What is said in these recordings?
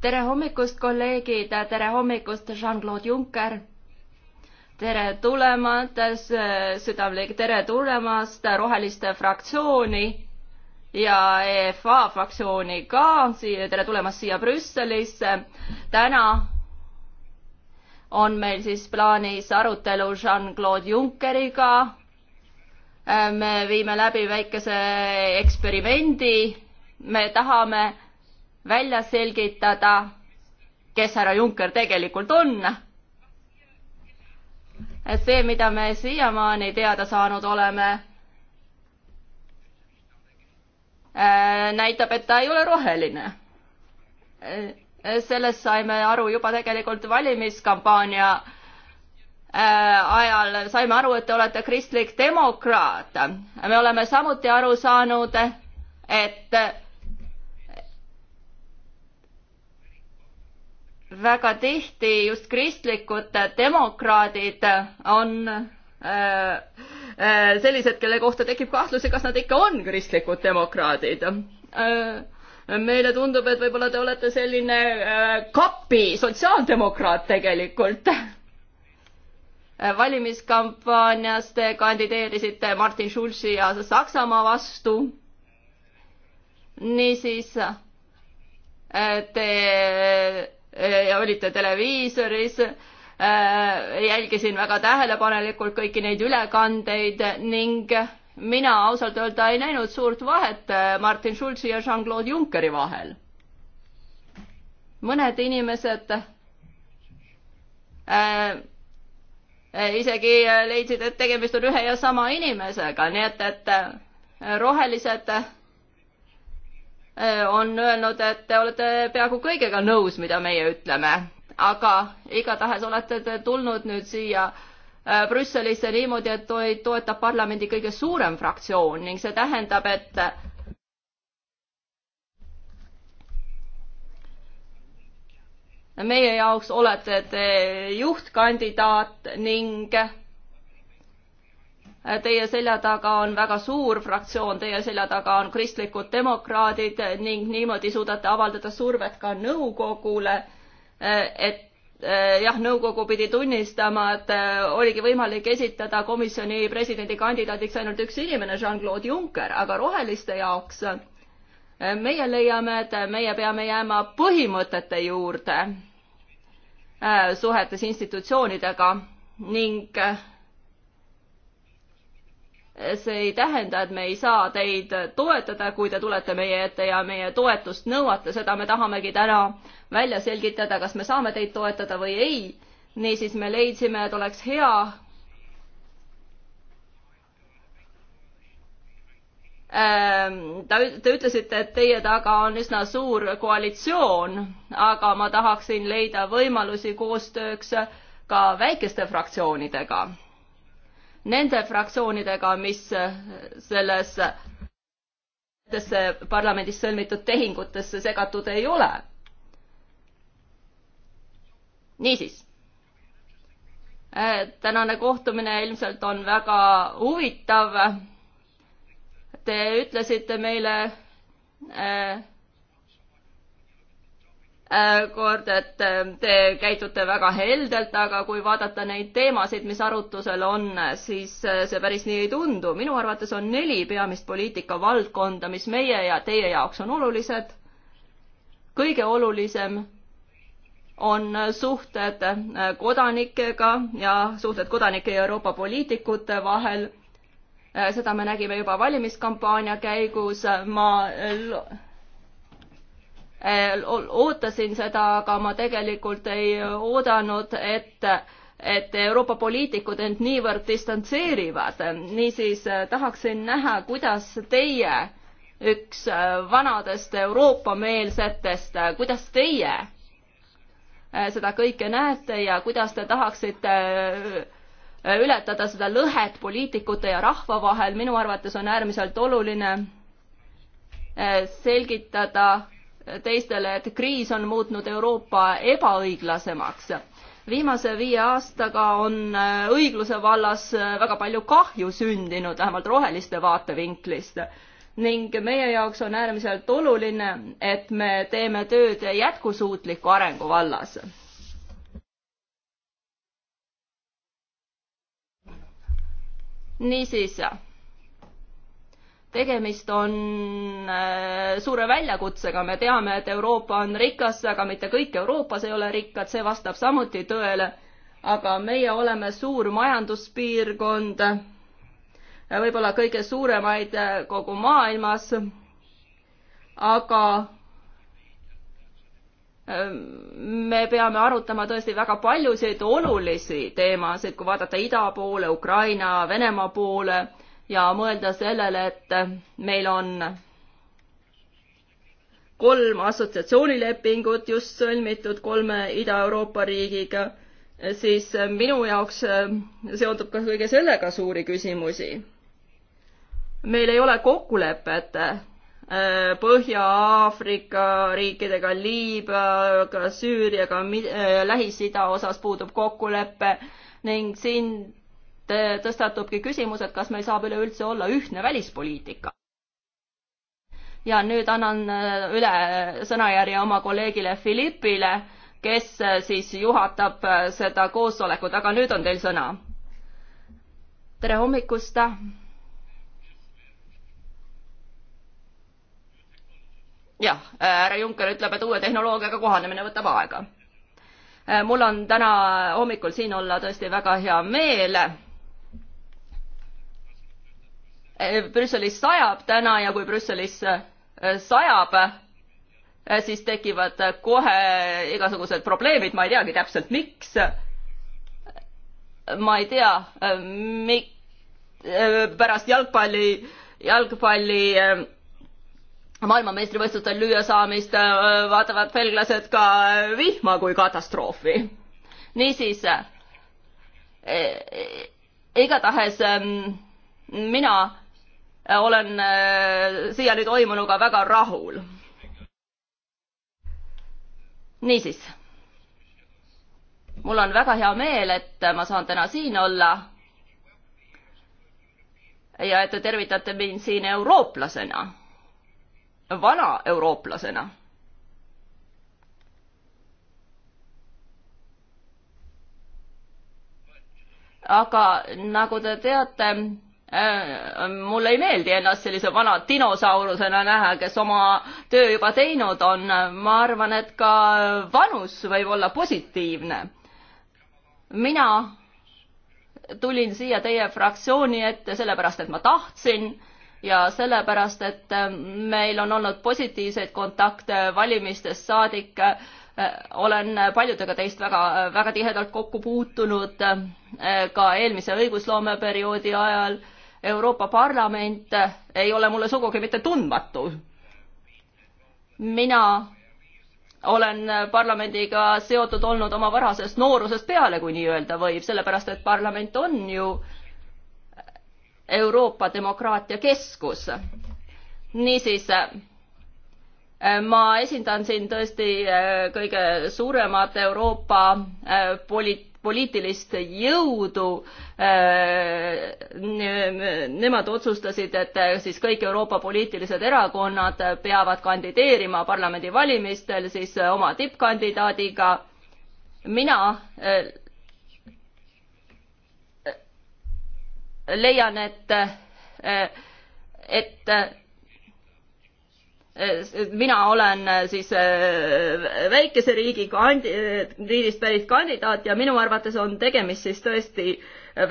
tere hommikust, kolleegid, tere hommikust, Jean-Claude Juncker. tere tulemast, südamlik tere tulemast Roheliste fraktsiooni ja EFA fraktsiooni ka, tere tulemast siia Brüsselisse. täna on meil siis plaanis arutelu Jean-Claude Junckeriga. Äh, me viime läbi väikese eksperimendi. me tahame välja selgitada, kes härra Juncker tegelikult on. et see, mida me siiamaani teada saanud oleme, äh, näitab, et ta ei ole roheline. Äh, sellest saime aru juba tegelikult valimiskampaania äh, ajal saime aru, et te olete kristlik demokraat. me oleme samuti aru saanud, et väga tihti just kristlikud demokraadid on äh, äh, sellised, kelle kohta tekib kahtlusi, kas nad ikka on kristlikud demokraadid äh,. meile tundub, et võib-olla te olete selline äh, kapi sotsiaaldemokraat tegelikult. valimiskampaanias te kandideerisite Martin Schulzi ja Saksamaa vastu. niisiis äh, te Äh, ja olite televiisoris, äh, jälgisin väga tähelepanelikult kõiki neid ülekandeid ning mina ausalt öelda ei näinud suurt vahet äh, Martin Schulzi ja Jean-Claude Junckeri vahel. mõned inimesed äh, isegi leidsid, et tegemist on ühe ja sama inimesega, nii et, et rohelised äh, Äh, on öelnud, et te olete peaaegu kõigega nõus, mida meie ütleme, aga igatahes olete te tulnud nüüd siia äh, Brüsselisse niimoodi, et toetab parlamendi kõige suurem fraktsioon ning see tähendab, et meie jaoks olete te juhtkandidaat ning Teie selja taga on väga suur fraktsioon, teie selja taga on kristlikud demokraadid ning niimoodi suudate avaldada survet ka nõukogule, et jah, nõukogu pidi tunnistama, et oligi võimalik esitada komisjoni presidendikandidaadiks ainult üks inimene, Jean-Claude Juncker, aga roheliste jaoks meie leiame, et meie peame jääma põhimõtete juurde suhetes institutsioonidega ning see ei tähenda, et me ei saa teid toetada, kui te tulete meie ette ja meie toetust nõuate, seda me tahamegi täna välja selgitada, kas me saame teid toetada või ei. niisiis me leidsime, et oleks hea, ähm, ta, te ütlesite, et teie taga on üsna suur koalitsioon, aga ma tahaksin leida võimalusi koostööks ka väikeste fraktsioonidega nende fraktsioonidega, mis äh, selles äh, parlamendis sõlmitud tehingutesse segatud ei ole. niisiis, äh, tänane kohtumine ilmselt on väga huvitav. Te ütlesite meile äh, Äh, kord, et äh, te käitute väga heldelt, aga kui vaadata neid teemasid, mis arutusel on, siis äh, see päris nii ei tundu. minu arvates on neli peamist poliitikavaldkonda, mis meie ja teie jaoks on olulised. kõige olulisem on suhted kodanikega ja suhted kodanike ja Euroopa poliitikute vahel. seda me nägime juba valimiskampaania käigus. ma Äh, ootasin seda, aga ma tegelikult ei oodanud, et et Euroopa poliitikud end niivõrd distantseerivad, niisiis äh, tahaksin näha, kuidas teie, üks äh, vanadest Euroopa-meelsetest, kuidas teie seda kõike näete ja kuidas te tahaksite ületada seda lõhet poliitikute ja rahva vahel, minu arvates on äärmiselt oluline selgitada teistele, et kriis on muutnud Euroopa ebaõiglasemaks. viimase viie aastaga on äh, õigluse vallas äh, väga palju kahju sündinud, vähemalt roheliste vaatevinklist. ning meie jaoks on äärmiselt oluline, et me teeme tööd jätkusuutliku arengu vallas. niisiis tegemist on äh, suure väljakutsega, me teame, et Euroopa on rikas, aga mitte kõik Euroopas ei ole rikkad, see vastab samuti tõele. aga meie oleme suur majanduspiirkond, äh, võib-olla kõige suuremaid äh, kogu maailmas, aga ähm, me peame arutama tõesti väga paljusid olulisi teemasid, kui vaadata ida poole, Ukraina, Venemaa poole ja mõelda sellele, et meil on kolm assotsiatsioonilepingut just sõlmitud kolme Ida-Euroopa riigiga, siis minu jaoks seondub ka kõige sellega suuri küsimusi. meil ei ole kokkulepet äh, Põhja-Aafrika riikidega, Liibüaga, Süüriaga, äh, Lähis-Ida osas puudub kokkulepe ning siin Eh, tõstatubki küsimus, et kas meil saab üleüldse olla ühtne välispoliitika. ja nüüd annan eh, üle sõnajärje oma kolleegile Philippile, kes eh, siis juhatab seda koosolekut, aga nüüd on teil sõna. tere hommikust jah, härra Juncker ütleb, et uue tehnoloogiaga kohanemine võtab aega. mul on täna hommikul siin olla tõesti väga hea meel. Eh, Brüsselis sajab täna ja kui Brüsselis eh, sajab, eh, siis tekivad kohe igasugused probleemid, ma ei teagi täpselt, miks. ma ei tea, mik-, pärast jalgpalli, jalgpalli maailmameistrivõistlustel lüüasaamist vaatavad belglased ka vihma kui katastroofi. niisiis e, igatahes mina Äh, olen äh, siiani toimunuga väga rahul. niisiis, mul on väga hea meel, et ma saan täna siin olla ja et te tervitate mind siin eurooplasena, vana eurooplasena aga nagu te teate, Äh, mulle ei meeldi ennast sellise vana dinosaurusena näha, kes oma töö juba teinud on. ma arvan, et ka vanus võib olla positiivne. mina tulin siia teie fraktsiooni ette sellepärast, et ma tahtsin ja sellepärast, et meil on olnud positiivseid kontakte valimistest saadik. olen paljudega teist väga, väga tihedalt kokku puutunud ka eelmise õigusloomeperioodi ajal Euroopa Parlament ei ole mulle sugugi mitte tundmatu. mina olen parlamendiga seotud olnud oma varasest noorusest peale, kui nii öelda võib, sellepärast et parlament on ju Euroopa demokraatia keskus. niisiis, ma esindan siin tõesti kõige suuremat Euroopa polit-, poliitilist jõudu. Äh, nemad otsustasid, et äh, siis kõik Euroopa poliitilised erakonnad peavad kandideerima parlamendivalimistel siis äh, oma tippkandidaadiga. mina leian, et, et mina olen äh, siis äh, väikese riigi kandi-, äh, riigist pärit kandidaat ja minu arvates on tegemist siis tõesti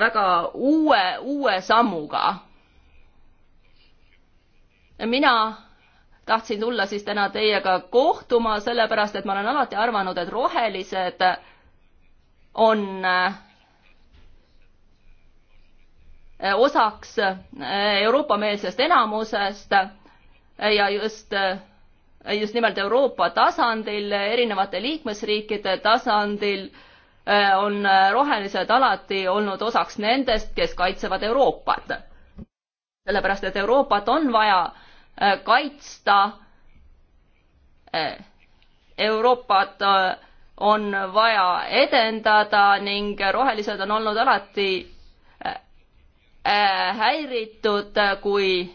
väga uue, uue sammuga. mina tahtsin tulla siis täna teiega kohtuma, sellepärast et ma olen alati arvanud, et rohelised on osaks Euroopa-meelsest enamusest Äh, ja just äh, just nimelt Euroopa tasandil, erinevate liikmesriikide tasandil äh, on rohelised alati olnud osaks nendest, kes kaitsevad Euroopat. sellepärast, et Euroopat on vaja kaitsta. Euroopat on vaja edendada ning rohelised on olnud alati häiritud, kui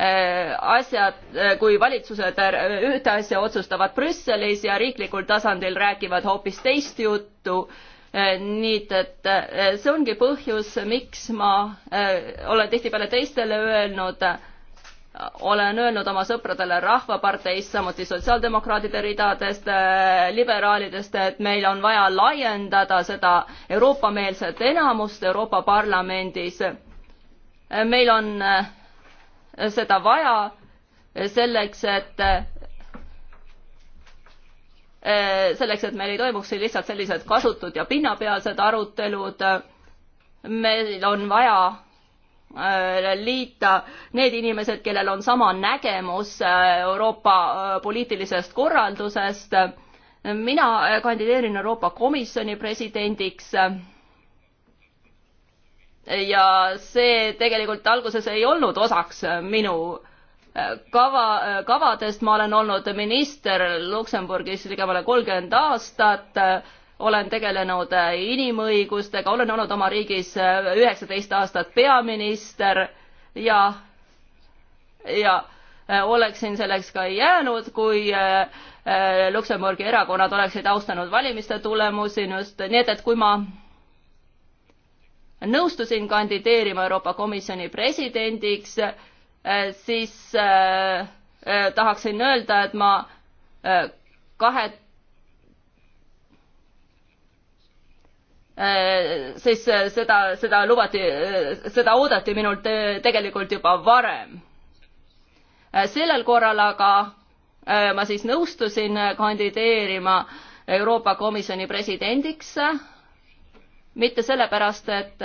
Äh, asjad, äh, kui valitsused äh, ühte asja otsustavad Brüsselis ja riiklikul tasandil räägivad hoopis teist juttu. nii et, et see ongi põhjus, miks ma olen tihtipeale teistele öelnud, olen öelnud oma sõpradele Rahvaparteist, samuti sotsiaaldemokraatide ridadest, liberaalidest, et meil on vaja laiendada seda Euroopa-meelset enamust Euroopa Parlamendis. meil on seda vaja selleks, et eh, selleks, et meil ei toimuks siin lihtsalt sellised kasutud ja pinnapealsed arutelud. meil on vaja eh, liita need inimesed, kellel on sama nägemus eh, Euroopa poliitilisest korraldusest. mina kandideerin Euroopa Komisjoni presidendiks ja see tegelikult alguses ei olnud osaks minu äh, kava, äh, kavadest, ma olen olnud minister Luksemburgis ligemale kolmkümmend aastat, olen tegelenud äh, inimõigustega, olen olnud oma riigis üheksateist aastat peaminister ja, ja oleksin selleks ka jäänud, kui Luksemburgi erakonnad oleksid austanud valimiste tulemusi, just nii et, et kui ma nõustusin kandideerima Euroopa Komisjoni presidendiks, äh, siis äh, äh, tahaksin öelda, et ma kahe siis seda, seda lubati, seda oodati minult tegelikult juba varem. sellel korral aga ma siis nõustusin kandideerima Euroopa Komisjoni presidendiks mitte sellepärast, et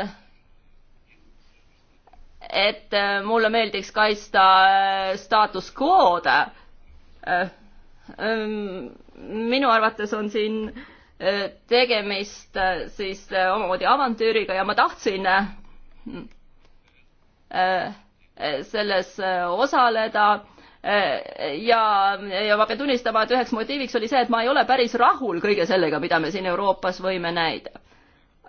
et äh, mulle meeldiks kaitsta äh, staatus quo'd. Äh, ähm, minu arvates on siin tegemist siis omamoodi avantüüriga ja ma tahtsin selles osaleda ja, ja ma pean tunnistama, et üheks motiiviks oli see, et ma ei ole päris rahul kõige sellega, mida me siin Euroopas võime näida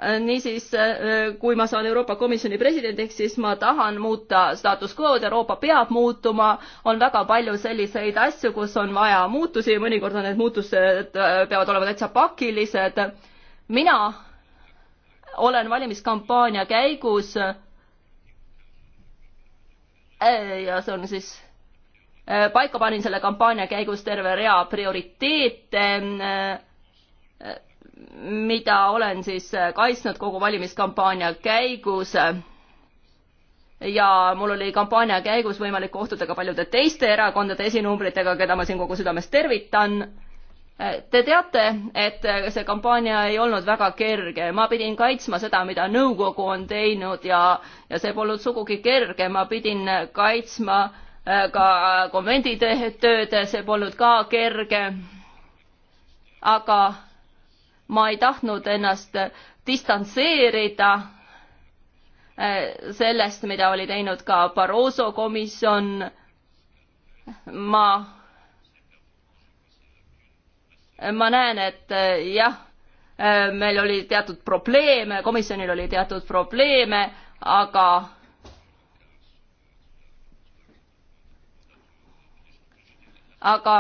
Äh, niisiis, äh, kui ma saan Euroopa Komisjoni presidendiks, siis ma tahan muuta status quo'd, Euroopa peab muutuma, on väga palju selliseid asju, kus on vaja muutusi, mõnikord on need muutused, äh, peavad olema täitsa pakilised. mina olen valimiskampaania käigus ja see on siis paika panin selle kampaania käigus terve rea prioriteete mida olen siis äh, kaitsnud kogu valimiskampaania käigus ja mul oli kampaania käigus võimalik kohtuda ka paljude teiste erakondade esinumbritega, keda ma siin kogu südames tervitan. Äh, te teate, et äh, see kampaania ei olnud väga kerge, ma pidin kaitsma seda, mida nõukogu on teinud ja, ja see polnud sugugi kerge, ma pidin kaitsma ka konvendi tööd, see polnud ka kerge. aga ma ei tahtnud ennast distantseerida eh, sellest, mida oli teinud ka Barroso komisjon. ma, ma näen, et eh, jah, eh, meil oli teatud probleeme, komisjonil oli teatud probleeme, aga aga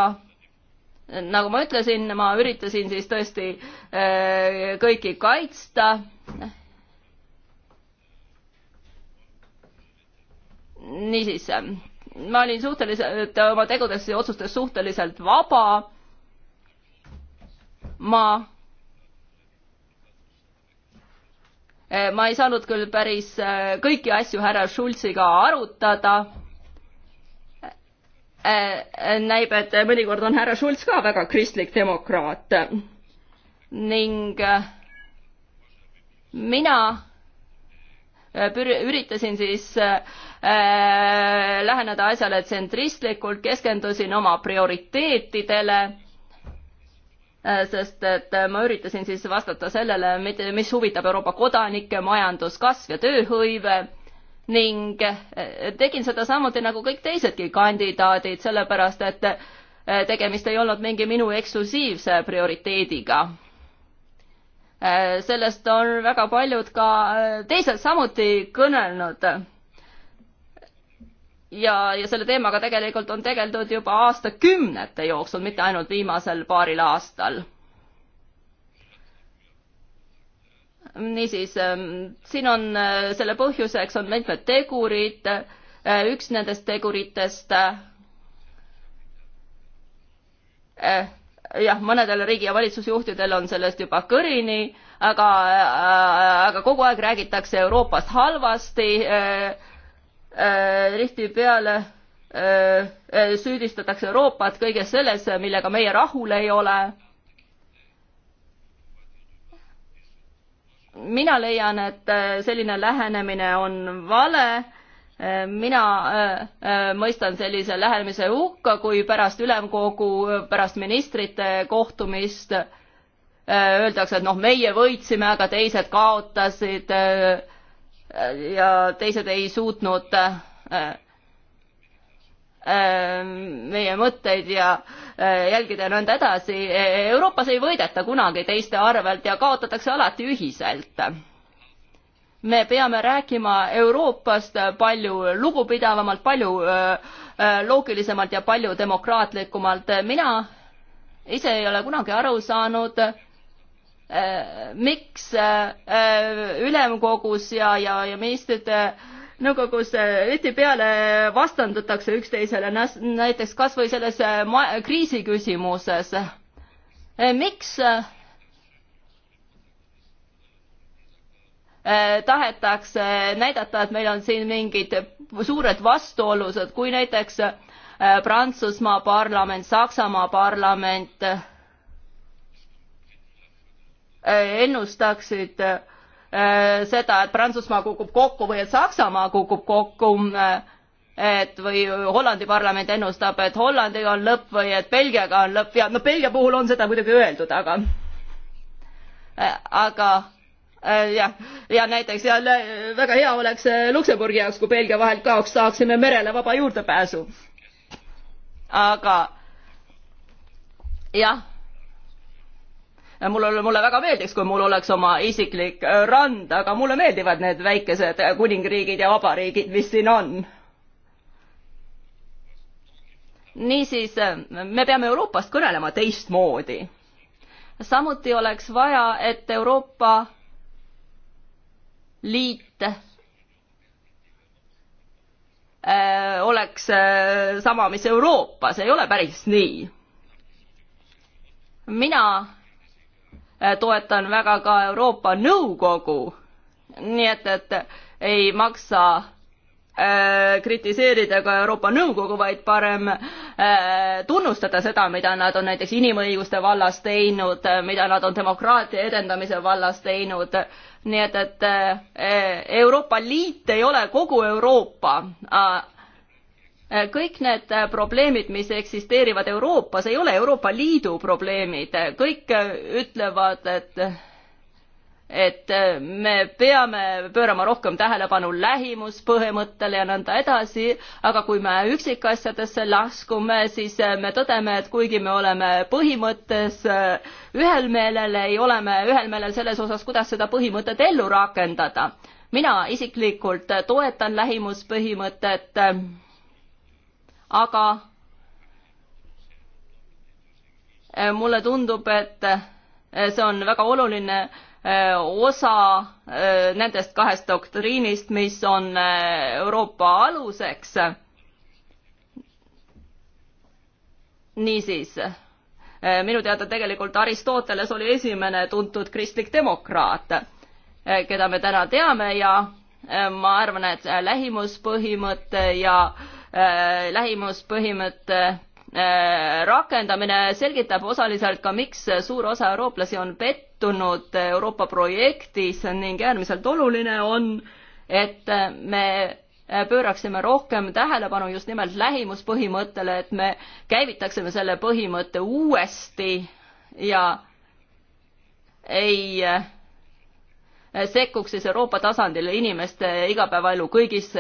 nagu ma ütlesin, ma üritasin siis tõesti äh, kõiki kaitsta. niisiis, ma olin suhteliselt oma tegudes ja otsustes suhteliselt vaba. ma äh, ma ei saanud küll päris äh, kõiki asju härra Schulziga arutada Äh, näib, et mõnikord on härra Schulz ka väga kristlik demokraat ning äh, mina äh, üritasin siis läheneda asjale tsentristlikult, keskendusin oma prioriteetidele, sest et ma üritasin siis vastata sellele, mis huvitab Euroopa kodanikke, majanduskasv ja tööhõive ning eh, tegin seda samuti nagu kõik teisedki kandidaadid, sellepärast et eh, tegemist ei olnud mingi minu eksklusiivse prioriteediga. Eh, sellest on väga paljud ka teised samuti kõnelnud. ja, ja selle teemaga tegelikult on tegeldud juba aastakümnete jooksul, mitte ainult viimasel paaril aastal niisiis, ähm, siin on, äh, selle põhjuseks on mitmed tegurid, äh, üks nendest teguritest äh, jah, mõnedel riigi- ja valitsusjuhtidel on sellest juba kõrini, aga, aga kogu aeg räägitakse Euroopast halvasti äh,, äh, tihtipeale äh, süüdistatakse Euroopat kõiges selles, millega meie rahul ei ole mina leian, et äh, selline lähenemine on vale. Äh, mina äh, mõistan sellise lähenemise hukka, kui pärast ülemkogu, pärast ministrite kohtumist öeldakse, et noh, meie võitsime, aga teised kaotasid ja teised ei suutnud meie mõtteid ja äh, Äh, jälgida ja nõnda edasi. E, Euroopas ei võideta kunagi teiste arvelt ja kaotatakse alati ühiselt. me peame rääkima Euroopast palju lugupidavamalt, palju äh, äh, loogilisemalt ja palju demokraatlikumalt. mina ise ei ole kunagi aru saanud, miks ülemkogus ja, ja, ja ministrite nõukogus tihtipeale äh, vastandutakse üksteisele, näiteks kas või selles äh, kriisi küsimuses. Äh, miks tahetakse näidata, et meil on siin mingid suured vastuolused, kui näiteks Prantsusmaa parlament, Saksamaa parlament ennustaksid äh, Äh, seda, et Prantsusmaa kukub kokku või et Saksamaa kukub kokku, äh, et või Hollandi parlament ennustab, et Hollandiga on lõpp või et Belgiaga on lõpp ja no Belgia puhul on seda muidugi öeldud, aga äh, aga jah, ja näiteks ja väga hea oleks Luksemburgi jaoks, kui Belgia vahelt kaoks, saaksime merele vaba juurdepääsu. aga jah mul on, mulle väga meeldiks, kui mul oleks oma isiklik äh, rand, aga mulle meeldivad need väikesed äh, kuningriigid ja vabariigid, mis siin on. niisiis, äh, me peame Euroopast kõnelema teistmoodi. samuti oleks vaja, et Euroopa Liit oleks sama, mis Euroopas, ei ole päris nii. mina Äh, toetan väga ka Euroopa Nõukogu. nii et, et ei maksa äh, kritiseerida ka Euroopa Nõukogu, vaid parem äh, tunnustada seda, mida nad on näiteks inimõiguste vallas teinud, mida nad on demokraatia edendamise vallas teinud. nii et, et Euroopa Liit ei ole kogu Euroopa, kõik need äh, probleemid, mis eksisteerivad Euroopas, ei ole Euroopa Liidu probleemid, kõik äh, ütlevad, et et äh, me peame pöörama rohkem tähelepanu lähimuspõhimõttele ja nõnda edasi, aga kui me üksikasjadesse laskume, siis me tõdeme, et kuigi me oleme põhimõttes ühel meelel, ei ole me ühel meelel selles osas, kuidas seda põhimõtet ellu rakendada. mina isiklikult toetan lähimuspõhimõtet aga eh, mulle tundub, et eh, see on väga oluline eh, osa nendest kahest doktriinist, mis on Euroopa aluseks. niisiis, minu teada tegelikult Aristoteles oli esimene tuntud kristlik demokraat, keda me täna teame ja ma arvan, et lähimuspõhimõte ja äh, Äh, lähimuspõhimõtte äh, rakendamine selgitab osaliselt ka, miks suur osa eurooplasi on pettunud Euroopa projektis ning äärmiselt oluline on, et me pööraksime rohkem tähelepanu just nimelt lähimuspõhimõttele, et me käivitaksime selle põhimõtte uuesti ja ei äh, sekkuks siis Euroopa tasandil inimeste igapäevaelu kõigis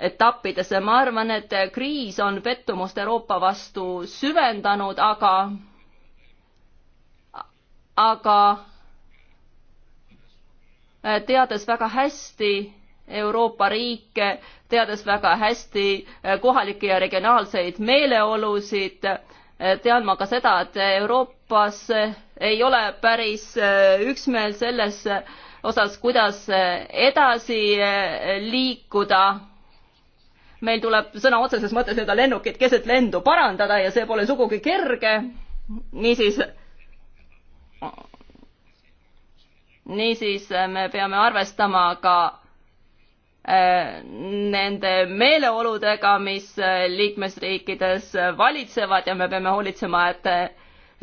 etappides. ma arvan, et kriis on pettumust Euroopa vastu süvendanud, aga, aga teades väga hästi Euroopa riike, teades väga hästi kohalikke ja regionaalseid meeleolusid, tean ma ka seda, et Euroopas ei ole päris üksmeel selles osas, kuidas edasi liikuda meil tuleb sõna otseses mõttes nii-öelda lennukit keset lendu parandada ja see pole sugugi kerge. niisiis, niisiis äh, me peame arvestama ka äh, nende meeleoludega, mis äh, liikmesriikides valitsevad ja me peame hoolitsema, et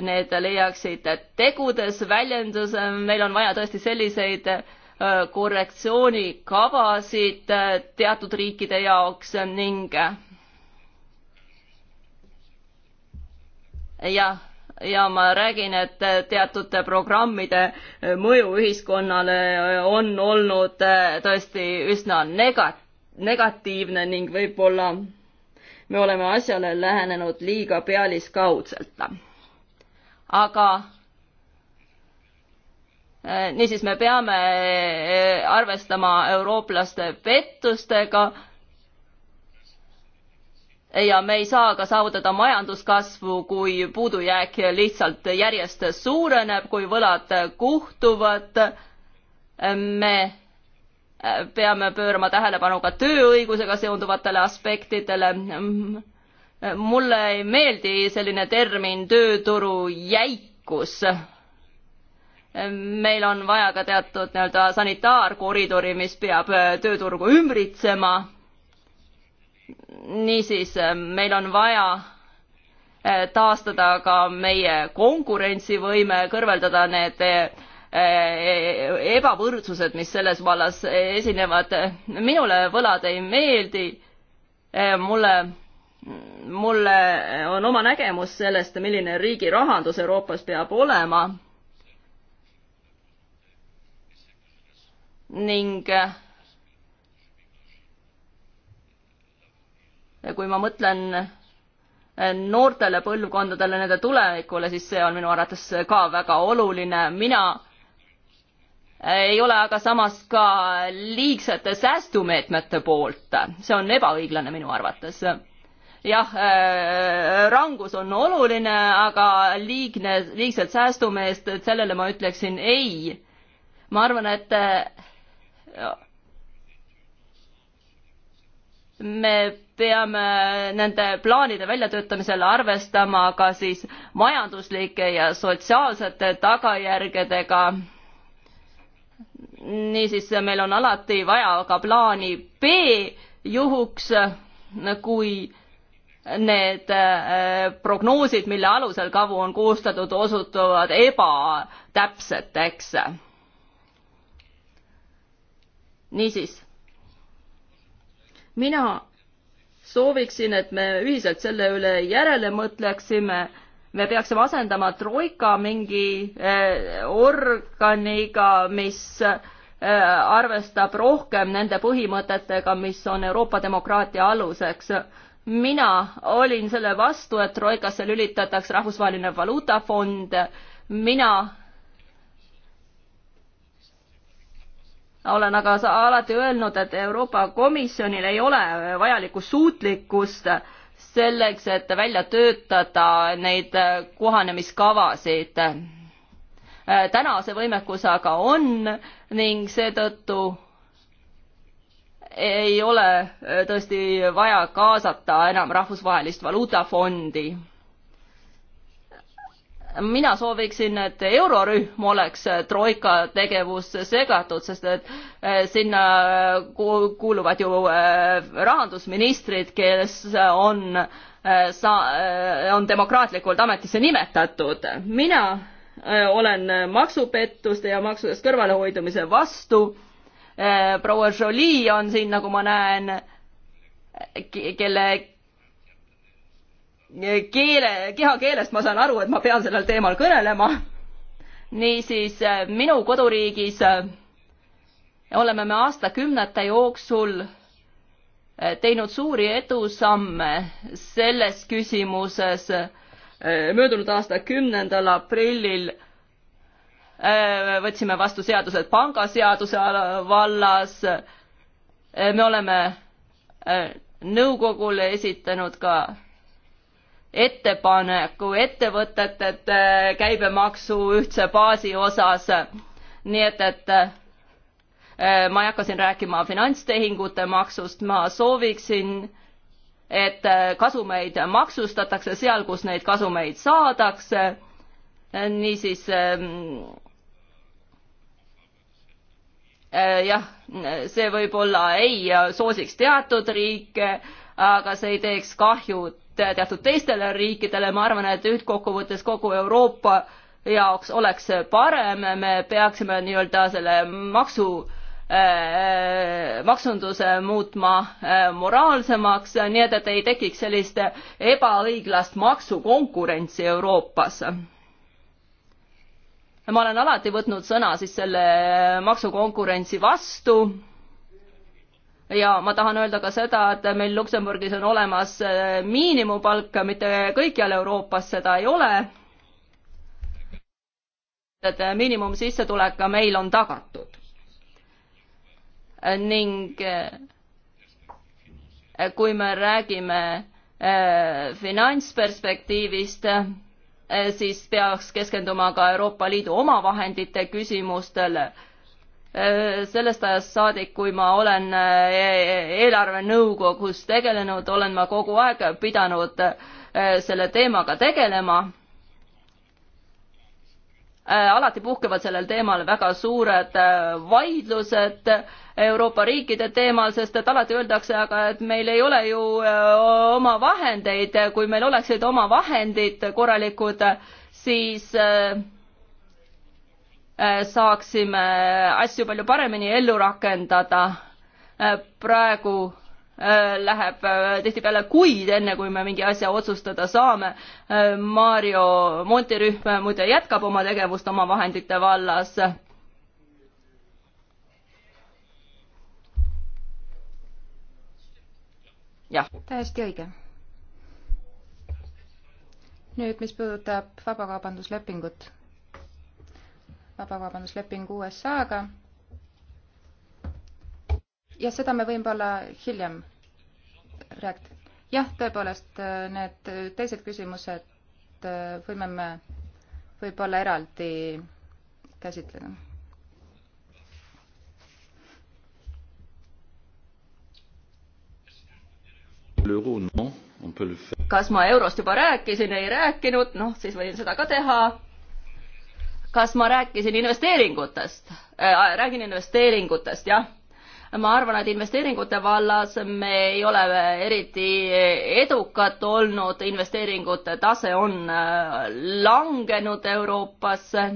need leiaksid tegudes väljenduse, meil on vaja tõesti selliseid äh, Äh, korrektsioonikavasid äh, teatud riikide jaoks ning äh, jah, ja ma räägin, et teatud programmide mõju ühiskonnale on olnud tõesti üsna nega-, negatiivne ning võib-olla me oleme asjale lähenenud liiga pealiskaudselt. aga Äh, niisiis, me peame äh, arvestama eurooplaste pettustega ja me ei saa ka saavutada majanduskasvu, kui puudujääk lihtsalt järjest suureneb, kui võlad kuhtuvad. Äh, me peame pöörama tähelepanu ka tööõigusega seonduvatele aspektidele. mulle ei meeldi selline termin tööturu jäikus meil on vaja ka teatud nii-öelda sanitaarkoridori, mis peab äh, tööturgu ümbritsema. niisiis, äh, meil on vaja äh, taastada ka meie konkurentsivõime, kõrveldada need ebavõrdsused, mis selles vallas esinevad. minule võlad ei meeldi. mulle, mulle on oma nägemus sellest, milline riigi rahandus Euroopas peab olema ning äh, kui ma mõtlen äh, noortele põlvkondadele, nende tulevikule, siis see on minu arvates ka väga oluline. mina äh, ei ole aga samas ka liigsete säästumeetmete poolt, see on ebaõiglane minu arvates. jah, rangus on oluline, aga liigne, liigsed säästumeest, sellele ma ütleksin ei. ma arvan, et me peame nende plaanide väljatöötamisel arvestama ka siis majanduslike ja sotsiaalsete tagajärgedega. niisiis, meil on alati vaja ka plaani B juhuks, kui need äh, prognoosid, mille alusel kavu on koostatud, osutuvad ebatäpseteks niisiis, mina sooviksin, et me ühiselt selle üle järele mõtleksime me peaksime asendama troika mingi eh, organiga, mis eh, arvestab rohkem nende põhimõtetega, mis on Euroopa demokraatia aluseks. mina olin selle vastu, et troikasse lülitataks Rahvusvaheline Valuutafond, mina olen aga alati öelnud, et Euroopa Komisjonil ei ole vajalikku suutlikkust selleks, et välja töötada neid kohanemiskavasid. täna see võimekus aga on ning seetõttu ei ole tõesti vaja kaasata enam rahvusvahelist valuutafondi mina sooviksin, et eurorühm oleks äh, troika tegevusse segatud, sest et äh, sinna äh, kuuluvad ju rahandusministrid, kes on, on demokraatlikult ametisse nimetatud. mina olen maksupettuste ja maksudest kõrvalehoidumise vastu. proua Jolie on siin, nagu ma näen, kelle keele, kehakeelest ma saan aru, et ma pean sellel teemal kõnelema. niisiis, äh, minu koduriigis äh, oleme me aastakümnete jooksul äh, teinud suuri edusamme selles küsimuses. möödunud aasta kümnendal aprillil võtsime vastu seadused pangaseaduse vallas. me oleme nõukogule esitanud ka ettepaneku ettevõtete äh, käibemaksu ühtse baasi osas. nii et, et äh, ma ei hakka siin rääkima finantstehingute maksust, ma sooviksin, et äh, kasumeid maksustatakse seal, kus neid kasumeid saadakse. niisiis ähm, jah, see võib-olla ei soosiks teatud riike, aga see ei teeks kahju teatud teistele riikidele, ma arvan, et üldkokkuvõttes kogu Euroopa jaoks oleks parem, me peaksime nii-öelda selle maksu äh, maksunduse muutma äh, moraalsemaks, nii et, et ei tekiks sellist ebaõiglast maksukonkurentsi Euroopas ma olen alati võtnud sõna siis selle maksukonkurentsi vastu ja ma tahan öelda ka seda, et meil Luksemburgis on olemas eh, miinimumpalk, mitte kõikjal Euroopas seda ei ole. et eh, miinimumsissetulek ka meil on tagatud. Eh, ning kui me räägime finantsperspektiivist, siis peaks keskenduma ka Euroopa Liidu omavahendite küsimustele Äh, sellest ajast saadik, kui ma olen äh, e-, eelarvenõukogus tegelenud, olen ma kogu aeg pidanud äh, selle teemaga tegelema. alati puhkevad sellel teemal väga suured vaidlused Euroopa riikide teemal, sest et alati öeldakse aga, et meil ei ole ju oma vahendeid, kui meil oleksid oma vahendid korralikud, siis äh, Äh, saaksime äh, asju palju paremini ellu rakendada. Äh, praegu läheb tihtipeale kuid, enne kui me mingi asja otsustada saame. Mario Monti rühm muide jätkab oma tegevust oma vahendite vallas. jah. täiesti õige. nüüd, mis puudutab vabakaubanduslepingut vabakaubandusleping USA-ga. ja seda me võib-olla hiljem rääkida. jah, tõepoolest, need teised küsimused äh, võime me võib-olla eraldi käsitleda. kas ma eurost juba rääkisin, ei rääkinud, noh, siis võin seda ka teha kas ma rääkisin investeeringutest? Äh, räägin investeeringutest, jah. ma arvan, et investeeringute vallas me ei ole eriti edukad olnud, investeeringute tase on äh, langenud Euroopasse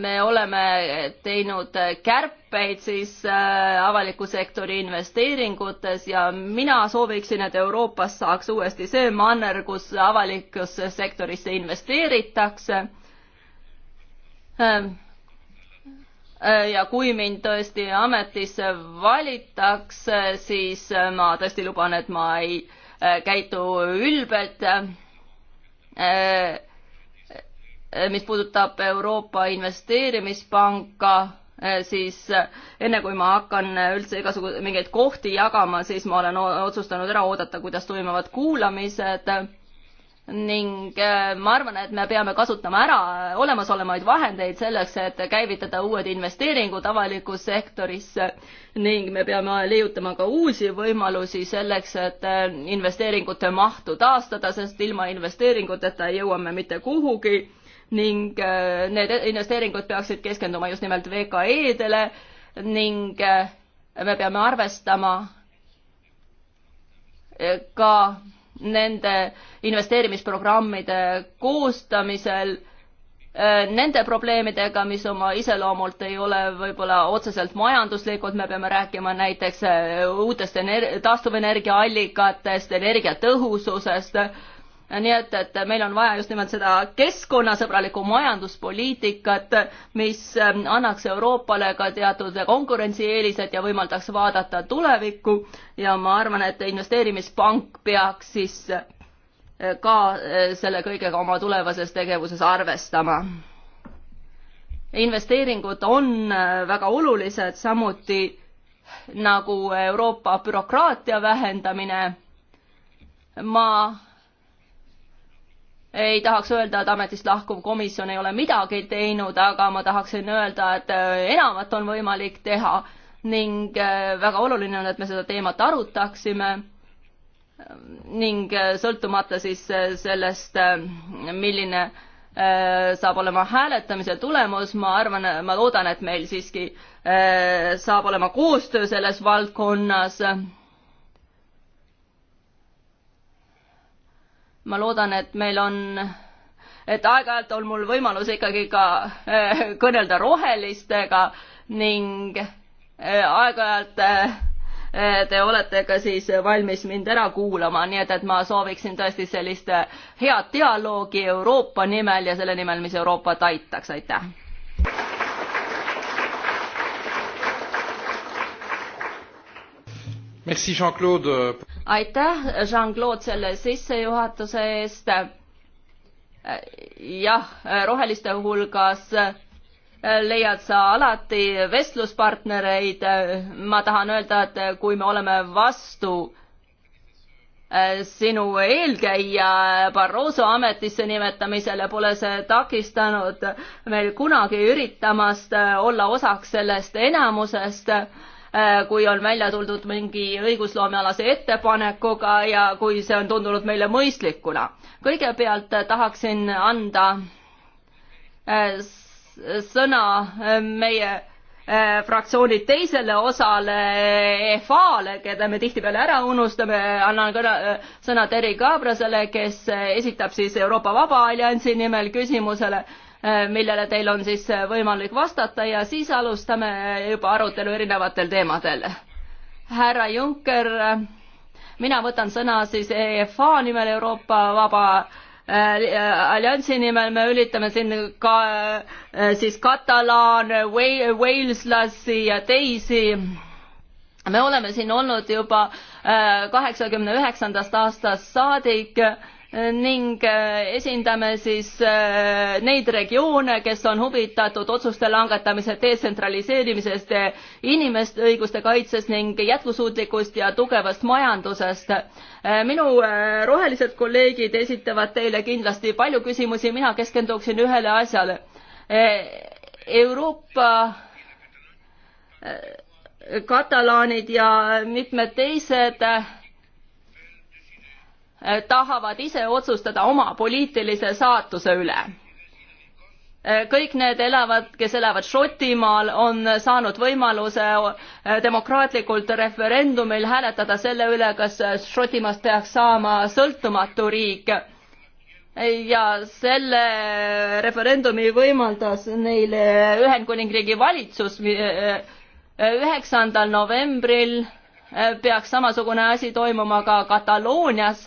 me oleme teinud kärpeid siis äh, avaliku sektori investeeringutes ja mina sooviksin, et Euroopas saaks uuesti see manner, kus avalikusse sektorisse investeeritakse. Ähm, äh, ja kui mind tõesti ametisse valitakse, siis äh, ma tõesti luban, et ma ei käitu ülbelt Eh, mis puudutab Euroopa Investeerimispanka, eh, siis eh, enne kui ma hakkan üldse igasugu mingeid kohti jagama, siis ma olen otsustanud ära oodata, kuidas toimuvad kuulamised ning ma arvan, et me peame kasutama ära olemasolevaid vahendeid selleks, et käivitada uued investeeringud avalikku sektorisse ning me peame leiutama ka uusi võimalusi selleks, et investeeringute mahtu taastada, sest ilma investeeringuteta ei jõua me mitte kuhugi ning äh, need investeeringud peaksid keskenduma just nimelt VKE-dele ning äh, me peame arvestama äh, ka nende investeerimisprogrammide koostamisel nende probleemidega, mis oma iseloomult ei ole võib-olla otseselt majanduslikud, me peame rääkima näiteks uutest ener-, taastuvenergiaallikatest, energiatõhususest, nii et, et meil on vaja just nimelt seda keskkonnasõbralikku majanduspoliitikat, mis ähm, annaks Euroopale ka teatud konkurentsieelised ja võimaldaks vaadata tulevikku ja ma arvan, et investeerimispank peaks siis äh, ka äh, selle kõigega oma tulevases tegevuses arvestama. investeeringud on äh, väga olulised, samuti nagu Euroopa bürokraatia vähendamine. ma ei tahaks öelda, et ametist lahkuv komisjon ei ole midagi teinud, aga ma tahaksin öelda, et äh, enamat on võimalik teha ning äh, väga oluline on, et me seda teemat arutaksime ning äh, sõltumata siis sellest, milline saab olema hääletamise tulemus, ma arvan, ma loodan, et meil siiski saab olema koostöö selles valdkonnas ma loodan, et meil on, et aeg-ajalt on mul võimalus ikkagi ka eh, kõnelda rohelistega ning eh, aeg-ajalt eh, te olete ka siis valmis mind ära kuulama, nii et, et ma sooviksin tõesti sellist head dialoogi Euroopa nimel ja selle nimel, mis Euroopat aitaks, aitäh! Jean aitäh, Jean-Claude, selle sissejuhatuse eest. jah, roheliste hulgas leiad sa alati vestluspartnereid. ma tahan öelda, et kui me oleme vastu sinu eelkäija Barroso ametisse nimetamisele pole see takistanud meil kunagi üritamast olla osaks sellest enamusest Äh, kui on välja tuldud mingi õigusloomealase ettepanekuga ja kui see on tundunud meile mõistlikuna. kõigepealt tahaksin anda äh, sõna äh, meie fraktsiooni teisele osale EFA-le, keda me tihtipeale ära unustame, annan kõne, sõna Terri Kaabrasele, kes esitab siis Euroopa Vaba Alliansi nimel küsimusele äh, Äh, millele teil on siis äh, võimalik vastata ja siis alustame juba arutelu erinevatel teemadel. härra Juncker, äh, mina võtan sõna siis EFA nimel, Euroopa Vaba alliansi nimel, me üritame siin ka siis katalaane, waleslasi ja teisi me oleme siin olnud juba kaheksakümne üheksandast aastast saadik ning äh, esindame siis äh, neid regioone, kes on huvitatud otsuste langetamise detsentraliseerimisest, inimeste õiguste kaitsest ning jätkusuutlikust ja tugevast majandusest. Äh, minu rohelised kolleegid esitavad teile kindlasti palju küsimusi, mina keskenduksin ühele asjale. Euroopa katalaanid ja mitmed teised Eh, tahavad ise otsustada oma poliitilise saatuse üle. Eh, kõik need elavad, kes elavad Šotimaal, on saanud võimaluse eh, demokraatlikult referendumil hääletada selle üle, kas Šotimaast peaks saama sõltumatu riik. ja selle referendumi võimaldas neile Ühendkuningriigi valitsus üheksandal novembril peaks samasugune asi toimuma ka Kataloonias.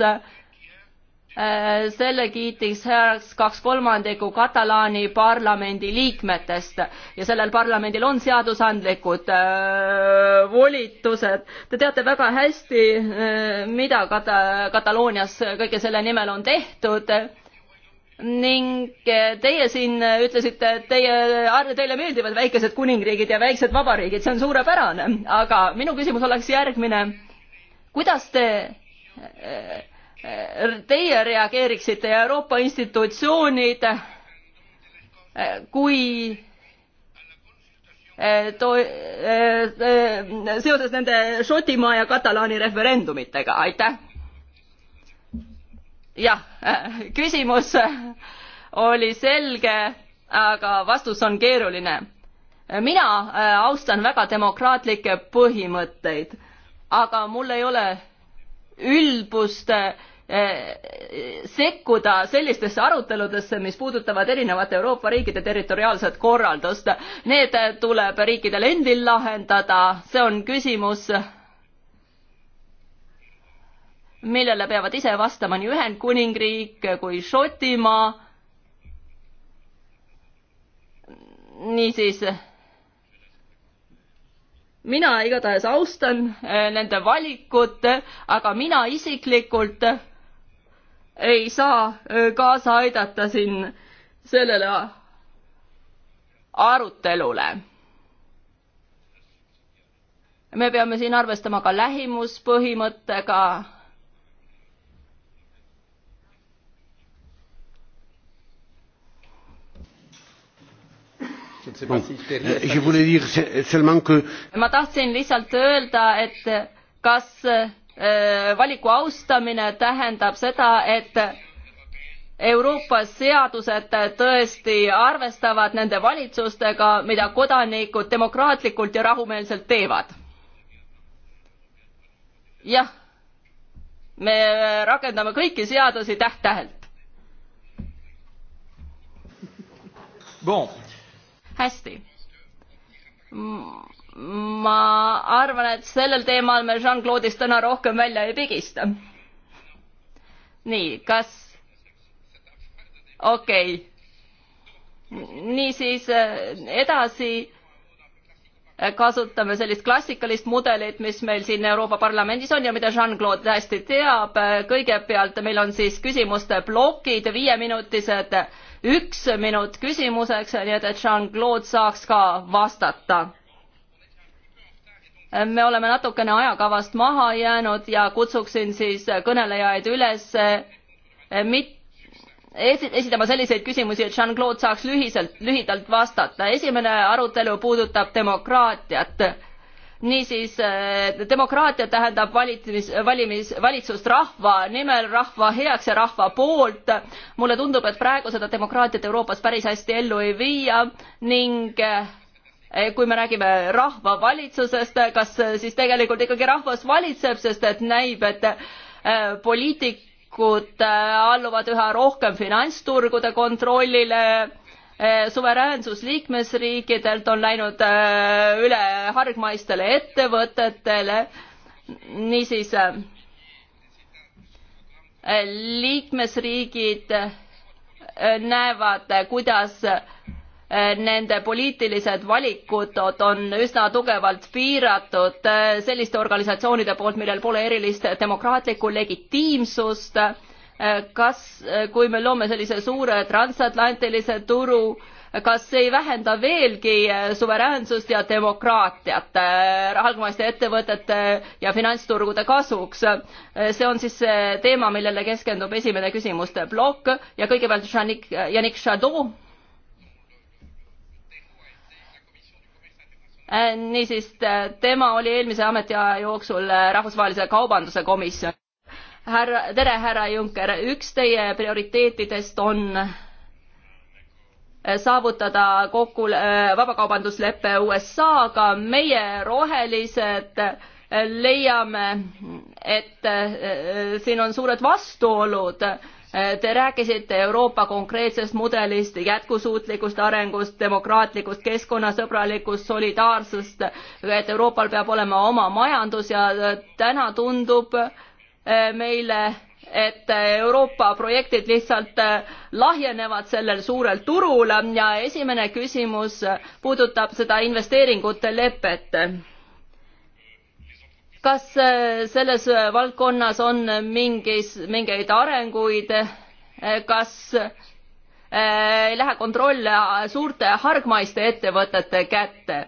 selle kiitis heaks kaks kolmandikku Katalaani parlamendi liikmetest ja sellel parlamendil on seadusandlikud äh, volitused. Te teate väga hästi, äh, mida Kata-, Kataloonias kõige selle nimel on tehtud ning eh, teie siin eh, ütlesite, et teie, teile meeldivad väikesed kuningriigid ja väiksed vabariigid, see on suurepärane, aga minu küsimus oleks järgmine. kuidas te, eh, teie reageeriksite ja Euroopa institutsioonid, kui to-, seoses nende Šotimaa ja Katalaani referendumitega, aitäh jah, küsimus oli selge, aga vastus on keeruline. mina äh, austan väga demokraatlikke põhimõtteid, aga mul ei ole ülbust äh, sekkuda sellistesse aruteludesse, mis puudutavad erinevate Euroopa riikide territoriaalset korraldust. Need tuleb riikidel endil lahendada, see on küsimus, millele peavad ise vastama nii Ühendkuningriik kui Šotimaa. niisiis, mina igatahes austan äh, nende valikut, aga mina isiklikult ei saa äh, kaasa aidata siin sellele arutelule me peame siin arvestama ka lähimuspõhimõttega Euh, ma tahtsin lihtsalt öelda, et kas äh, valiku austamine tähendab seda, et Euroopa seadused tõesti arvestavad nende valitsustega, mida kodanikud demokraatlikult ja rahumeelselt teevad. jah, me rakendame kõiki seadusi täht-tähelt. Bon, hästi. ma arvan, et sellel teemal me Jean-Claude'ist täna rohkem välja ei pigista. nii, kas, okei okay., niisiis eh, edasi kasutame sellist klassikalist mudelit, mis meil siin Euroopa Parlamendis on ja mida Jean-Claude hästi teab. kõigepealt meil on siis küsimuste plokid, viieminutised, üks minut küsimuseks, nii et, et Jean-Claude saaks ka vastata. me oleme natukene ajakavast maha jäänud ja kutsuksin siis kõnelejaid üles mitte esitama selliseid küsimusi, et Jean-Claude saaks lühiselt, lühidalt vastata. esimene arutelu puudutab demokraatiat. niisiis, eh, demokraatia tähendab valitsemis, valimis, valitsust rahva nimel, rahva heaks ja rahva poolt. mulle tundub, et praegu seda demokraatiat Euroopas päris hästi ellu ei viia ning eh, kui me räägime rahvavalitsusest, kas siis tegelikult ikkagi rahvas valitseb, sest et näib, et eh, poliitik isikud äh, alluvad üha rohkem finantsturgude kontrollile, äh, suveräänsus liikmesriikidelt on läinud äh, üle hargmaistele ettevõtetele, niisiis liikmesriigid näevad, kuidas Eh, nende poliitilised valikud on üsna tugevalt piiratud eh, selliste organisatsioonide poolt, millel pole erilist demokraatlikku legitiimsust. Eh, kas, kui me loome sellise suure transatlantilise turu, kas ei vähenda veelgi suveräänsust ja demokraatiat rahvusvaheliste ettevõtete ja finantsturgude kasuks? see on siis see teema, millele keskendub esimene küsimuste plokk ja kõigepealt Janik, Janik Šadov Äh, niisiis, äh, tema oli eelmise ametiaja jooksul äh, Rahvusvahelise Kaubanduse Komisjon. härra, tere, härra Juncker, üks teie prioriteetidest on saavutada kokku vabakaubanduslepe USA-ga, meie rohelised leiame, et siin on suured vastuolud Eh, te rääkisite Euroopa konkreetsest mudelist, jätkusuutlikust arengust, demokraatlikust keskkonnasõbralikust, solidaarsusest, et Euroopal peab olema oma majandus ja eh, täna tundub eh, meile, et Euroopa projektid lihtsalt lahjenevad sellel suurel turul ja esimene küsimus puudutab seda investeeringute lepet kas äh, selles äh, valdkonnas on mingis, mingeid arenguid, äh, kas ei lähe kontroll suurte hargmaiste ettevõtete kätte?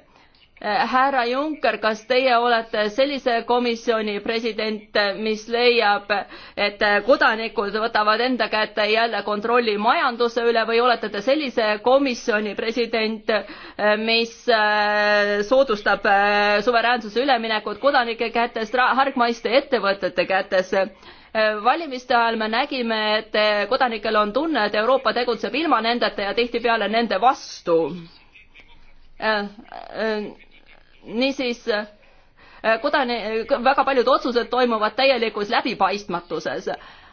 Eh, härra Juncker, kas teie olete sellise komisjoni president, eh, mis leiab, et eh, kodanikud võtavad enda kätte jälle kontrolli majanduse üle või olete te sellise komisjoni president, mis soodustab suveräänsuse üleminekut kodanike kätest hargmaiste ettevõtete kätesse? valimiste ajal me nägime, et kodanikel on tunne, et Euroopa tegutseb ilma nendeta ja tihtipeale nende vastu niisiis äh, kodani-, väga paljud otsused toimuvad täielikus läbipaistmatuses.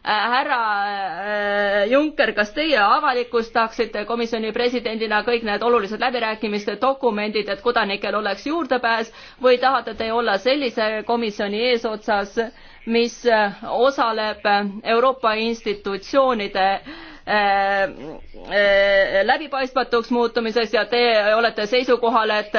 Äh, härra äh, Juncker, kas teie avalikustaksite komisjoni presidendina kõik need olulised läbirääkimiste dokumendid, et kodanikel oleks juurdepääs või tahate te olla sellise komisjoni eesotsas, mis osaleb Euroopa institutsioonide läbipaistmatuks muutumises ja te olete seisukohal, et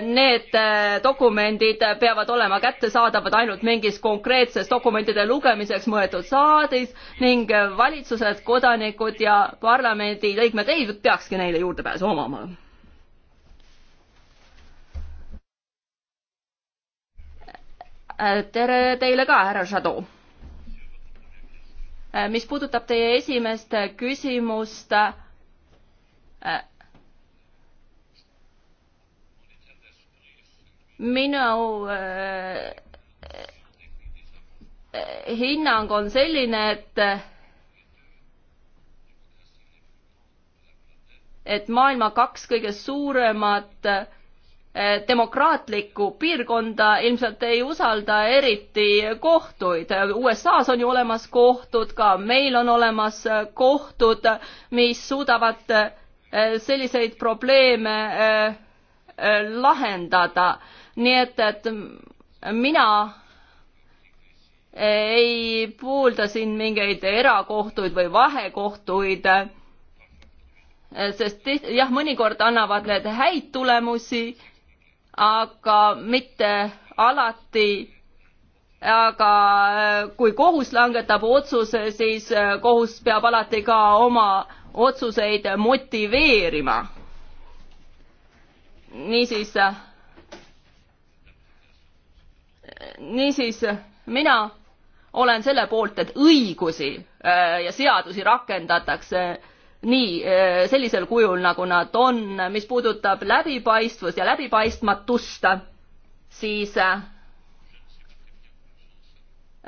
need äh, dokumendid peavad olema kättesaadavad ainult mingis konkreetses dokumentide lugemiseks mõeldud saadis ning valitsused, kodanikud ja parlamendiliikmed ei peakski neile juurdepääsu omama. tere teile ka, härra Šadov. mis puudutab teie esimest küsimust minu äh, hinnang on selline, et et maailma kaks kõige suuremat äh, demokraatlikku piirkonda ilmselt ei usalda eriti kohtuid. USA-s on ju olemas kohtud, ka meil on olemas kohtud, mis suudavad äh, selliseid probleeme äh, lahendada nii et, et mina ei poolda siin mingeid erakohtuid või vahekohtuid, sest jah, mõnikord annavad need häid tulemusi, aga mitte alati. aga äh, kui kohus langetab otsuse, siis äh, kohus peab alati ka oma otsuseid motiveerima. niisiis äh, niisiis, mina olen selle poolt, et õigusi äh, ja seadusi rakendatakse nii äh, sellisel kujul, nagu nad on, mis puudutab läbipaistvust ja läbipaistmatust, siis äh,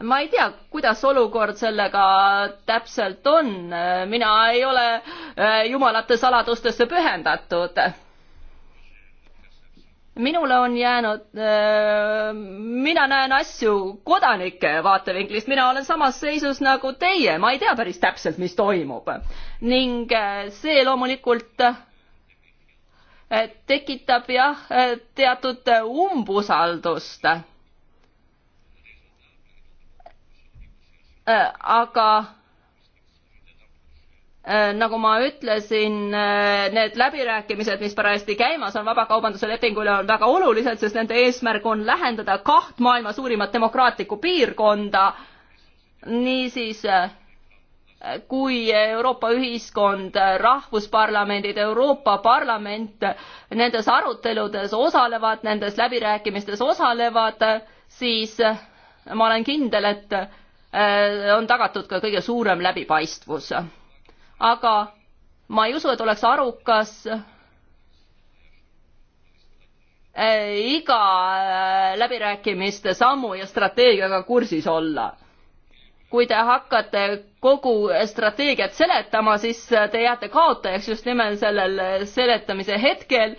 ma ei tea, kuidas olukord sellega täpselt on, mina ei ole jumalate saladustesse pühendatud minule on jäänud, äh, mina näen asju kodanike vaatevinklist, mina olen samas seisus nagu teie, ma ei tea päris täpselt, mis toimub. ning äh, see loomulikult äh, tekitab jah, teatud umbusaldust. aga Äh, nagu ma ütlesin, äh, need läbirääkimised, mis parajasti käimas on vabakaubanduse lepingule, on väga olulised, sest nende eesmärk on lähendada kaht maailma suurimat demokraatlikku piirkonda. niisiis, äh, kui Euroopa ühiskond, rahvusparlamendid, Euroopa Parlament nendes aruteludes osalevad, nendes läbirääkimistes osalevad, siis ma olen kindel, et on tagatud ka kõige suurem läbipaistvus aga ma ei usu, et oleks arukas eh, iga eh, läbirääkimiste sammu ja strateegiaga kursis olla. kui te hakkate kogu strateegiat seletama, siis te jääte kaotajaks just nimelt sellel seletamise hetkel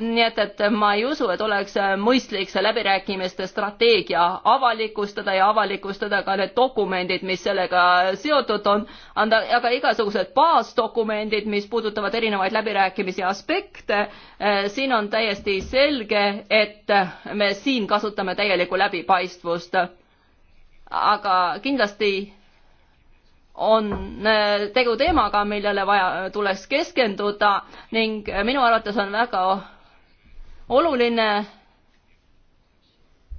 nii et, et ma ei usu, et oleks mõistlik see läbirääkimiste strateegia avalikustada ja avalikustada ka need dokumendid, mis sellega seotud on, anda, aga igasugused baasdokumendid, mis puudutavad erinevaid läbirääkimisi aspekte, eh, siin on täiesti selge, et me siin kasutame täielikku läbipaistvust. aga kindlasti on eh, tegu teemaga, millele vaja, tuleks keskenduda ning minu arvates on väga oluline,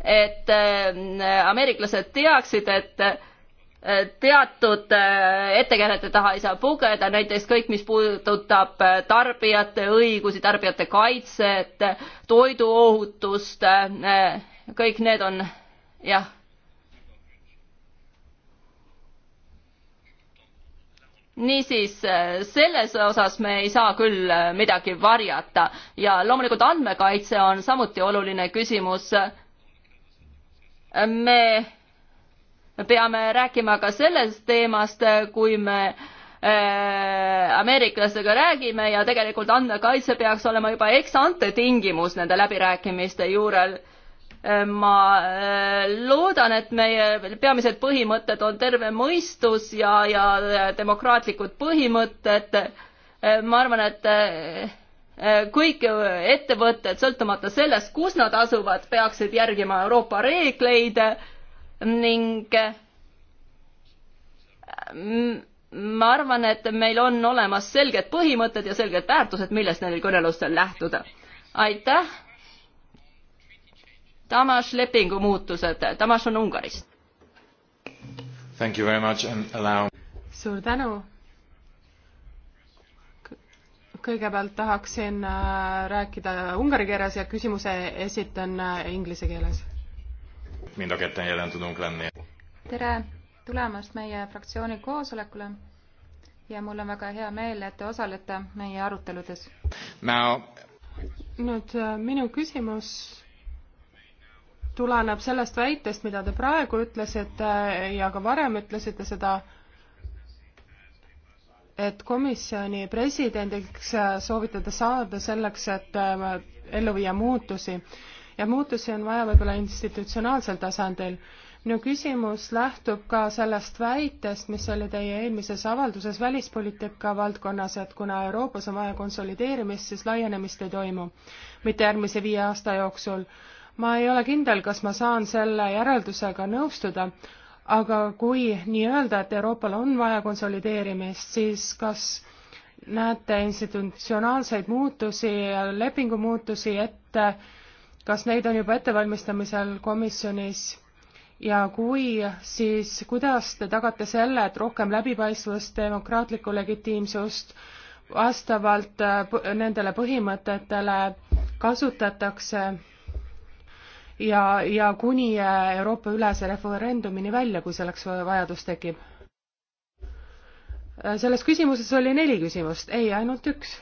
et äh, ameeriklased teaksid, et äh, teatud äh, ettekäänete taha ei saa pugeda, näiteks kõik, mis puudutab tarbijate õigusi, tarbijate kaitset, toiduohutust, kõik need on jah niisiis, äh, selles osas me ei saa küll äh, midagi varjata ja loomulikult andmekaitse on samuti oluline küsimus. Äh, me peame rääkima ka sellest teemast, kui me ameeriklastega räägime ja tegelikult andmekaitse peaks olema juba ex-ante tingimus nende läbirääkimiste juurel Äh, ma äh, loodan, et meie peamised põhimõtted on terve mõistus ja, ja äh, demokraatlikud põhimõtted. ma arvan, et kõik ettevõtted, sõltumata sellest, kus nad asuvad, peaksid järgima Euroopa reegleid ning ma arvan, et meil on olemas selged põhimõtted ja selged väärtused, millest neil kõnelustel lähtuda. aitäh Tamas lepingu muutused, Tamas on Ungarist. Thank you very much and allow suur tänu kõigepealt tahaksin äh, rääkida ungari keeles ja küsimuse esitan äh, inglise keeles. tere tulemast meie fraktsiooni koosolekule ja mul on väga hea meel, et te osalete meie aruteludes. nüüd äh, minu küsimus tuleneb sellest väitest, mida te praegu ütlesite äh, ja ka varem ütlesite seda, et komisjoni presidendiks äh, soovite te saada selleks, et äh, ellu viia muutusi. ja muutusi on vaja võib-olla institutsionaalsel tasandil. minu küsimus lähtub ka sellest väitest, mis oli teie eelmises avalduses välispoliitika valdkonnas, et kuna Euroopas on vaja konsolideerimist, siis laienemist ei toimu, mitte järgmise viie aasta jooksul ma ei ole kindel, kas ma saan selle järeldusega nõustuda, aga kui nii öelda, et Euroopal on vaja konsolideerimist, siis kas näete institutsionaalseid muutusi, lepingu muutusi ette, kas neid on juba ettevalmistamisel komisjonis ja kui, siis kuidas te tagate selle, et rohkem läbipaistvust, demokraatlikku legitiimsust vastavalt äh, nendele põhimõtetele kasutatakse ja, ja kuni Euroopa-ülese referendumini välja, kui selleks vajadus tekib? selles küsimuses oli neli küsimust, ei, ainult üks.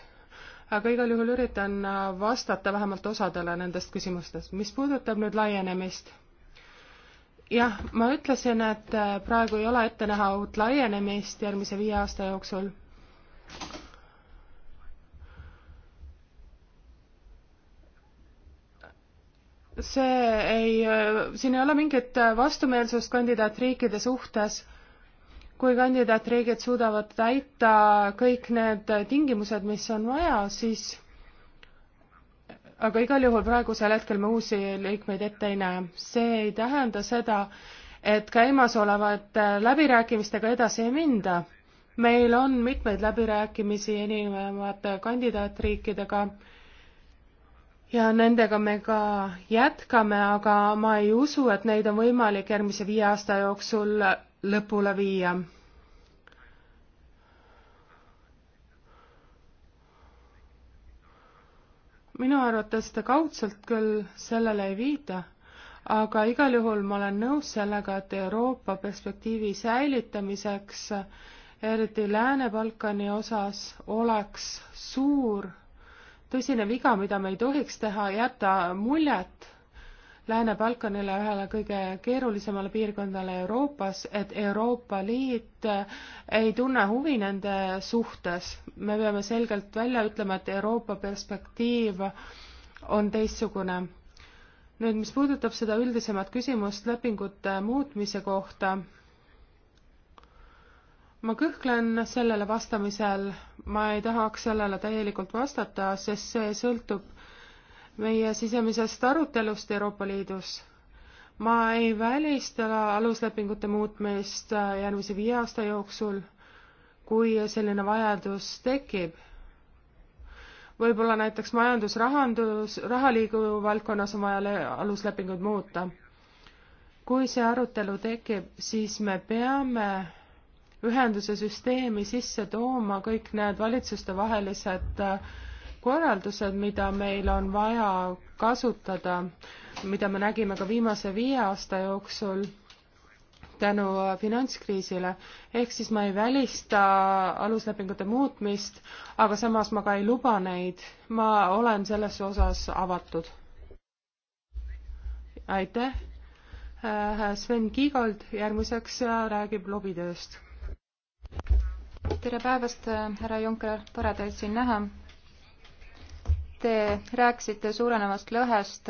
aga igal juhul üritan vastata vähemalt osadele nendest küsimustest. mis puudutab nüüd laienemist, jah, ma ütlesin, et praegu ei ole ette näha uut laienemist järgmise viie aasta jooksul see ei, siin ei ole mingit vastumeelsust kandidaatriikide suhtes. kui kandidaatriigid suudavad täita kõik need tingimused, mis on vaja, siis aga igal juhul praegusel hetkel me uusi liikmeid ette ei näe. see ei tähenda seda, et käimasolevate läbirääkimistega edasi ei minda. meil on mitmeid läbirääkimisi erinevate kandidaatriikidega ja nendega me ka jätkame, aga ma ei usu, et neid on võimalik järgmise viie aasta jooksul lõpule viia. minu arvates ta kaudselt küll sellele ei viita, aga igal juhul ma olen nõus sellega, et Euroopa perspektiivi säilitamiseks, eriti Lääne-Balkani osas, oleks suur tõsine viga, mida me ei tohiks teha, jätta muljet Lääne-Balkanile, ühele kõige keerulisemale piirkondale Euroopas, et Euroopa Liit ei tunne huvi nende suhtes. me peame selgelt välja ütlema, et Euroopa perspektiiv on teistsugune. nüüd, mis puudutab seda üldisemat küsimust lepingute muutmise kohta, ma kõhklen sellele vastamisel ma ei tahaks sellele täielikult vastata, sest see sõltub meie sisemisest arutelust Euroopa Liidus. ma ei välista aluslepingute muutmist järgmise viie aasta jooksul, kui selline vajadus tekib. võib-olla näiteks majandus, rahandus, rahaliigu valdkonnas on vaja aluslepinguid muuta. kui see arutelu tekib, siis me peame ühenduse süsteemi sisse tooma kõik need valitsustevahelised äh, korraldused, mida meil on vaja kasutada, mida me nägime ka viimase viie aasta jooksul tänu äh, finantskriisile, ehk siis ma ei välista aluslepingute muutmist, aga samas ma ka ei luba neid. ma olen selles osas avatud. aitäh. Äh, Sven Kiigold järgmiseks räägib lobitööst tere päevast, härra Juncker, tore teid siin näha. Te rääkisite suurenevast lõhest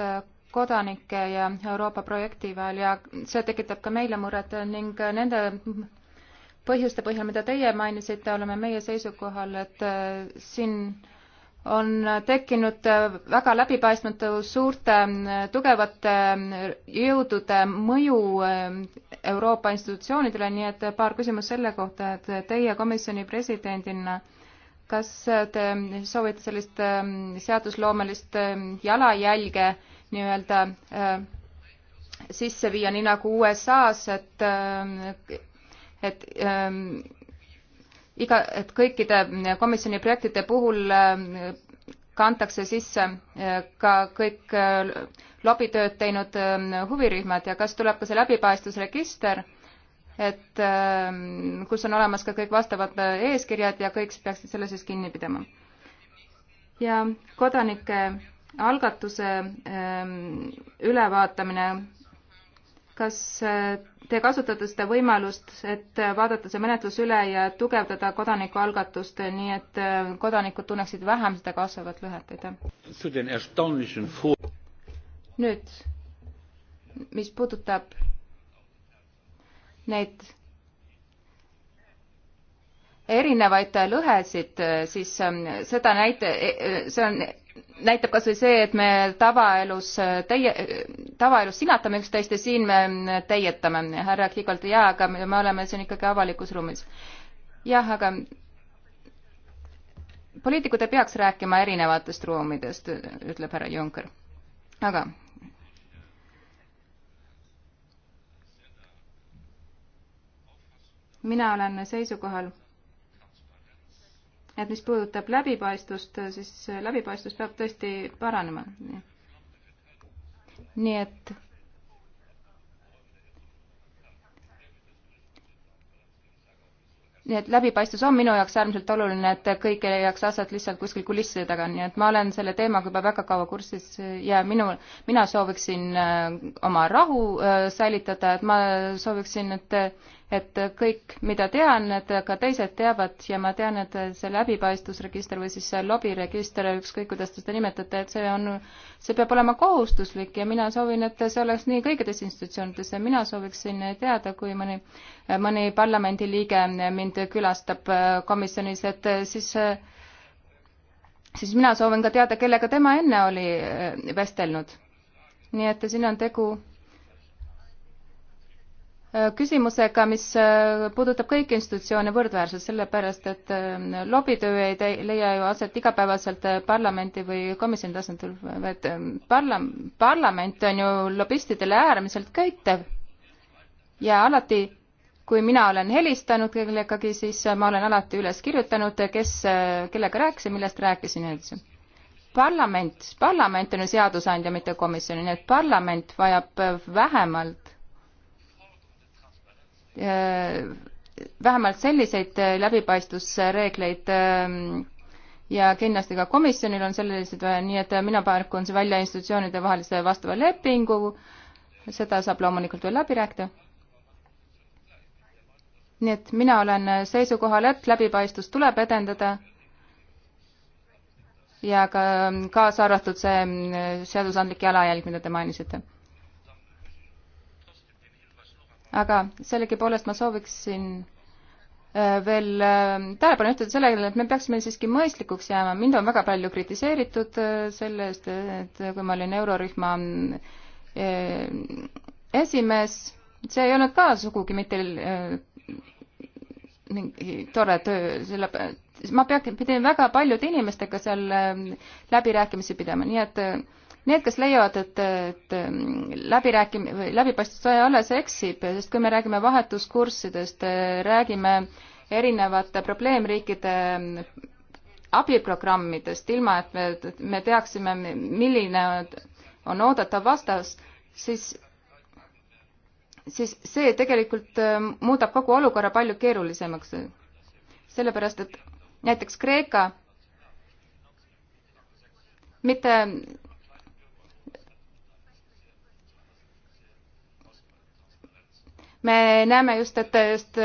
kodanike ja Euroopa projekti vahel ja see tekitab ka meile muret ning nende põhjuste põhjal, mida teie mainisite, oleme meie seisukohal, et äh, siin on tekkinud väga läbipaistmatu suurte tugevate jõudude mõju eh, Euroopa institutsioonidele, nii et paar küsimust selle kohta, et teie komisjoni presidendina, kas te soovite sellist eh, seadusloomelist eh, jalajälge nii-öelda sisse viia, nii nagu USA-s, et, et iga, et kõikide komisjoni projektide puhul äh, kantakse sisse äh, ka kõik äh, lobitööd teinud huvirühmad ja kas tuleb ka see läbipaistvusregister, et kus on olemas ka kõik vastavad eeskirjad ja kõik peaksid selle siis kinni pidama. ja kodanike algatuse ülevaatamine kas äh, te kasutate seda võimalust, et äh, vaadata see menetlus üle ja tugevdada kodanikualgatust, nii et äh, kodanikud tunneksid vähem seda kasvavat lõhet, aitäh? nüüd, mis puudutab neid erinevaid lõhesid, siis ähm, seda näite, e- e- see on näitab kas või see, et me tavaelus teie, tavaelus sinatame üksteist ja siin me teietame. härra Kigolt, jaa, aga me oleme siin ikkagi avalikus ruumis. jah, aga poliitikud ei peaks rääkima erinevatest ruumidest, ütleb härra Juncker. aga mina olen seisukohal et mis puudutab läbipaistvust, siis läbipaistvus peab tõesti paranema. nii et nii et läbipaistvus on minu jaoks äärmiselt oluline, et kõik ei jääks asjad lihtsalt kuskil kulisside taga, nii et ma olen selle teemaga juba väga kaua kursis ja minu, mina sooviksin äh, oma rahu äh, säilitada, et ma sooviksin, et et kõik, mida tean, et ka teised teavad ja ma tean, et see läbipaistvusregister või siis see lobiregister, ükskõik kuidas te seda nimetate, et see on, see peab olema kohustuslik ja mina soovin, et see oleks nii kõikides institutsioonides ja mina sooviksin teada, kui mõni, mõni parlamendiliige mind külastab komisjonis, et siis siis mina soovin ka teada, kellega tema enne oli vestelnud. nii et siin on tegu Äh, küsimusega, mis äh, puudutab kõiki institutsioone võrdväärselt, sellepärast et äh, lobitöö ei tei, leia ju aset igapäevaselt parlamendi või komisjoni tasandil, vaid ähm, parla-, parlament on ju lobistidele äärmiselt köitev ja alati, kui mina olen helistanud kellegagi, siis ma olen alati üles kirjutanud, kes, kellega rääkisin, millest rääkisin ja üldse parlament, parlament on ju seadusandja, mitte komisjon, nii et parlament vajab vähemalt Äh, vähemalt selliseid äh, läbipaistvusreegleid ähm, ja kindlasti ka komisjonil on sellised, äh, nii et mina pakun see välja institutsioonide vahelise vastava lepingu, seda saab loomulikult veel läbi rääkida. nii et mina olen seisukohal, et läbipaistvust tuleb edendada ja ka kaasa arvatud see seadusandlik jalajälg, mida te mainisite aga sellegipoolest ma sooviksin äh, veel äh, tähelepanu juhtida sellele, et me peaksime siiski mõistlikuks jääma, mind on väga palju kritiseeritud äh, selle eest, et kui ma olin eurorühma esimees, see ei olnud ka sugugi mitte tore töö, selle, ma pean, pidin väga paljude inimestega seal läbirääkimisi pidama, nii et Need, kes leiavad, et, et mm, läbirääkim-, läbipaistvust vaja alles eksib, sest kui me räägime vahetuskurssidest, räägime erinevate probleemriikide mm, abiprogrammidest, ilma et me, me teaksime, milline on oodatav vastas, siis siis see tegelikult mm, muudab kogu olukorra palju keerulisemaks. sellepärast, et näiteks Kreeka mitte me näeme just, et just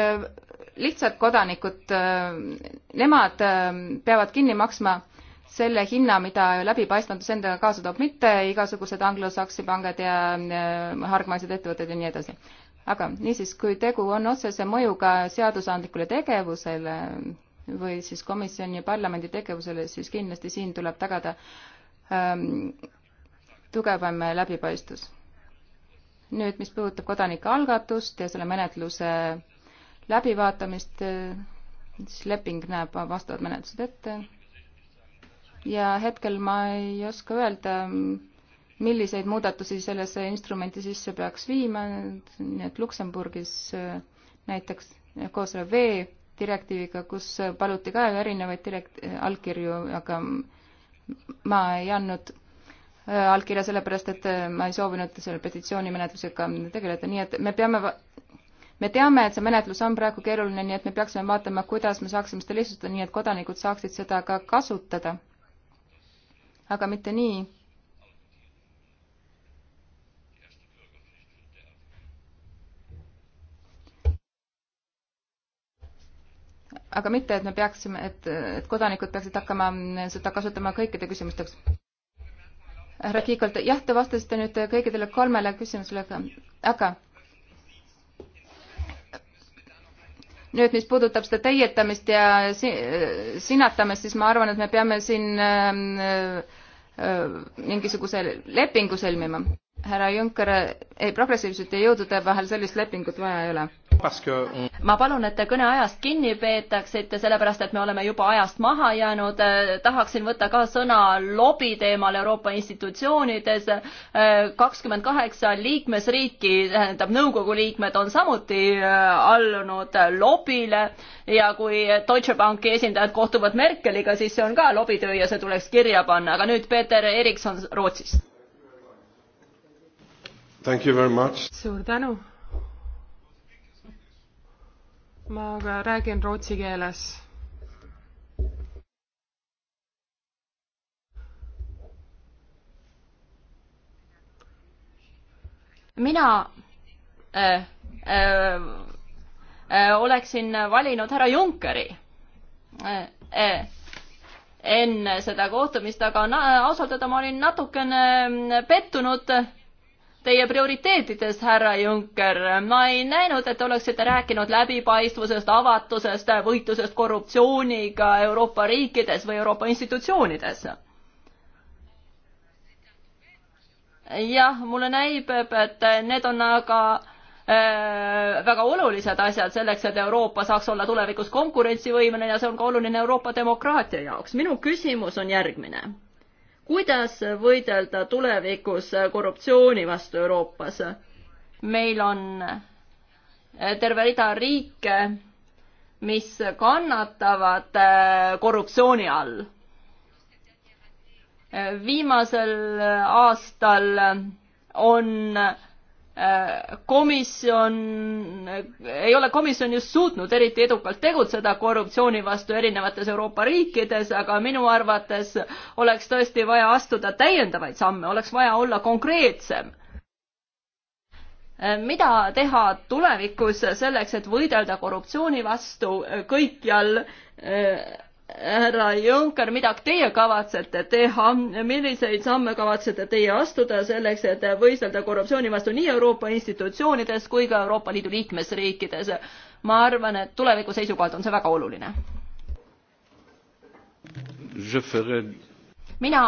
lihtsad kodanikud, äh, nemad äh, peavad kinni maksma selle hinna, mida läbipaistmatus endaga kaasa toob, mitte igasugused anglosaksi pangad ja äh, hargmaised ettevõtted ja nii edasi. aga niisiis, kui tegu on otsese mõjuga seadusandlikule tegevusele või siis komisjoni ja parlamendi tegevusele, siis kindlasti siin tuleb tagada ähm, tugevam läbipaistvus nüüd, mis puudutab kodanikualgatust ja selle menetluse läbivaatamist, siis leping näeb vastavad menetlused ette. ja hetkel ma ei oska öelda, milliseid muudatusi sellesse instrumenti sisse peaks viima, nii et Luksemburgis näiteks koos vee direktiiviga, kus paluti ka erinevaid direkt-, allkirju, aga ma ei andnud Äh, allkirja, sellepärast et äh, ma ei soovinud selle petitsiooni menetlusega tegeleda, nii et me peame me teame, et see menetlus on praegu keeruline, nii et me peaksime vaatama, kuidas me saaksime seda lihtsustada, nii et kodanikud saaksid seda ka kasutada. aga mitte nii, aga mitte, et me peaksime, et, et kodanikud peaksid hakkama seda kasutama kõikide küsimusteks härra Kiigolt, jah, te vastasite nüüd kõigile kolmele küsimusele, aga, aga nüüd, mis puudutab seda teietamist ja si sinatamist, siis ma arvan, et me peame siin äh, äh, mingisuguse lepingu sõlmima härra Juncker, ei, progressiivsete jõudude vahel sellist lepingut vaja ei ole. On... ma palun, et te kõneajast kinni peetaksite, sellepärast et me oleme juba ajast maha jäänud. tahaksin võtta ka sõna lobi teemal Euroopa institutsioonides. kakskümmend kaheksa liikmesriiki, tähendab nõukogu liikmed on samuti äh, allunud lobile ja kui Deutsche Banki esindajad kohtuvad Merkeliga, siis see on ka lobitöö ja see tuleks kirja panna, aga nüüd Peeter Erikson Rootsist suur tänu. ma aga räägin rootsi keeles. mina äh, äh, äh, oleksin valinud härra Junckeri äh, äh, enne seda kohtumist, aga ausalt öelda ma olin natukene pettunud äh, teie prioriteetidest, härra Juncker. ma ei näinud, et oleksite rääkinud läbipaistvusest, avatusest, võitlusest korruptsiooniga Euroopa riikides või Euroopa institutsioonides. jah, mulle näib, et need on aga äh, väga olulised asjad selleks, et Euroopa saaks olla tulevikus konkurentsivõimeline ja see on ka oluline Euroopa demokraatia jaoks. minu küsimus on järgmine kuidas võidelda tulevikus korruptsiooni vastu Euroopas. meil on terve rida riike, mis kannatavad korruptsiooni all. viimasel aastal on Äh, komisjon, ei ole komisjon just suutnud eriti edukalt tegutseda korruptsiooni vastu erinevates Euroopa riikides, aga minu arvates oleks tõesti vaja astuda täiendavaid samme, oleks vaja olla konkreetsem. Äh, mida teha tulevikus selleks, et võidelda korruptsiooni vastu kõikjal äh, härra Juncker, mida teie kavatsete teha, milliseid samme kavatsete teie astuda selleks, et võistelda korruptsiooni vastu nii Euroopa institutsioonides kui ka Euroopa Liidu liikmesriikides? ma arvan, et tuleviku seisukohalt on see väga oluline. mina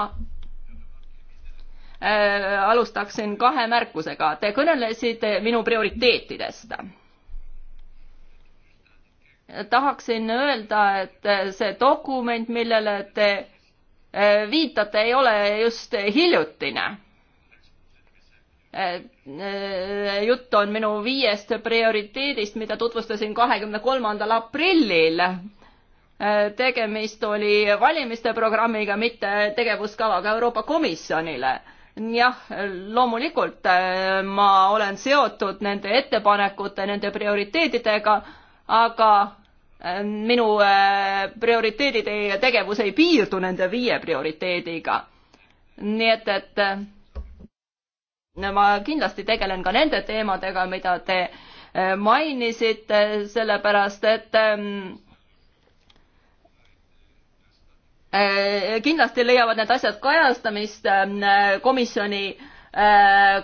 äh, alustaksin kahe märkusega. Te kõnelesite minu prioriteetidest tahaksin öelda, et see dokument, millele te eh, viitate, ei ole just hiljutine. Eh, eh, jutt on minu viiest prioriteedist, mida tutvustasin kahekümne kolmandal aprillil. tegemist oli valimiste programmiga, mitte tegevuskavaga Euroopa Komisjonile jah, loomulikult ma olen seotud nende ettepanekute, nende prioriteedidega, aga minu äh, prioriteedid ja tegevus ei piirdu nende viie prioriteediga. nii et, et äh, ma kindlasti tegelen ka nende teemadega, mida te äh, mainisite, sellepärast et ähm, kindlasti leiavad need asjad kajastamist ähm, komisjoni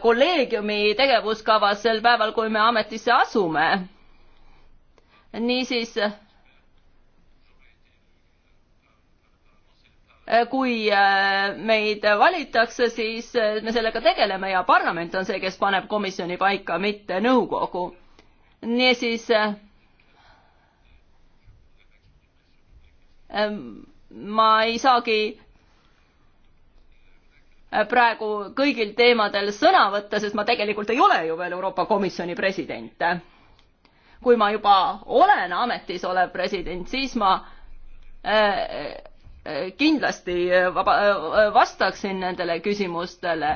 kolleegiumi tegevuskavas sel päeval, kui me ametisse asume. niisiis Äh, kui äh, meid valitakse, siis äh, me sellega tegeleme ja parlament on see, kes paneb komisjoni paika, mitte nõukogu. niisiis ähm, ma ei saagi praegu kõigil teemadel sõna võtta, sest ma tegelikult ei ole ju veel Euroopa Komisjoni president. kui ma juba olen ametis olev president, siis ma äh, kindlasti vaba, vastaksin nendele küsimustele,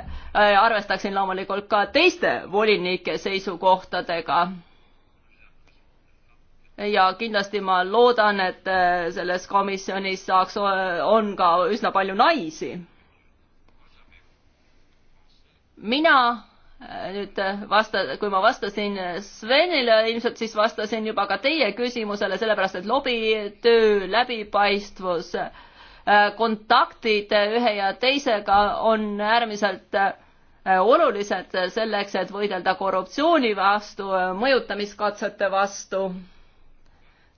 arvestaksin loomulikult ka teiste volinike seisukohtadega. ja kindlasti ma loodan, et selles komisjonis saaks, on ka üsna palju naisi. mina nüüd vasta, kui ma vastasin Svenile ilmselt, siis vastasin juba ka teie küsimusele, sellepärast et lobitöö läbipaistvus äh, Äh, kontaktid äh, ühe ja teisega on äärmiselt äh, olulised selleks, et võidelda korruptsiooni vastu, mõjutamiskatsete vastu.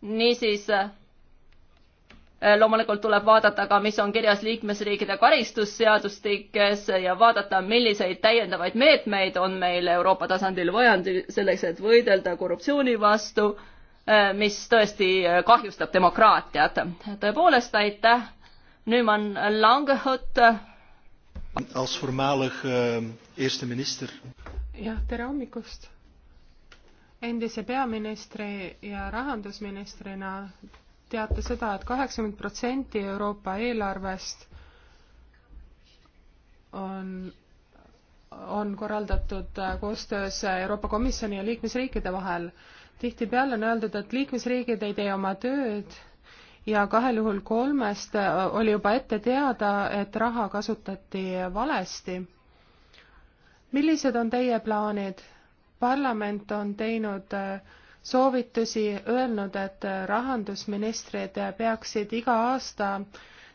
niisiis loomulikult tuleb vaadata ka, mis on kirjas liikmesriikide karistusseadustikes ja vaadata, milliseid täiendavaid meetmeid on meil Euroopa tasandil vaja selleks, et võidelda korruptsiooni vastu, mis tõesti kahjustab demokraatiat. tõepoolest, aitäh Neumann Langehut. Eh. Als voormalig uh, eerste minister. jah, tere hommikust. endise peaministri ja rahandusministrina teate seda et, et kaheksakümmend protsenti Euroopa eelarvest on, on korraldatud eh, koostöös Euroopa Komisjoni ja liikmesriikide vahel. tihtipeale on öeldud, et liikmesriigid ei tee oma tööd ja kahel juhul kolmest äh, oli juba ette teada, et raha kasutati valesti. millised on teie plaanid? parlament on teinud äh, soovitusi, öelnud, et äh, rahandusministrid peaksid iga aasta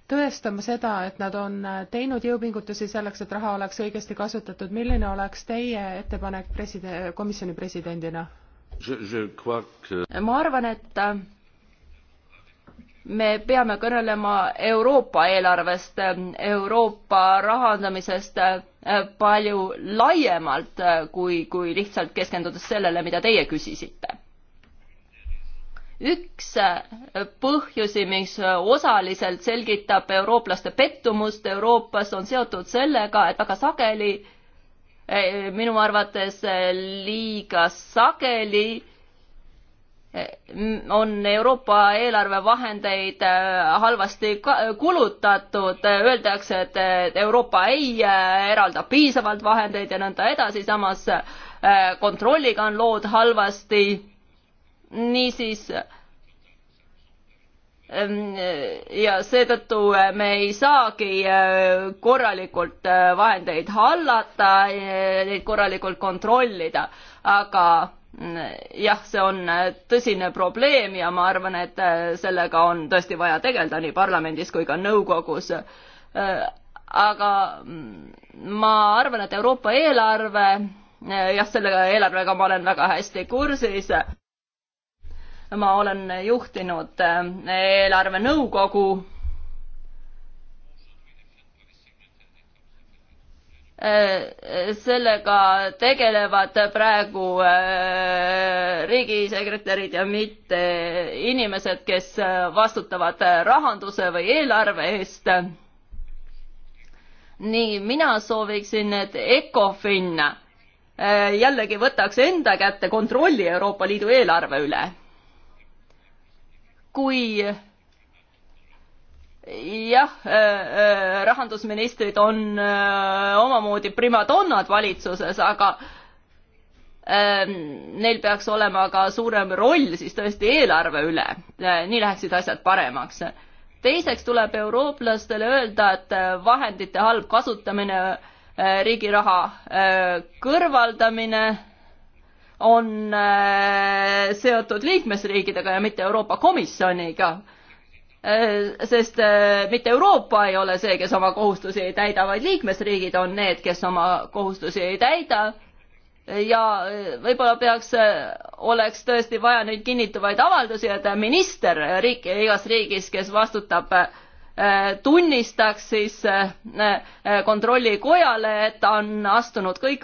tõestama seda, et nad on teinud jõupingutusi selleks, et raha oleks õigesti kasutatud. milline oleks teie ettepanek preside-, komisjoni presidendina? Que... ma arvan, et me peame kõnelema Euroopa eelarvest, Euroopa rahandamisest äh, palju laiemalt, äh, kui, kui lihtsalt keskendudes sellele, mida teie küsisite. üks äh, põhjusi, mis osaliselt selgitab eurooplaste pettumust Euroopas, on seotud sellega, et väga sageli, minu arvates liiga sageli on Euroopa eelarvevahendeid äh, halvasti kulutatud, öeldakse, et Euroopa ei äh, eralda piisavalt vahendeid ja nõnda edasi, samas äh, kontrolliga on lood halvasti. niisiis ähm, ja seetõttu me ei saagi korralikult vahendeid hallata, neid korralikult kontrollida, aga jah, see on äh, tõsine probleem ja ma arvan, et äh, sellega on tõesti vaja tegeleda nii parlamendis kui ka nõukogus. Äh, aga mm, ma arvan, et Euroopa eelarve, jah, selle eelarvega ma olen väga hästi kursis. ma olen juhtinud eelarvenõukogu Äh, sellega tegelevad praegu äh, riigisekretärid ja mitte inimesed, kes äh, vastutavad rahanduse või eelarve eest. nii, mina sooviksin, et Ecofin jällegi võtaks enda kätte kontrolli Euroopa Liidu eelarve üle. kui jah, äh, äh, rahandusministrid on äh, omamoodi primadonnad valitsuses, aga ähm, neil peaks olema ka suurem roll siis tõesti eelarve üle. nii läheksid asjad paremaks. teiseks tuleb eurooplastele öelda, et vahendite halb kasutamine, riigi raha kõrvaldamine on seotud liikmesriikidega ja mitte Euroopa Komisjoniga Äh, sest äh, mitte Euroopa ei ole see, kes oma kohustusi ei täida, vaid liikmesriigid on need, kes oma kohustusi ei täida. ja äh, võib-olla peaks, oleks tõesti vaja neid kinnitavaid avaldusi, et minister riik, igas riigis, kes vastutab tunnistaks siis kontrollikojale, et ta on astunud kõik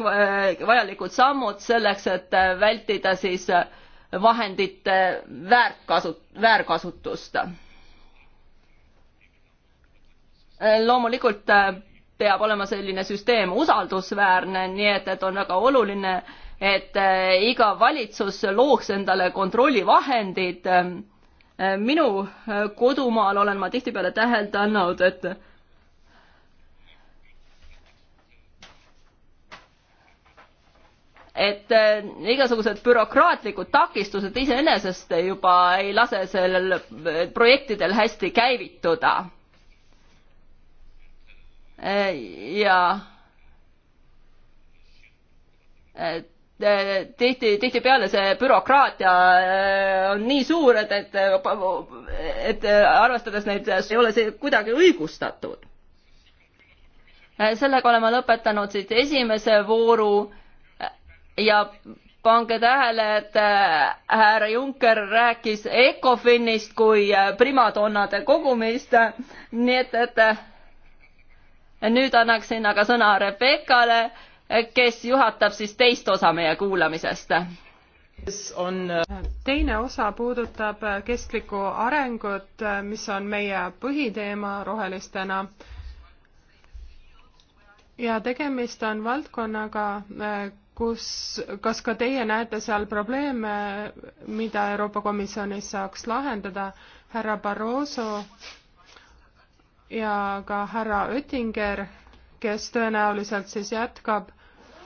vajalikud sammud selleks, et vältida siis vahendite väärkasut-, väärkasutust loomulikult äh, peab olema selline süsteem usaldusväärne, nii et, et on väga oluline, et äh, iga valitsus looks endale kontrollivahendid. Äh, minu kodumaal olen ma tihtipeale täheldanud, et et igasugused bürokraatlikud takistused iseenesest juba ei lase sellel projektidel hästi käivituda Äh, ja äh, tihti, tihtipeale see bürokraatia äh, on nii suur, et, et, et arvestades neid, ei ole see kuidagi õigustatud. sellega oleme lõpetanud siit esimese vooru ja pange tähele, et härra Juncker rääkis ECOFINist kui primadonnade kogumist, nii et, et nüüd annaksin aga sõna Rebekale, kes juhatab siis teist osa meie kuulamisest. On... Äh, teine osa puudutab äh, kestlikku arengut, äh, mis on meie põhiteema rohelistena ja tegemist on valdkonnaga, kus, kas ka teie näete seal probleeme, mida Euroopa Komisjonis saaks lahendada? härra Barroso ja ka härra Oettinger, kes tõenäoliselt siis jätkab,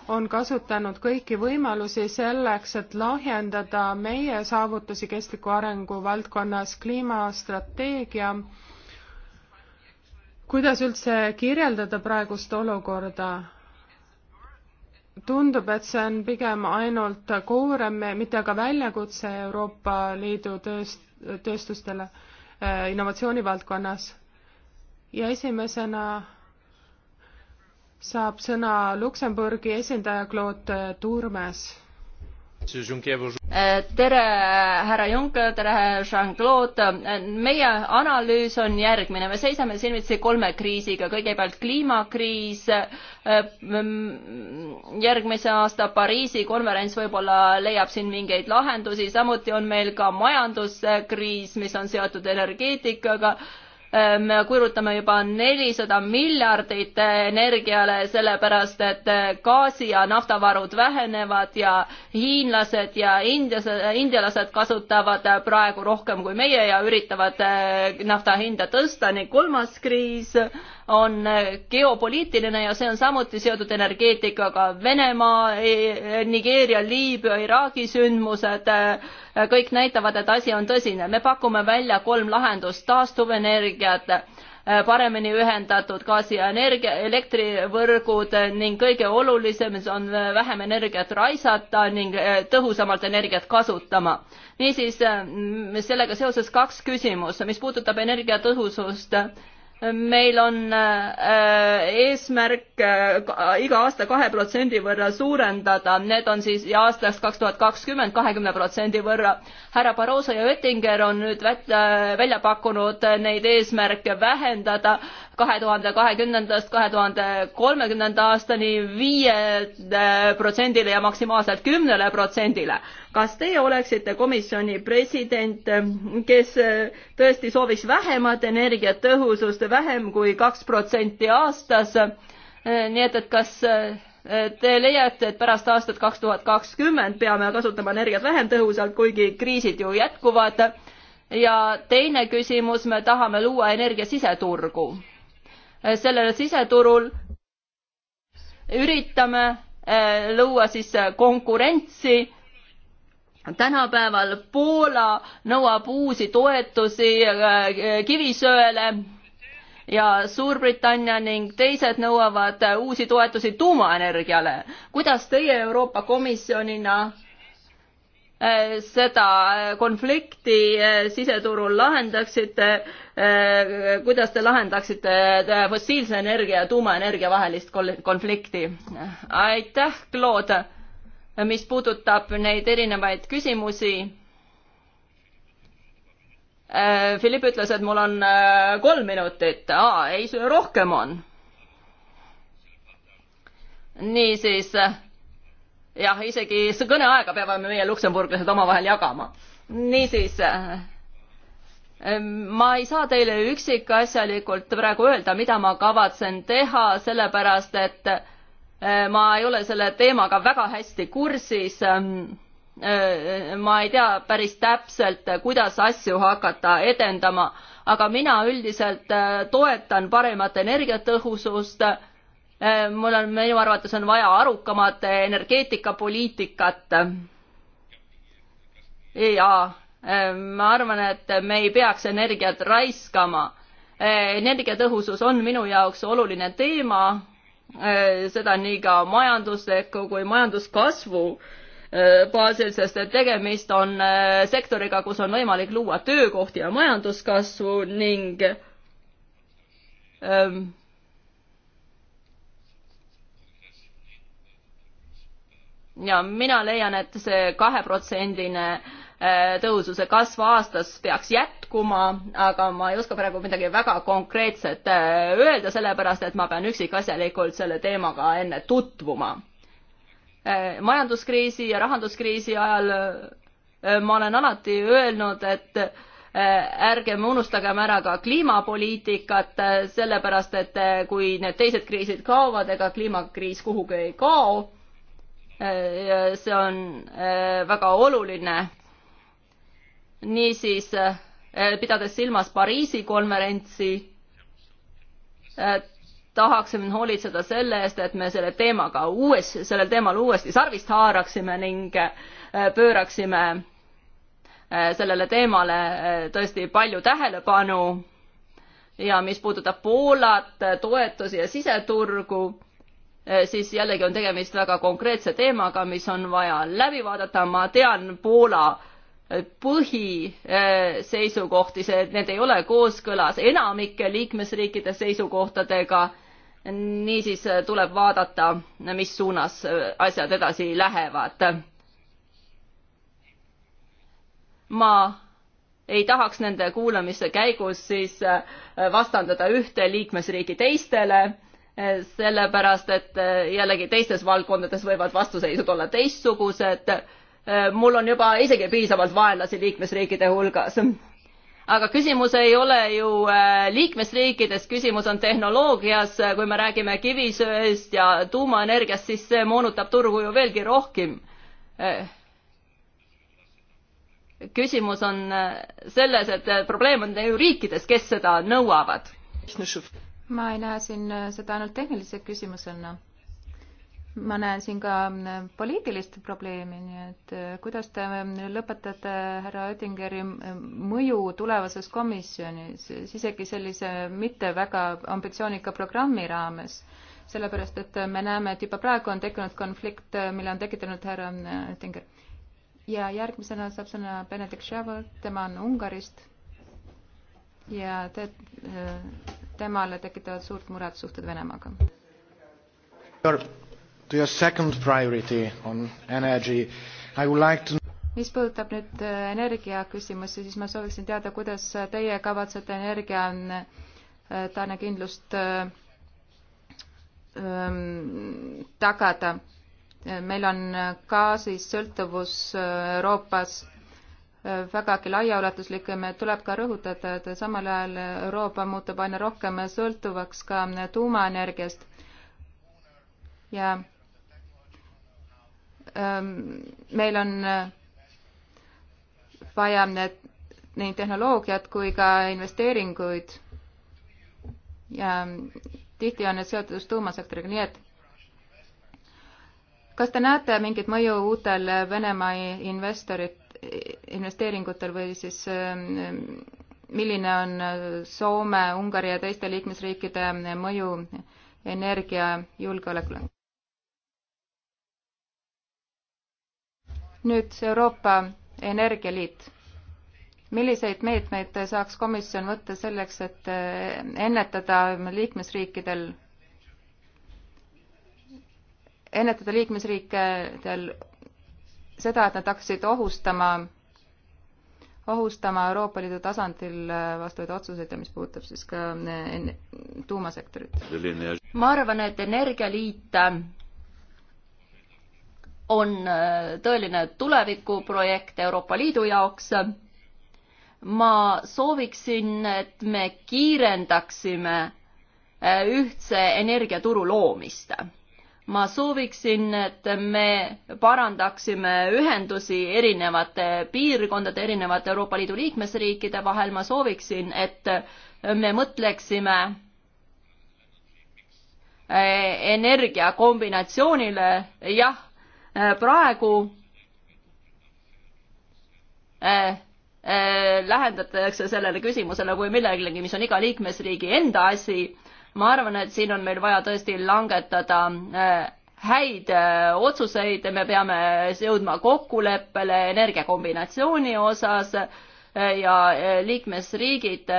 on kasutanud kõiki võimalusi selleks, et lahjendada meie saavutusi kestliku arengu valdkonnas kliimastrateegia. kuidas üldse kirjeldada praegust olukorda? tundub, et see on pigem ainult koorem, mitte aga väljakutse Euroopa Liidu tööst-, tööstustele eh, innovatsioonivaldkonnas ja esimesena saab sõna Luksemburgi esindaja Claude Turmes. Äh, tere, härra Juncker, tere, Jean-Claude. Äh, meie analüüs on järgmine, me seisame silmitsi kolme kriisiga, kõigepealt kliimakriis, äh, mm, järgmise aasta Pariisi konverents võib-olla leiab siin mingeid lahendusi, samuti on meil ka majanduskriis, mis on seotud energeetikaga Ehm, me kujutame juba nelisada miljardit eh, energiale, sellepärast et eh, gaasi ja naftavarud vähenevad ja hiinlased ja indiased, indialased kasutavad eh, praegu rohkem kui meie ja üritavad nafta hinda tõsta ning kolmas kriis on geopoliitiline ja see on samuti seotud energeetikaga. Venemaa, e, Nigeeria, Liibüa, Iraagi sündmused, äh, kõik näitavad, et asi on tõsine. me pakume välja kolm lahendust, taastuvenergiat, äh, paremini ühendatud gaasi ja energia, elektrivõrgud ning kõige olulisem on äh, vähem energiat raisata ning tõhusamalt energiat kasutama. niisiis, sellega seoses kaks küsimust, mis puudutab energiatõhusust meil on äh, eesmärk äh, iga aasta kahe protsendi võrra suurendada, need on siis ja aastaks kaks tuhat kakskümmend kahekümne protsendi võrra. härra Barroso ja Oettinger on nüüd välja pakkunud neid eesmärke vähendada kahe tuhande kahekümnendast kahe tuhande kolmekümnenda aastani viiele protsendile ja maksimaalselt kümnele protsendile. kas teie oleksite komisjoni president, kes tõesti sooviks vähemat energiatõhusust, vähem kui kaks protsenti aastas? nii et, et kas Te leiate, et pärast aastat kaks tuhat kakskümmend peame kasutama energiat vähem tõhusalt, kuigi kriisid ju jätkuvad ja teine küsimus, me tahame luua energia siseturgu. Äh, sellel siseturul üritame äh, luua siis äh, konkurentsi. tänapäeval Poola nõuab uusi toetusi kivisöele ja Suurbritannia ning teised nõuavad uusi toetusi tuumaenergiale. kuidas teie Euroopa Komisjonina seda konflikti siseturul lahendaksite Äh, kuidas te lahendaksite äh, fossiilse energia ja tuumaenergia vahelist konflikti? aitäh, Claude. mis puudutab neid erinevaid küsimusi. Äh, Philipp ütles, et mul on kolm minutit, ei, rohkem on. niisiis, jah, isegi kõneaega peavad meie luksemburglased omavahel jagama. niisiis Ehm, ma ei saa teile üksikasjalikult praegu öelda, mida ma kavatsen teha, sellepärast et ehm, ma ei ole selle teemaga väga hästi kursis. Ehm, ma ei tea päris täpselt, kuidas asju hakata edendama, aga mina üldiselt toetan paremat energiatõhusust. mul on, minu arvates on vaja arukamat energeetikapoliitikat. ja Ehm, ma arvan, et me ei peaks energiat raiskama. Ehm, energiatõhusus on minu jaoks oluline teema, ehm, seda nii ka majandusliku kui majanduskasvu baasil, sest et tegemist on sektoriga, kus on võimalik luua töökohti ja majanduskasvu ning ähm, ja mina leian, et see kaheprotsendine äh, Äh, tõususe kasv aastas peaks jätkuma, aga ma ei oska praegu midagi väga konkreetset äh, öelda, sellepärast et ma pean üksikasjalikult selle teemaga enne tutvuma. Äh, majanduskriisi ja rahanduskriisi ajal ma olen alati öelnud, et ärgem unustagem ära ka kliimapoliitikat, sellepärast et kui need teised kriisid kaovad, ega kliimakriis kuhugi ei kao. see on väga oluline niisiis, eh, pidades silmas Pariisi konverentsi, eh, tahaksime hoolitseda selle eest, et me selle teemaga uues, sellel teemal uuesti sarvist haaraksime ning eh, pööraksime sellele teemale tõesti palju tähelepanu. ja mis puudutab Poolat, toetusi ja siseturgu, siis jällegi on tegemist väga konkreetse teemaga, mis on vaja läbi vaadata. ma tean Poola põhiseisukohti, äh, see, et need ei ole kooskõlas enamike liikmesriikide seisukohtadega. niisiis äh, tuleb vaadata, mis suunas äh, asjad edasi lähevad. ma ei tahaks nende kuulamise käigus siis vastandada ühte liikmesriigi teistele, sellepärast et jällegi teistes valdkondades võivad vastuseisud olla teistsugused Äh, mul on juba isegi piisavalt vaenlasi liikmesriikide hulgas. aga küsimus ei ole ju äh, liikmesriikides, küsimus on tehnoloogias, kui me räägime kivisöest ja tuumaenergiast, siis see moonutab turgu ju veelgi rohkem. Äh, küsimus on selles, et probleem on ju riikides, kes seda nõuavad. ma ei näe siin seda ainult tehnilise küsimusena no ma näen siin ka mm, poliitilist probleemi, nii et äh, kuidas te mm, lõpetate härra Oettingeri mm, mõju tulevases komisjonis, isegi sellise mitte väga ambitsioonika programmi raames, sellepärast et äh, me näeme, et juba praegu on tekkinud konflikt, äh, mille on tekitanud härra Oettinger. ja järgmisena saab sõna Benedikt Ševal, tema on Ungarist ja te, temale tekitavad suurt muret suhted Venemaaga. To your second priority on energy, I would like to mis puudutab nüüd äh, energiaküsimusi, siis ma sooviksin teada, kuidas teie kavatsete energia äh, tarnekindlust äh, ähm, tagada. meil on gaasist sõltuvus Euroopas vägagi laiaulatuslik ja meil tuleb ka rõhutada, et samal ajal Euroopa muutub aina rohkem sõltuvaks ka tuumaenergiast ja Ähm, meil on äh, vaja need, nii tehnoloogiat kui ka investeeringuid ja ähm, tihti on need seotud just tuumasektoriga, nii et kas te näete mingit mõju uutel äh, Venemaa investorit, investeeringutel või siis ähm, milline on äh, Soome, Ungari ja teiste liikmesriikide mõju energiajulgeolekule? nüüd Euroopa Energialiit. milliseid meetmeid saaks komisjon võtta selleks, et eh, ennetada liikmesriikidel, ennetada liikmesriikidel seda, et nad hakkasid ohustama, ohustama Euroopa Liidu tasandil eh, vastavaid otsuseid ja mis puudutab siis ka eh, tuumasektorit? ma arvan, et Energialiit on äh, tõeline tulevikuprojekt Euroopa Liidu jaoks. ma sooviksin, et me kiirendaksime äh, ühtse energiaturu loomist. ma sooviksin, et me parandaksime ühendusi erinevate piirkondade, erinevate Euroopa Liidu liikmesriikide vahel, ma sooviksin, et me mõtleksime äh, energiakombinatsioonile, jah Äh, praegu äh, äh, lähendatakse sellele küsimusele kui millegagi, mis on iga liikmesriigi enda asi. ma arvan, et siin on meil vaja tõesti langetada häid otsuseid, me peame jõudma kokkuleppele energiakombinatsiooni osas ja liikmesriigid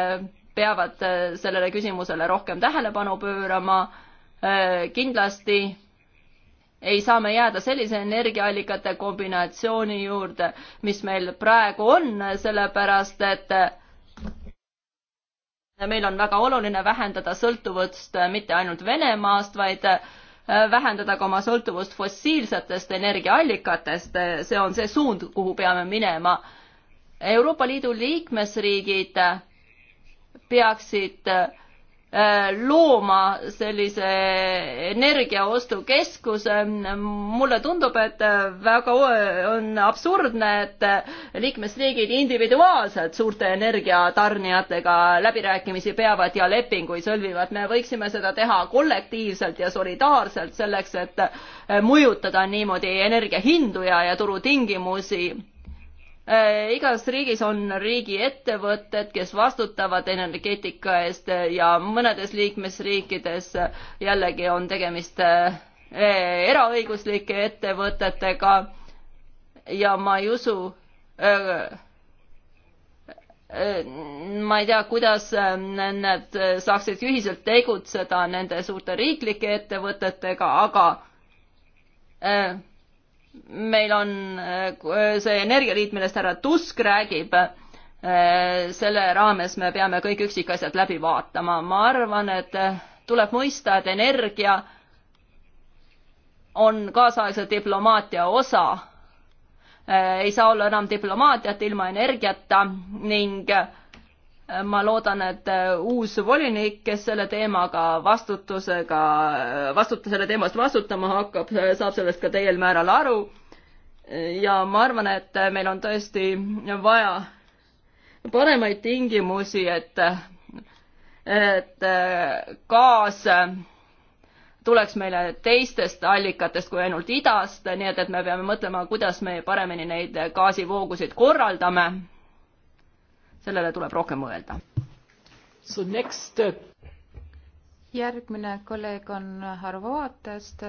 peavad sellele küsimusele rohkem tähelepanu pöörama. kindlasti ei saa me jääda sellise energiaallikate kombinatsiooni juurde, mis meil praegu on, sellepärast et meil on väga oluline vähendada sõltuvust mitte ainult Venemaast, vaid äh, vähendada ka oma sõltuvust fossiilsetest energiaallikatest, see on see suund, kuhu peame minema. Euroopa Liidu liikmesriigid peaksid äh, Äh, looma sellise energiaostukeskuse. mulle tundub, et väga on absurdne, et liikmesriigid individuaalselt suurte energiatarnijatega läbirääkimisi peavad ja lepinguid sõlmivad. me võiksime seda teha kollektiivselt ja solidaarselt selleks, et mõjutada niimoodi energiahindu ja, ja turutingimusi Äh, igas riigis on riigiettevõtted, kes vastutavad energeetika eest ja mõnedes liikmesriikides jällegi on tegemist äh, eraõiguslike ettevõtetega ja ma ei usu, äh, ma ei tea, kuidas need saaksid ühiselt tegutseda nende suurte riiklike ettevõtetega, aga meil on äh, see energialiit, millest härra Tusk räägib, äh, selle raames me peame kõik üksikasjad läbi vaatama. ma arvan, et äh, tuleb mõista, et energia on kaasaegse diplomaatia osa. ei saa olla enam diplomaatiat ilma energiata ning äh, ma loodan, et äh, uus volinik, kes selle teemaga vastutusega, äh, vastuta-, selle teema eest vastutama hakkab, äh, saab sellest ka täiel määral aru. ja ma arvan, et meil on tõesti vaja paremaid tingimusi, et, et gaas tuleks meile teistest allikatest kui ainult idast, nii et, et me peame mõtlema, kuidas me paremini neid gaasivoogusid korraldame sellele tuleb rohkem mõelda. So next uh, järgmine kolleeg on Arvo Aatest,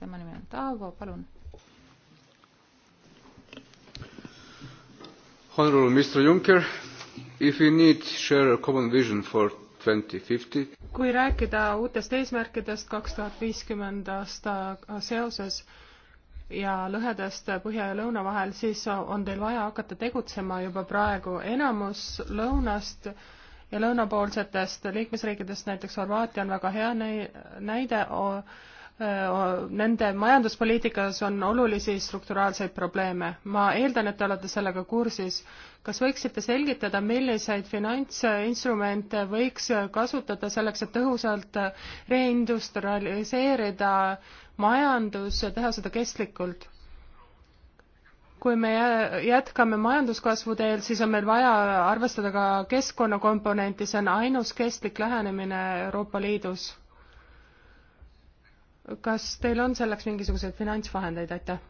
tema nimi on Taavo, palun. Honorable Mr Juncker, if we need share a common vision for twenty fifty. kui rääkida uutest eesmärkidest kaks tuhat viiskümmend aasta seoses, ja lõhedest põhja ja lõuna vahel, siis on teil vaja hakata tegutsema juba praegu. enamus lõunast ja lõunapoolsetest liikmesriikidest, näiteks Horvaatia on väga hea näide, nende majanduspoliitikas on olulisi strukturaalseid probleeme. ma eeldan, et te olete sellega kursis. kas võiksite selgitada, milliseid finantsinstrumente võiks kasutada selleks, et tõhusalt reindustrialiseerida äh, majandus ja teha seda kestlikult. kui me jätkame majanduskasvu teel, siis on meil vaja arvestada ka keskkonnakomponenti, see on ainus kestlik lähenemine Euroopa Liidus. kas teil on selleks mingisuguseid finantsvahendeid, aitäh?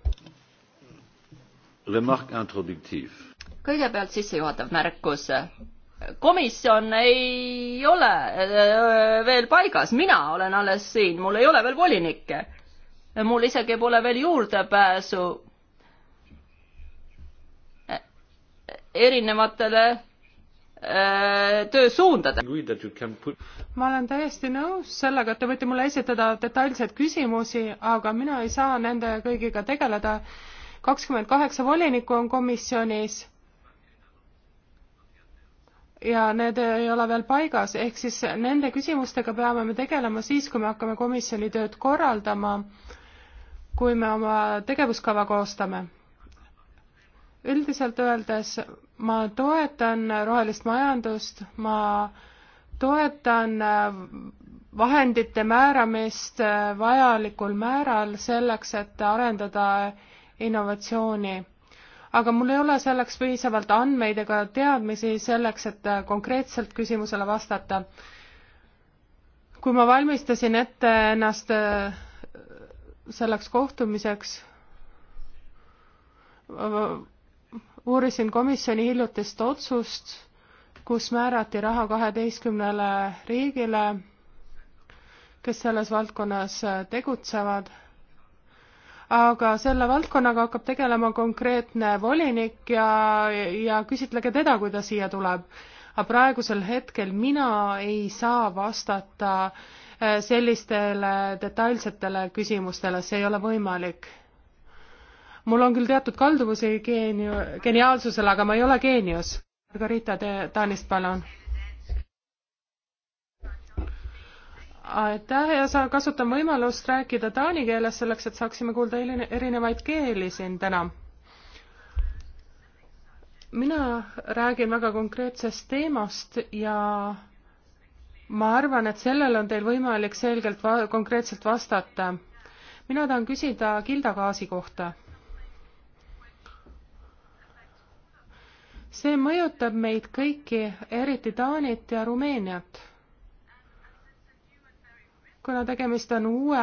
kõigepealt sissejuhatav märkus komisjon ei ole äh, veel paigas, mina olen alles siin, mul ei ole veel volinikke mul isegi pole veel juurdepääsu erinevatele äh, töösuundadele. ma olen täiesti nõus sellega, et te võite mulle esitada detailseid küsimusi, aga mina ei saa nende kõigiga tegeleda. kakskümmend kaheksa volinikku on komisjonis ja need ei ole veel paigas, ehk siis nende küsimustega peame me tegelema siis, kui me hakkame komisjoni tööd korraldama kui me oma tegevuskava koostame. üldiselt öeldes ma toetan rohelist majandust, ma toetan äh, vahendite määramist äh, vajalikul määral selleks, et arendada innovatsiooni. aga mul ei ole selleks piisavalt andmeid ega teadmisi selleks, et äh, konkreetselt küsimusele vastata. kui ma valmistasin ette ennast selleks kohtumiseks uurisin komisjoni hiljutist otsust, kus määrati raha kaheteistkümnele riigile, kes selles valdkonnas tegutsevad. aga selle valdkonnaga hakkab tegelema konkreetne volinik ja, ja küsitlege teda, kui ta siia tuleb. aga praegusel hetkel mina ei saa vastata äh, Äh, sellistele detailsetele küsimustele, see ei ole võimalik. mul on küll teatud kalduvusi geeni-, geniaalsusele, aga ma ei ole geenius. Margarita te-, Taanist, palun. aitäh ja sa, kasutan võimalust rääkida taani keeles selleks, et saaksime kuulda erinevaid keeli siin täna mina räägin väga konkreetsest teemast ja ma arvan, et sellele on teil võimalik selgelt va konkreetselt vastata. mina tahan küsida kildagaasi kohta. see mõjutab meid kõiki, eriti Taanit ja Rumeeniat. kuna tegemist on uue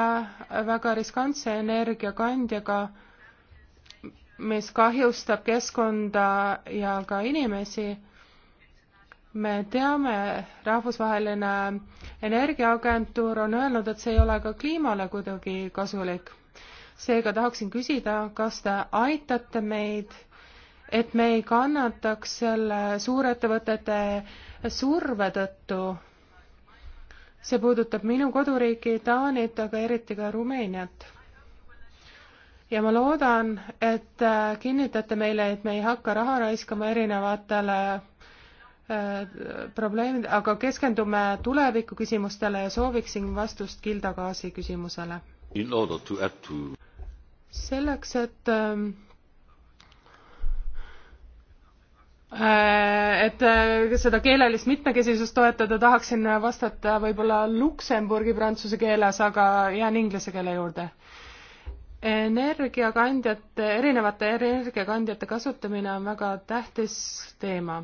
väga riskantse energiakandjaga, mis kahjustab keskkonda ja ka inimesi me teame, rahvusvaheline energiaagentuur on öelnud, et see ei ole ka kliimale kuidagi kasulik. seega tahaksin küsida, kas te aitate meid, et me ei kannataks selle suurettevõtete surve tõttu. see puudutab minu koduriiki Taanit, aga eriti ka Rumeeniat ja ma loodan, et kinnitate meile, et me ei hakka raha raiskama erinevatele Äh, probleemid, aga keskendume tuleviku küsimustele ja sooviksin vastust Gilda Gaasi küsimusele. To to... selleks, et ähm, äh, et äh, seda keelelist mitmekesisust toetada, tahaksin vastata võib-olla Luksemburgi prantsuse keeles, aga jään inglise keele juurde. energiakandjate, erinevate energiakandjate kasutamine on väga tähtis teema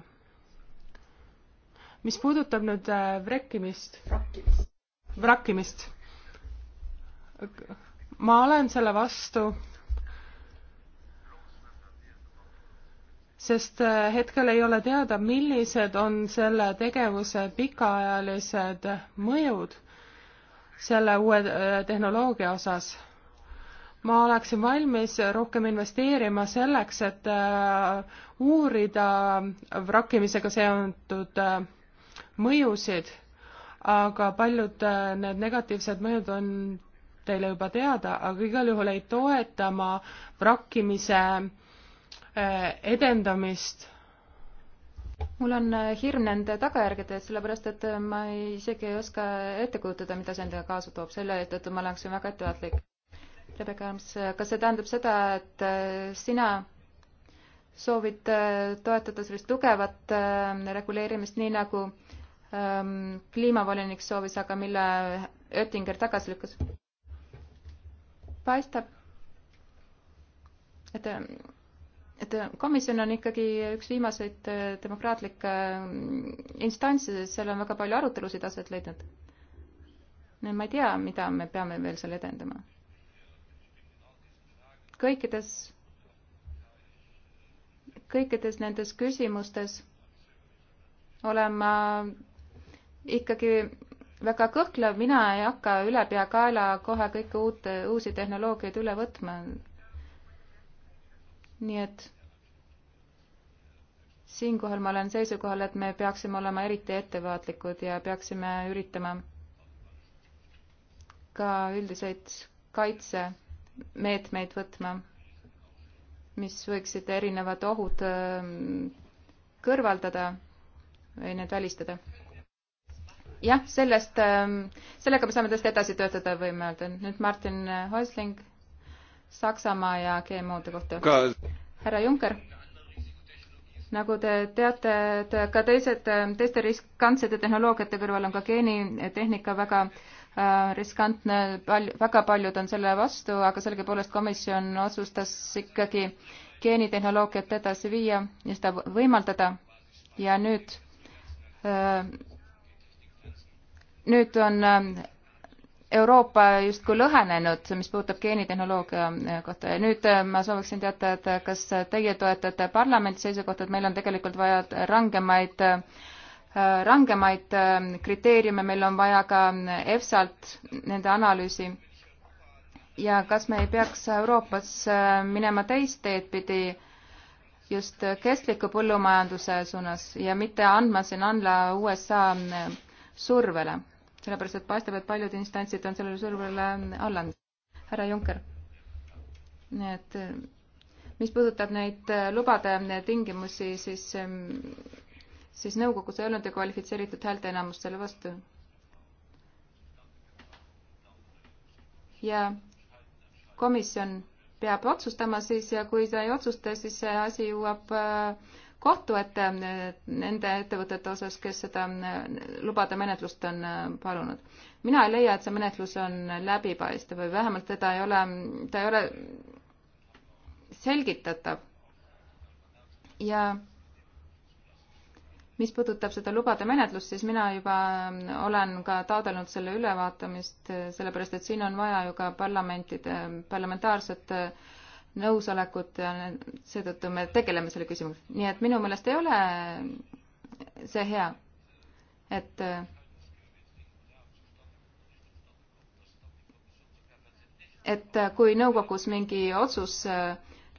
mis puudutab nüüd äh, vrekkimist, vrakkimist, ma olen selle vastu, sest äh, hetkel ei ole teada, millised on selle tegevuse pikaajalised mõjud selle uue äh, tehnoloogia osas ma oleksin valmis rohkem investeerima selleks, et uurida vrakkimisega seondunud mõjusid, aga paljud äh, need negatiivsed mõjud on teile juba teada, aga igal juhul ei toeta ma vrakkimise äh, edendamist. mul on äh, hirm nende tagajärgede ees, sellepärast et ma isegi ei oska ette kujutada, mida see endaga kaasa toob, selle tõttu ma oleksin väga ettevaatlik. Rebecca Arms, kas see tähendab seda, et sina soovid toetada sellist tugevat reguleerimist, nii nagu ähm, kliimavolinik soovis, aga mille Oettinger tagasi lükkas. paistab, et, et komisjon on ikkagi üks viimaseid äh, demokraatlikke äh, instantse, sest seal on väga palju arutelusid aset leidnud. ma ei tea, mida me peame veel seal edendama. kõikides, kõikides nendes küsimustes olen ma ikkagi väga kõhklev, mina ei hakka ülepeakaela kohe kõiki uut, uusi tehnoloogiaid üle võtma. nii et siinkohal ma olen seisukohal, et me peaksime olema eriti ettevaatlikud ja peaksime üritama ka üldiseid kaitsemeetmeid võtma, mis võiksid erinevad ohud ähm, kõrvaldada või need välistada jah, sellest, ähm, sellega me saame tõesti edasi töötada, võime öelda. nüüd Martin Häusling Saksamaa ja GMO-de kohta. härra Juncker, nagu te teate, et ka teised, ähm, teiste riskantsete tehnoloogiate kõrval on ka geenitehnika väga äh, riskantne, pal-, väga paljud on selle vastu, aga sellegipoolest komisjon otsustas ikkagi geenitehnoloogiat edasi viia ja seda võimaldada ja nüüd äh, nüüd on äh, Euroopa justkui lõhenenud, mis puudutab geenitehnoloogia äh, kohta ja nüüd äh, ma sooviksin teada, et kas teie toetate parlamendi seisukohta, et meil on tegelikult vaja rangemaid, rangemaid kriteeriume, meil on vaja ka EFSA-lt nende analüüsi. ja kas me ei peaks Euroopas minema teist teed pidi just kestliku põllumajanduse suunas ja mitte andma siin alla USA survele? sellepärast et paistab, et paljud instantsid on sellele survele alla andnud. härra Juncker, nii et mis puudutab neid äh, lubade äh, tingimusi, siis, ähm, siis nõukogus ei olnud ju kvalifitseeritud häälteenamust selle vastu. ja komisjon peab otsustama siis ja kui ta ei otsusta, siis see asi jõuab äh, kohtu ette nende ettevõtete osas, kes seda lubade menetlust on äh, palunud. mina ei leia, et see menetlus on läbipaistev või vähemalt teda ei ole, ta ei ole selgitatav. ja mis puudutab seda lubade menetlust, siis mina juba äh, olen ka taotlenud selle ülevaatamist, äh, sellepärast et siin on vaja ju ka parlamentide, parlamentaarset äh, nõusolekut ja seetõttu me tegeleme selle küsimusega. nii et minu meelest ei ole see hea, et et kui nõukogus mingi otsus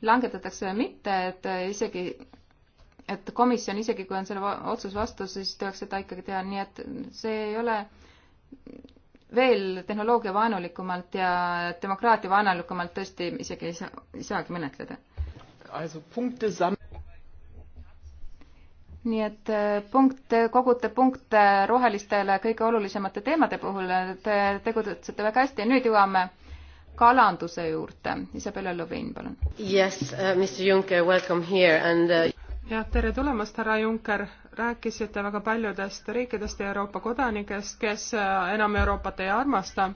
langetatakse või mitte, et isegi, et komisjon, isegi kui on selle otsus vastu, siis tuleks seda ikkagi teha, nii et see ei ole veel tehnoloogiavaenulikumalt ja demokraatiavaenulikumalt tõesti isegi ei, saa, ei saagi menetleda. nii et äh, punkt, kogute punkte rohelistele kõige olulisemate teemade puhul, te tegutsete väga hästi ja nüüd jõuame kalanduse juurde. Isabella Lovin, palun. Yes uh,, Mr Juncker, welcome here and uh jah, tere tulemast, härra Juncker. rääkisite väga paljudest riikidest ja Euroopa kodanikest, kes äh, enam Euroopat ei armasta.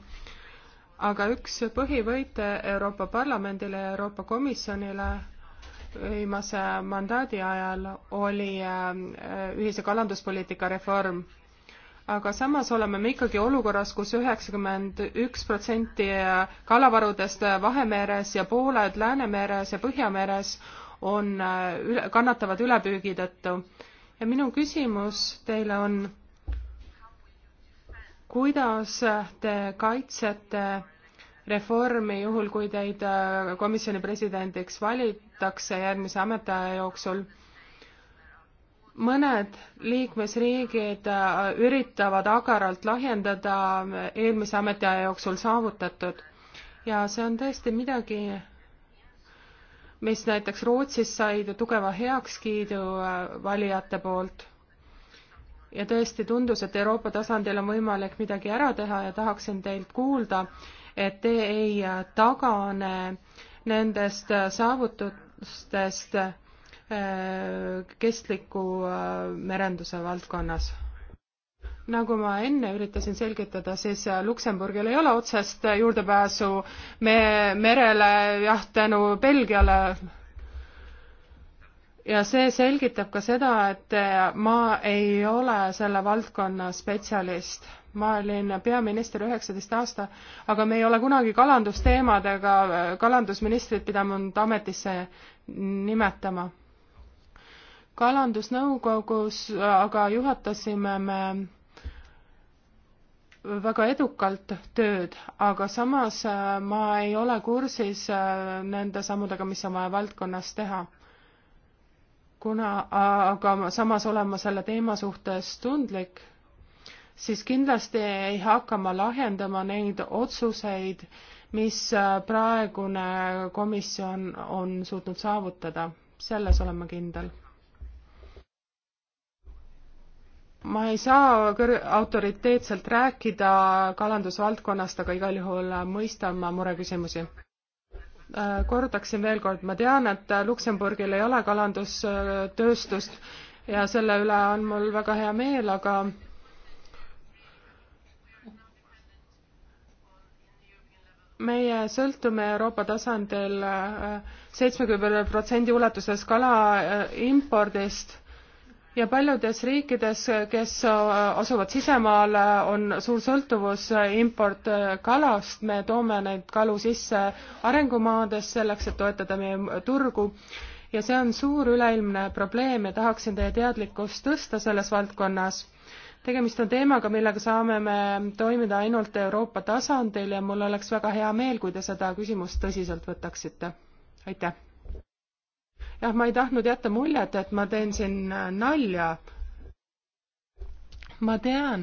aga üks põhivõite Euroopa Parlamendile ja Euroopa Komisjonile viimase mandaadi ajal oli äh, ühise kalanduspoliitika reform aga samas oleme me ikkagi olukorras kus, kus üheksakümmend üks protsenti äh, kalavarudest Vahemeres ja pooled Läänemeres ja Põhjameres on äh, üle, kannatavad ülepüügi tõttu. ja minu küsimus teile on, kuidas te kaitsete reformi juhul, kui teid äh, komisjoni presidendiks valitakse järgmise ametiaja jooksul mõned liikmesriigid äh, üritavad agaralt lahjendada eelmise ametiaja jooksul saavutatud ja see on tõesti midagi, mis näiteks Rootsis said tugeva heakskiidu äh, valijate poolt. ja tõesti tundus, et Euroopa tasandil on võimalik midagi ära teha ja tahaksin teilt kuulda, et te ei äh, tagane nendest äh, saavutustest kestliku merenduse valdkonnas nagu ma enne üritasin selgitada, siis Luksemburgil ei ole otsest juurdepääsu me-, merele jah, tänu Belgiale. ja see selgitab ka seda, et ma ei ole selle valdkonna spetsialist. ma olin peaminister üheksateist aasta, aga me ei ole kunagi kalandusteemadega kalandusministrit pidanud ametisse nimetama kalandusnõukogus aga juhatasime me väga edukalt tööd, aga samas äh, ma ei ole kursis äh, nende sammudega, mis on vaja valdkonnas teha. kuna, äh, aga samas olen ma selle teema suhtes tundlik, siis kindlasti ei hakka ma lahjendama neid otsuseid, mis praegune komisjon on suutnud saavutada, selles olen ma kindel ma ei saa kõr-, autoriteetselt rääkida kalandusvaldkonnast, aga igal juhul mõistan ma mureküsimusi. Äh, kordaksin veel kord, ma tean, et Luksemburgil ei ole kalandustööstust ja selle üle on mul väga hea meel, aga meie sõltume Euroopa tasandil äh, seitsmekümne protsendi ulatuses kala äh, impordist ja paljudes riikides, kes äh, asuvad sisemaal, on suur sõltuvus äh, importkalast, äh, me toome neid kalu sisse arengumaades selleks, et toetada meie turgu ja see on suur üleilmne probleem ja tahaksin teie teadlikkust tõsta selles valdkonnas. tegemist on teemaga, millega saame me toimida ainult Euroopa tasandil ja mul oleks väga hea meel, kui te seda küsimust tõsiselt võtaksite. aitäh! jah, ma ei tahtnud jätta muljet, et ma teen siin äh, nalja. ma tean,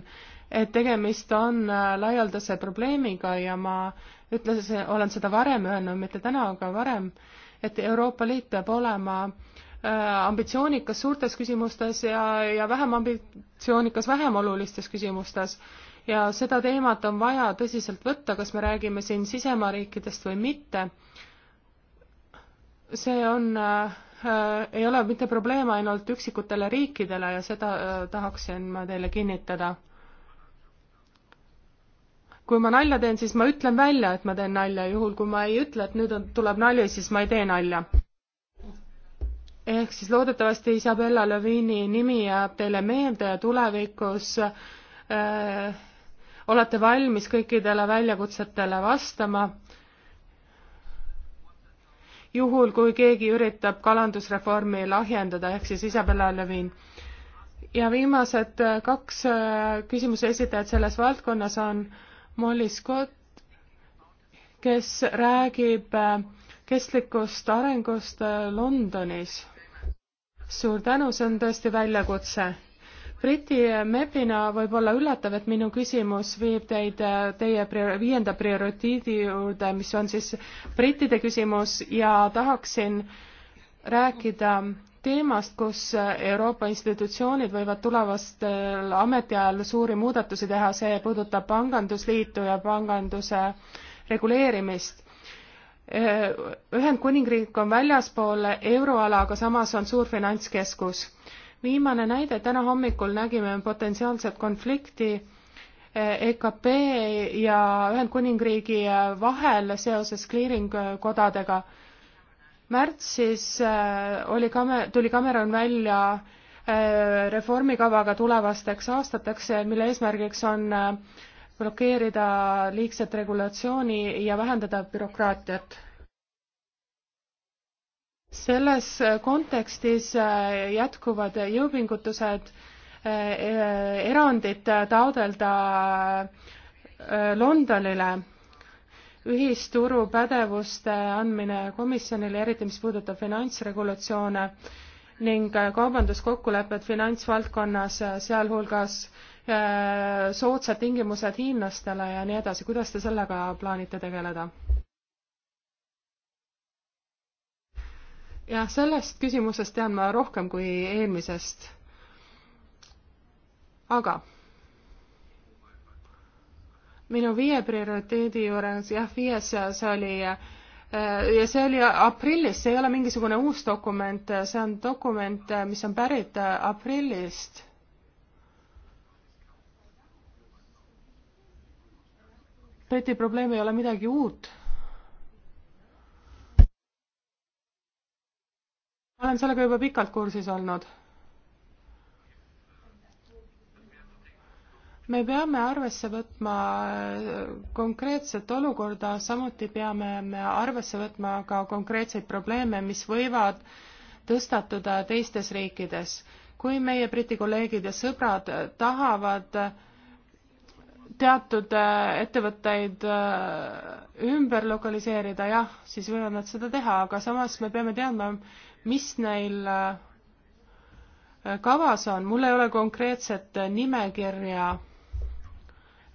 et tegemist on äh, laialdase probleemiga ja ma ütlesin, olen seda varem öelnud, mitte täna, aga varem, et Euroopa Liit peab olema äh, ambitsioonikas suurtes küsimustes ja, ja vähem ambitsioonikas vähem olulistes küsimustes. ja seda teemat on vaja tõsiselt võtta, kas me räägime siin sisemaa riikidest või mitte see on äh, Äh, ei ole mitte probleem ainult üksikutele riikidele ja seda äh, tahaksin ma teile kinnitada. kui ma nalja teen, siis ma ütlen välja, et ma teen nalja, juhul kui ma ei ütle, et nüüd on, tuleb nali, siis ma ei tee nalja. ehk siis loodetavasti Isabella Löviini nimi jääb teile meelde ja tulevikus äh, olete valmis kõikidele väljakutsetele vastama juhul, kui keegi üritab kalandusreformi lahjendada, ehk siis Isabella Levin. ja viimased äh, kaks äh, küsimuse esitajat selles valdkonnas on Molly Scott, kes räägib äh, kestlikust arengust Londonis. suur tänu, see on tõesti väljakutse Briti MEP-ina võib olla üllatav, et minu küsimus viib teid äh, teie viienda prioriteedi juurde, mis on siis brittide küsimus ja tahaksin rääkida teemast, kus Euroopa institutsioonid võivad tulevastel ametiajal suuri muudatusi teha, see puudutab pangandusliitu ja panganduse reguleerimist. Ühendkuningriik on väljaspool euroala, aga samas on suur finantskeskus viimane näide, täna hommikul nägime potentsiaalset konflikti EKP eh, e ja Ühendkuningriigi eh, vahel seoses kliiringkodadega. Eh, märtsis oli Kamer-, tuli Cameron välja reformikavaga tulevasteks aastateks, mille eesmärgiks on blokeerida liigset regulatsiooni ja vähendada bürokraatiat selles äh, kontekstis äh, jätkuvad jõupingutused äh, erandit taodelda Londonile ühisturu pädevuste andmine komisjonile, eriti mis puudutab finantsregulatsioone ning kaubanduskokkulepped finantsvaldkonnas, sealhulgas soodsad tingimused hiinlastele ja nii edasi, kuidas te sellega plaanite tegeleda? jah, sellest küsimusest tean ma rohkem kui eelmisest. aga minu viie prioriteedi juures, jah, viies seas oli äh, ja see oli aprillis, see ei ole mingisugune uus dokument, see on dokument, mis on pärit äh, aprillist. Briti probleem ei ole midagi uut olen sellega juba pikalt kursis olnud. me peame arvesse võtma konkreetset olukorda, samuti peame me arvesse võtma ka konkreetseid probleeme, mis võivad tõstatuda teistes riikides. kui meie Briti kolleegid ja sõbrad tahavad teatud ettevõtteid ümber lokaliseerida, jah, siis võivad nad seda teha, aga samas me peame teadma, mis neil äh, kavas on, mul ei ole konkreetset äh, nimekirja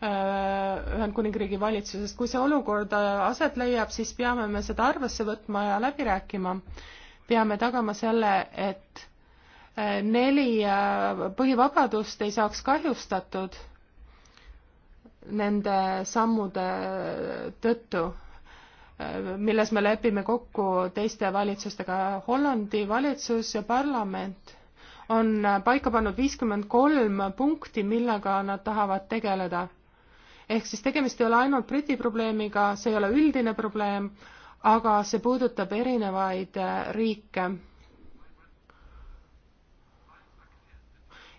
äh, Ühendkuningriigi valitsusest, kui see olukord aset leiab, siis peame me seda arvesse võtma ja läbi rääkima. peame tagama selle, et neli põhivabadust ei saaks kahjustatud nende sammude tõttu milles me lepime kokku teiste valitsustega. Hollandi valitsus ja parlament on paika pannud viiskümmend kolm punkti, millega nad tahavad tegeleda. ehk siis tegemist ei ole ainult Briti probleemiga, see ei ole üldine probleem, aga see puudutab erinevaid riike.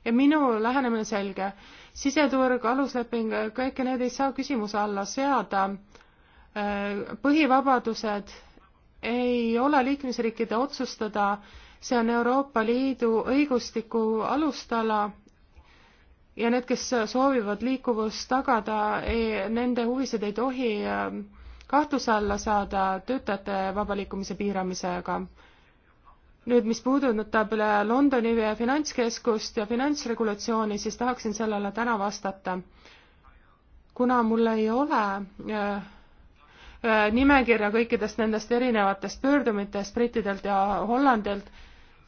ja minu lähenemine selge, siseturg, alusleping, kõike need ei saa küsimuse alla seada Äh, põhivabadused ei ole liikmesriikide otsustada, see on Euroopa Liidu õigustiku alustala ja need, kes soovivad liikuvust tagada, nende huvisid ei tohi ähm, kahtluse alla saada töötajate vaba liikumise piiramisega. nüüd, mis puudutab Londoni finantskeskust ja finantsregulatsiooni, siis tahaksin sellele täna vastata. kuna mul ei ole äh, Äh, nimekirja kõikidest nendest erinevatest pöördumitest brittidelt ja Hollandilt,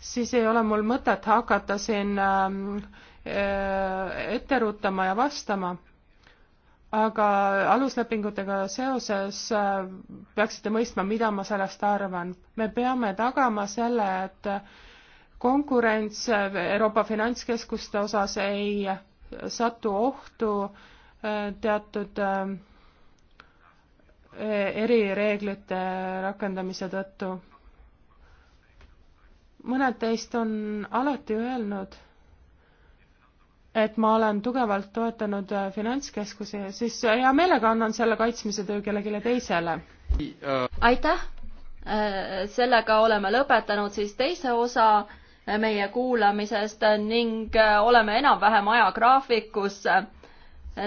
siis ei ole mul mõtet hakata siin ähm, äh, ette rutama ja vastama. aga aluslepingutega seoses äh, peaksite mõistma, mida ma sellest arvan. me peame tagama selle, et konkurents Euroopa finantskeskuste osas ei satu ohtu teatud äh, erireeglite rakendamise tõttu. mõned teist on alati öelnud, et ma olen tugevalt toetanud äh, finantskeskusi, siis äh, hea meelega annan selle kaitsmise töö kellelegi teisele. aitäh! Äh, sellega oleme lõpetanud siis teise osa meie kuulamisest ning oleme enam-vähem ajagraafikus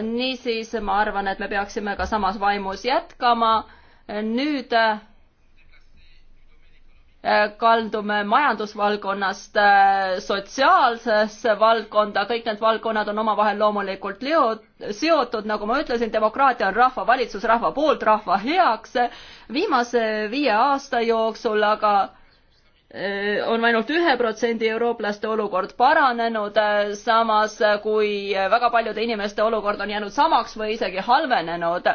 niisiis ma arvan, et me peaksime ka samas vaimus jätkama. nüüd äh, kaldume majandusvaldkonnast äh, sotsiaalsesse valdkonda, kõik need valdkonnad on omavahel loomulikult leo-, seotud, nagu ma ütlesin, demokraatia on rahva valitsus rahva poolt, rahva heaks. viimase viie aasta jooksul aga Äh, on ainult ühe protsendi eurooplaste olukord paranenud, äh, samas äh, kui väga paljude inimeste olukord on jäänud samaks või isegi halvenenud.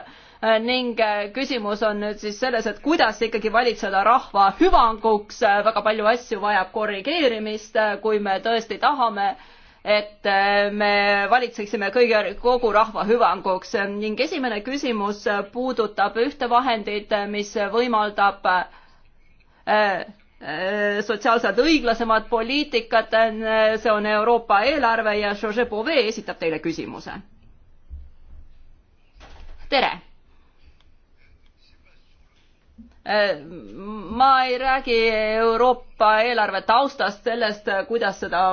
ning küsimus on nüüd siis selles, et kuidas ikkagi valitseda rahva hüvanguks, väga palju asju vajab korrigeerimist, kui me tõesti tahame, et me valitseksime kõige, kogu rahva hüvanguks ning esimene küsimus puudutab ühte vahendit, mis võimaldab äh, Äh, sotsiaalselt õiglasemad poliitikat, äh, see on Euroopa eelarve ja Georges Bove esitab teile küsimuse. tere! Äh, ma ei räägi Euroopa eelarve taustast, sellest, kuidas seda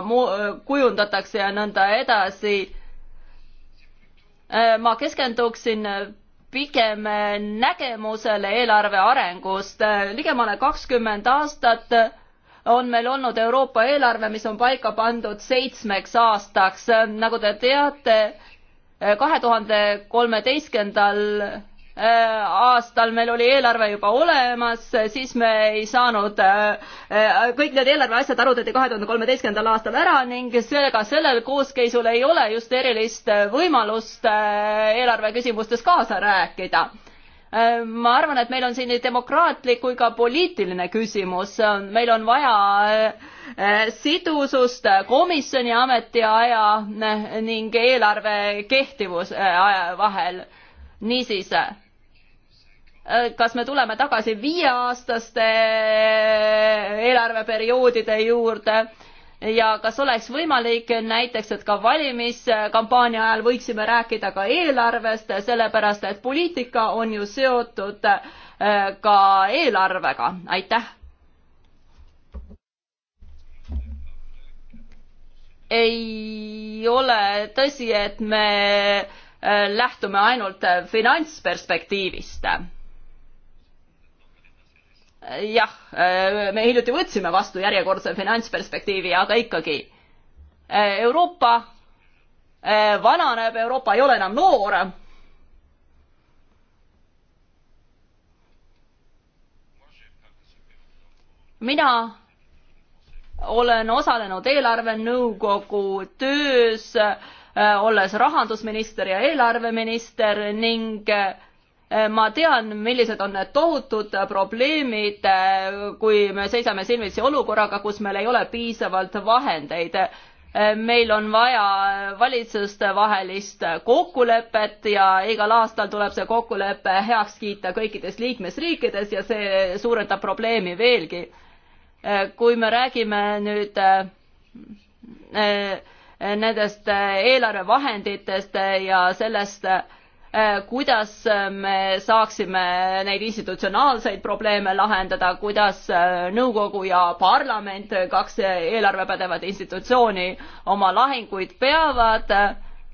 kujundatakse ja nõnda edasi. ma keskenduksin pigem eh, nägemusele eelarve arengust. Eh, ligemale kakskümmend aastat eh, on meil olnud Euroopa eelarve, mis on paika pandud seitsmeks aastaks. nagu te teate, kahe tuhande kolmeteistkümnendal Äh, aastal meil oli eelarve juba olemas, siis me ei saanud, äh, äh, kõik need eelarveasjad arutati kahe tuhande kolmeteistkümnendal aastal ära ning seega sellel koosseisul ei ole just erilist võimalust eelarve küsimustes kaasa rääkida ma arvan, et meil on siin nii demokraatlik kui ka poliitiline küsimus, meil on vaja sidusust komisjoni ametiaja ning eelarve kehtivuse vahel niisiis, äh, kas me tuleme tagasi viieaastaste äh, eelarveperioodide juurde ja kas oleks võimalik näiteks, et ka valimiskampaania ajal võiksime rääkida ka eelarvest, sellepärast et poliitika on ju seotud äh, ka eelarvega, aitäh. ei ole tõsi, et me Äh, lähtume ainult äh, finantsperspektiivist. Äh, jah, me hiljuti võtsime vastu järjekordse finantsperspektiivi, aga ikkagi Euroopa vananeb, Euroopa ei ole enam noor mina olen osalenud eelarvenõukogu töös äh, Äh, olles rahandusminister ja eelarveminister ning äh, ma tean, millised on need tohutud probleemid, äh, kui me seisame silmitsi olukorraga, kus meil ei ole piisavalt vahendeid. meil on vaja valitsustevahelist kokkulepet ja igal aastal tuleb see kokkulepe heaks kiita kõikides liikmesriikides ja see suurendab probleemi veelgi. kui me räägime nüüd nendest eh, eelarvevahenditest eh, ja sellest, eh, kuidas me saaksime neid institutsionaalseid probleeme lahendada, kuidas nõukogu ja parlament, kaks eelarvepädevat institutsiooni, oma lahinguid peavad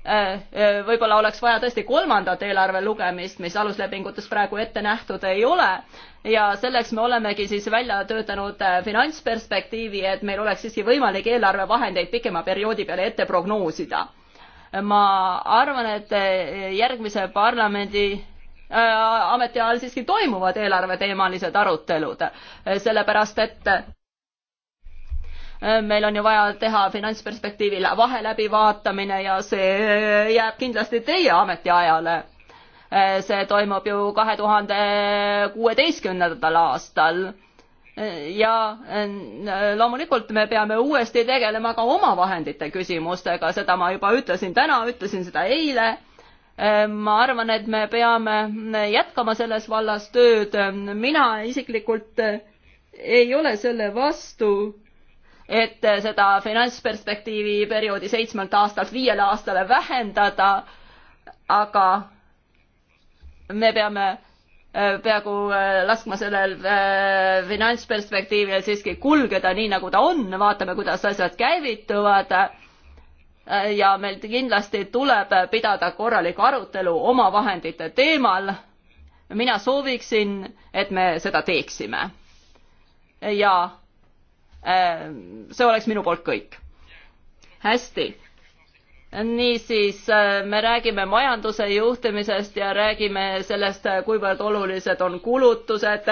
Äh, äh, võib-olla oleks vaja tõesti kolmandat eelarve lugemist, mis aluslepingutes praegu ette nähtud ei ole ja selleks me olemegi siis välja töötanud äh, finantsperspektiivi, et meil oleks siiski võimalik eelarvevahendeid pikema perioodi peale ette prognoosida. ma arvan, et järgmise parlamendi ametiajal siiski toimuvad eelarveteemalised arutelud, sellepärast et Äh, meil on ju vaja teha finantsperspektiivile vaheläbivaatamine ja see äh, jääb kindlasti teie ametiajale. Äh, see toimub ju kahe tuhande kuueteistkümnendal aastal ja loomulikult me peame uuesti tegelema ka omavahendite küsimustega, seda ma juba ütlesin täna, ütlesin seda eile ma arvan, et me peame jätkama selles vallas tööd. mina isiklikult ei ole selle vastu, et seda finantsperspektiivi perioodi seitsmelt aastalt viiele aastale vähendada, aga me peame äh, peaaegu äh, laskma sellel äh, finantsperspektiivil siiski kulgeda nii, nagu ta on, vaatame, kuidas asjad käivituvad ja meil kindlasti tuleb pidada korralik arutelu omavahendite teemal. mina sooviksin, et me seda teeksime. ja Äh, see oleks minu poolt kõik. hästi niisiis äh, me räägime majanduse juhtimisest ja räägime sellest, äh, kuivõrd olulised on kulutused,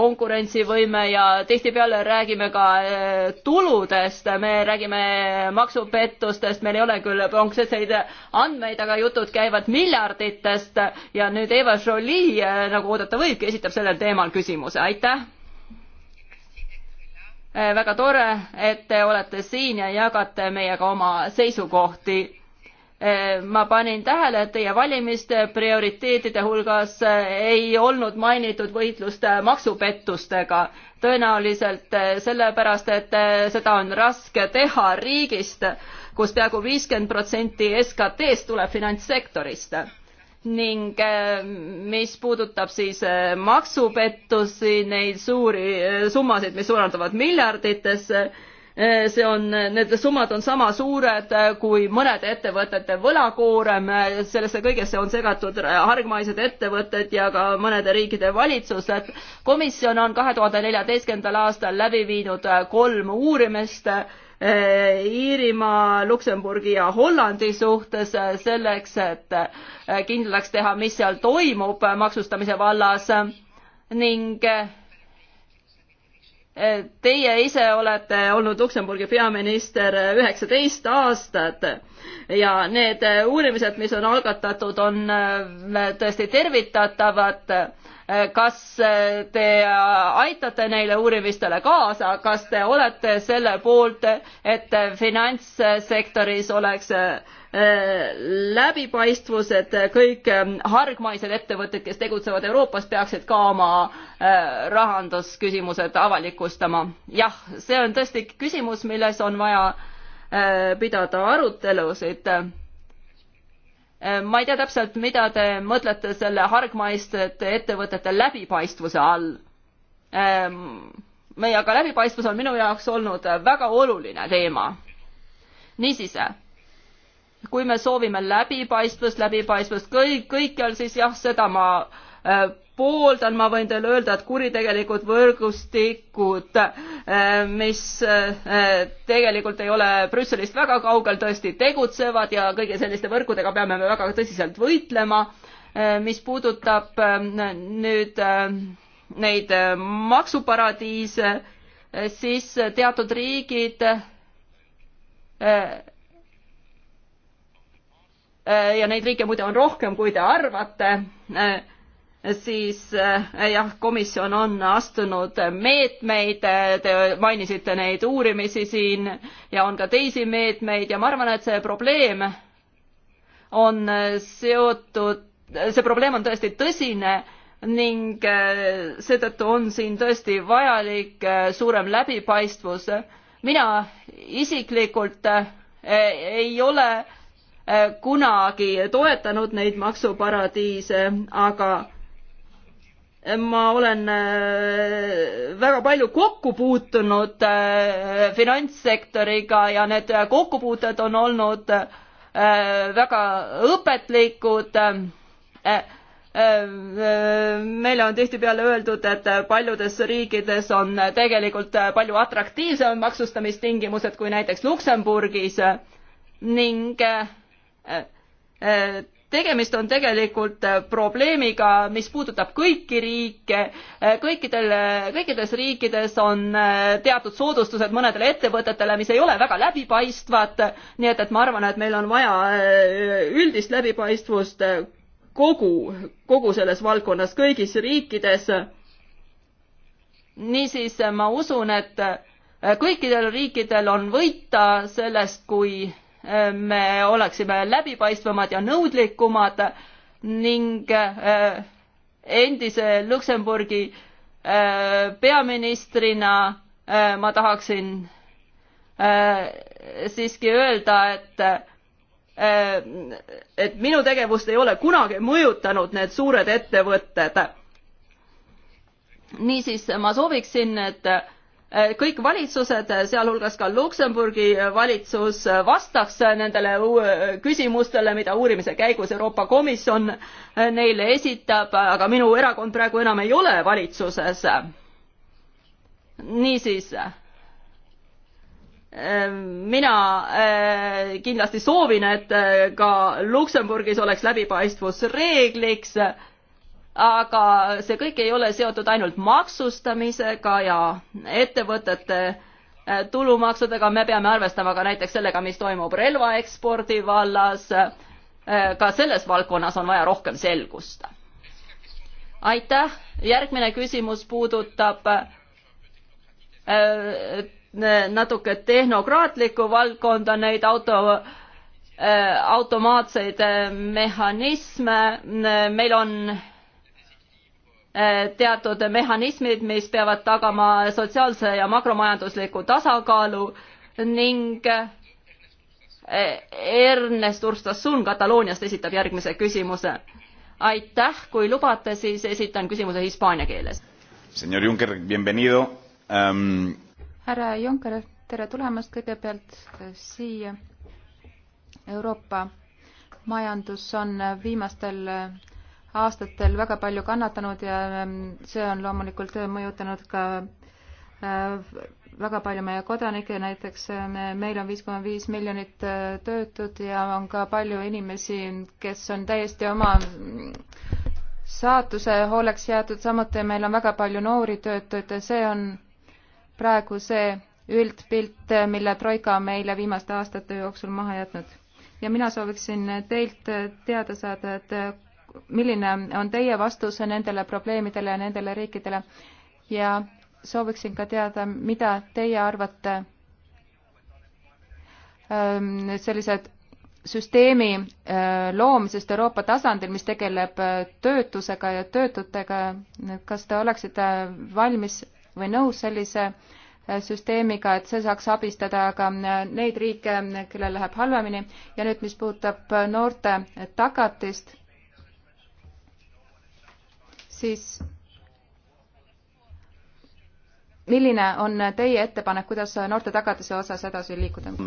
konkurentsivõime ja tihtipeale räägime ka tuludest, me räägime maksupettustest, meil ei ole küll pronkseseid andmeid, aga jutud käivad miljarditest ja nüüd Eva Jolie, nagu oodata võibki, esitab sellel teemal küsimuse, aitäh Äh, väga tore, et te olete siin ja jagate meiega oma seisukohti. Äh, ma panin tähele, et teie valimiste prioriteetide hulgas äh, ei olnud mainitud võitlust maksupettustega. tõenäoliselt sellepärast, et seda on raske teha riigist kus, kus peaaegu viiskümmend protsenti SKT-st tuleb finantssektorist ning äh, mis puudutab siis äh, maksupettusi, neid suuri äh, summasid, mis suurendavad miljarditesse, see on, need summad on sama suured kui mõnede ettevõtete võlakoorem, sellesse kõigesse on segatud hargmaised ettevõtted ja ka mõnede riikide valitsused. komisjon on kahe tuhande neljateistkümnendal aastal läbi viinud kolm uurimist Eh, Iirimaa, Luksemburgi ja Hollandi suhtes eh, selleks, et eh, kindlaks teha, mis seal toimub maksustamise vallas ning Teie ise olete olnud Luksemburgi peaminister üheksateist aastat ja need uurimised, mis on algatatud, on tõesti tervitatavad Äh, kas äh, te äh, aitate neile uurimistele kaasa, kas te olete selle poolt, et finantssektoris oleks läbipaistvus, et kõik ähm, hargmaised ettevõtted, kes tegutsevad Euroopas, peaksid ka oma rahandusküsimused avalikustama. jah, see on tõesti küsimus, milles on vaja pidada arutelusid Äh, ma ei tea täpselt, mida te mõtlete selle hargmaistete ettevõtete läbipaistvuse all. Ähm, meie aga läbipaistvus on minu jaoks olnud väga oluline teema. niisiis, kui me soovime läbipaistvust, läbipaistvust kõik, kõikjal, siis jah, seda ma äh, pooldan, ma võin teile öelda, et kuritegelikud võrgustikud, eh, mis eh, tegelikult ei ole Brüsselist väga kaugel, tõesti tegutsevad ja kõigi selliste võrkudega peame me väga tõsiselt võitlema. Eh, mis puudutab nüüd neid maksuparadiise, siis teatud riigid ja neid riike muide on rohkem, kui te arvate siis äh, jah, komisjon on astunud meetmeid, te mainisite neid uurimisi siin ja on ka teisi meetmeid ja ma arvan, et see probleem on seotud, see probleem on tõesti tõsine ning äh, seetõttu on siin tõesti vajalik äh, suurem läbipaistvus. mina isiklikult ei ole kunagi toetanud neid maksuparadiise, aga ma olen äh, väga palju kokku puutunud äh, finantssektoriga ja need kokkupuuted on olnud äh, väga õpetlikud. meile on tihtipeale öeldud, et paljudes riikides on tegelikult palju atraktiivsemad maksustamistingimused kui näiteks Luksemburgis ning tegemist on tegelikult äh, probleemiga, mis puudutab kõiki riike, äh, kõikidel, äh, kõikides riikides on teatud soodustused mõnedele ettevõtetele, mis ei ole väga läbipaistvad, nii et, et ma arvan, et meil on vaja üldist läbipaistvust kogu, kogu selles valdkonnas, kõigis riikides. niisiis ma usun, et kõikidel riikidel on võita sellest, kui me oleksime läbipaistvamad ja nõudlikumad ning äh, endise Luksemburgi äh, peaministrina äh, ma tahaksin siiski öelda, et et minu tegevust ei ole kunagi mõjutanud need suured ettevõtted. niisiis ma sooviksin, et Äh, kõik valitsused, äh, sealhulgas ka Luksemburgi äh, valitsus, vastaks nendele küsimustele, mida uurimise käigus Euroopa Komisjon neile esitab, aga minu erakond praegu enam ei ole valitsuses. niisiis, mina kindlasti soovin, et ka Luksemburgis oleks läbipaistvus reegliks aga see kõik ei ole seotud ainult maksustamisega ja ettevõtete äh, tulumaksudega, me peame arvestama ka näiteks sellega, mis toimub relvaekspordi vallas. Äh, ka selles valdkonnas on vaja rohkem selgust. aitäh, järgmine küsimus puudutab äh, natuke tehnokraatlikku valdkonda, neid auto automaatseid mehhanisme, meil on Eh, teatud mehhanismid, mis peavad tagama sotsiaalse ja makromajandusliku tasakaalu ning eh, Ernest Urstasun Katalooniast esitab järgmise küsimuse. aitäh, kui lubate, siis esitan küsimuse hispaania keeles. Senor Juncker, bienvenido um.... härra Juncker, tere tulemast kõigepealt eh, siia. Euroopa majandus on viimastel aastatel väga palju kannatanud ja ähm, see on loomulikult mõjutanud ka äh, väga palju meie kodanikke, näiteks äh, meil on viis koma viis miljonit äh, töötut ja on ka palju inimesi, kes on täiesti oma mm, saatuse hooleks jäetud, samuti meil on väga palju noori töötuid, see on praegu see üldpilt, mille Troika on meile viimaste aastate jooksul maha jätnud. ja mina sooviksin teilt teada saada, et milline on teie vastus nendele probleemidele ja nendele riikidele ja sooviksin ka teada, mida teie arvate ähm, sellised süsteemi äh, loomisest Euroopa tasandil, mis tegeleb äh, töötusega ja töötutega, kas te oleksite valmis või nõus sellise äh, süsteemiga, et see saaks abistada ka neid riike, kellel läheb halvemini ja nüüd, mis puudutab noorte tagatist siis milline on teie ettepanek, kuidas noorte tagatise osas edasi liikuda? Euh,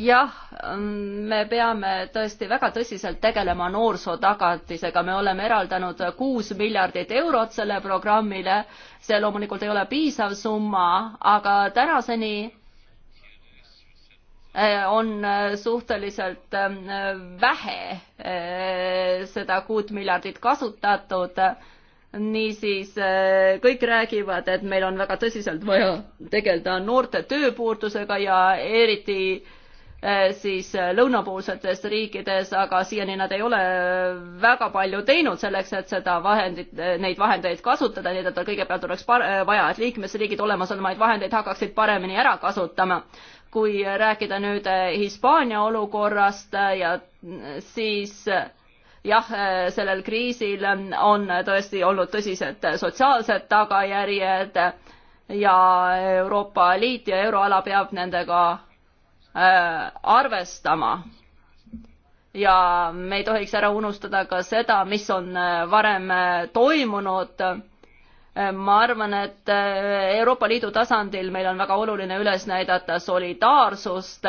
jah, mm, me peame tõesti väga tõsiselt tegelema noorsootagatisega, me oleme eraldanud kuus miljardit eurot sellele programmile, see loomulikult ei ole piisav summa, aga tänaseni Äh, on äh, suhteliselt äh, vähe seda kuut miljardit kasutatud. niisiis kõik räägivad, et meil on väga tõsiselt vaja tegeleda noorte tööpuudusega ja eriti siis lõunapoolsetes riikides, aga siiani nad ei ole väga palju teinud selleks, et seda vahendit, neid vahendeid kasutada, nii et kõigepealt oleks par-, vaja, et liikmesriigid olemasolevaid vahendeid hakkaksid paremini ära kasutama kui rääkida nüüd eh, Hispaania olukorrast eh, ja eh, siis jah, sellel kriisil on tõesti olnud tõsised sotsiaalsed tagajärjed ja Euroopa Liit ja euroala peab nendega arvestama. ja me ei tohiks ära unustada ka seda, mis on varem toimunud ma arvan, et äh, Euroopa Liidu tasandil meil on väga oluline üles näidata solidaarsust.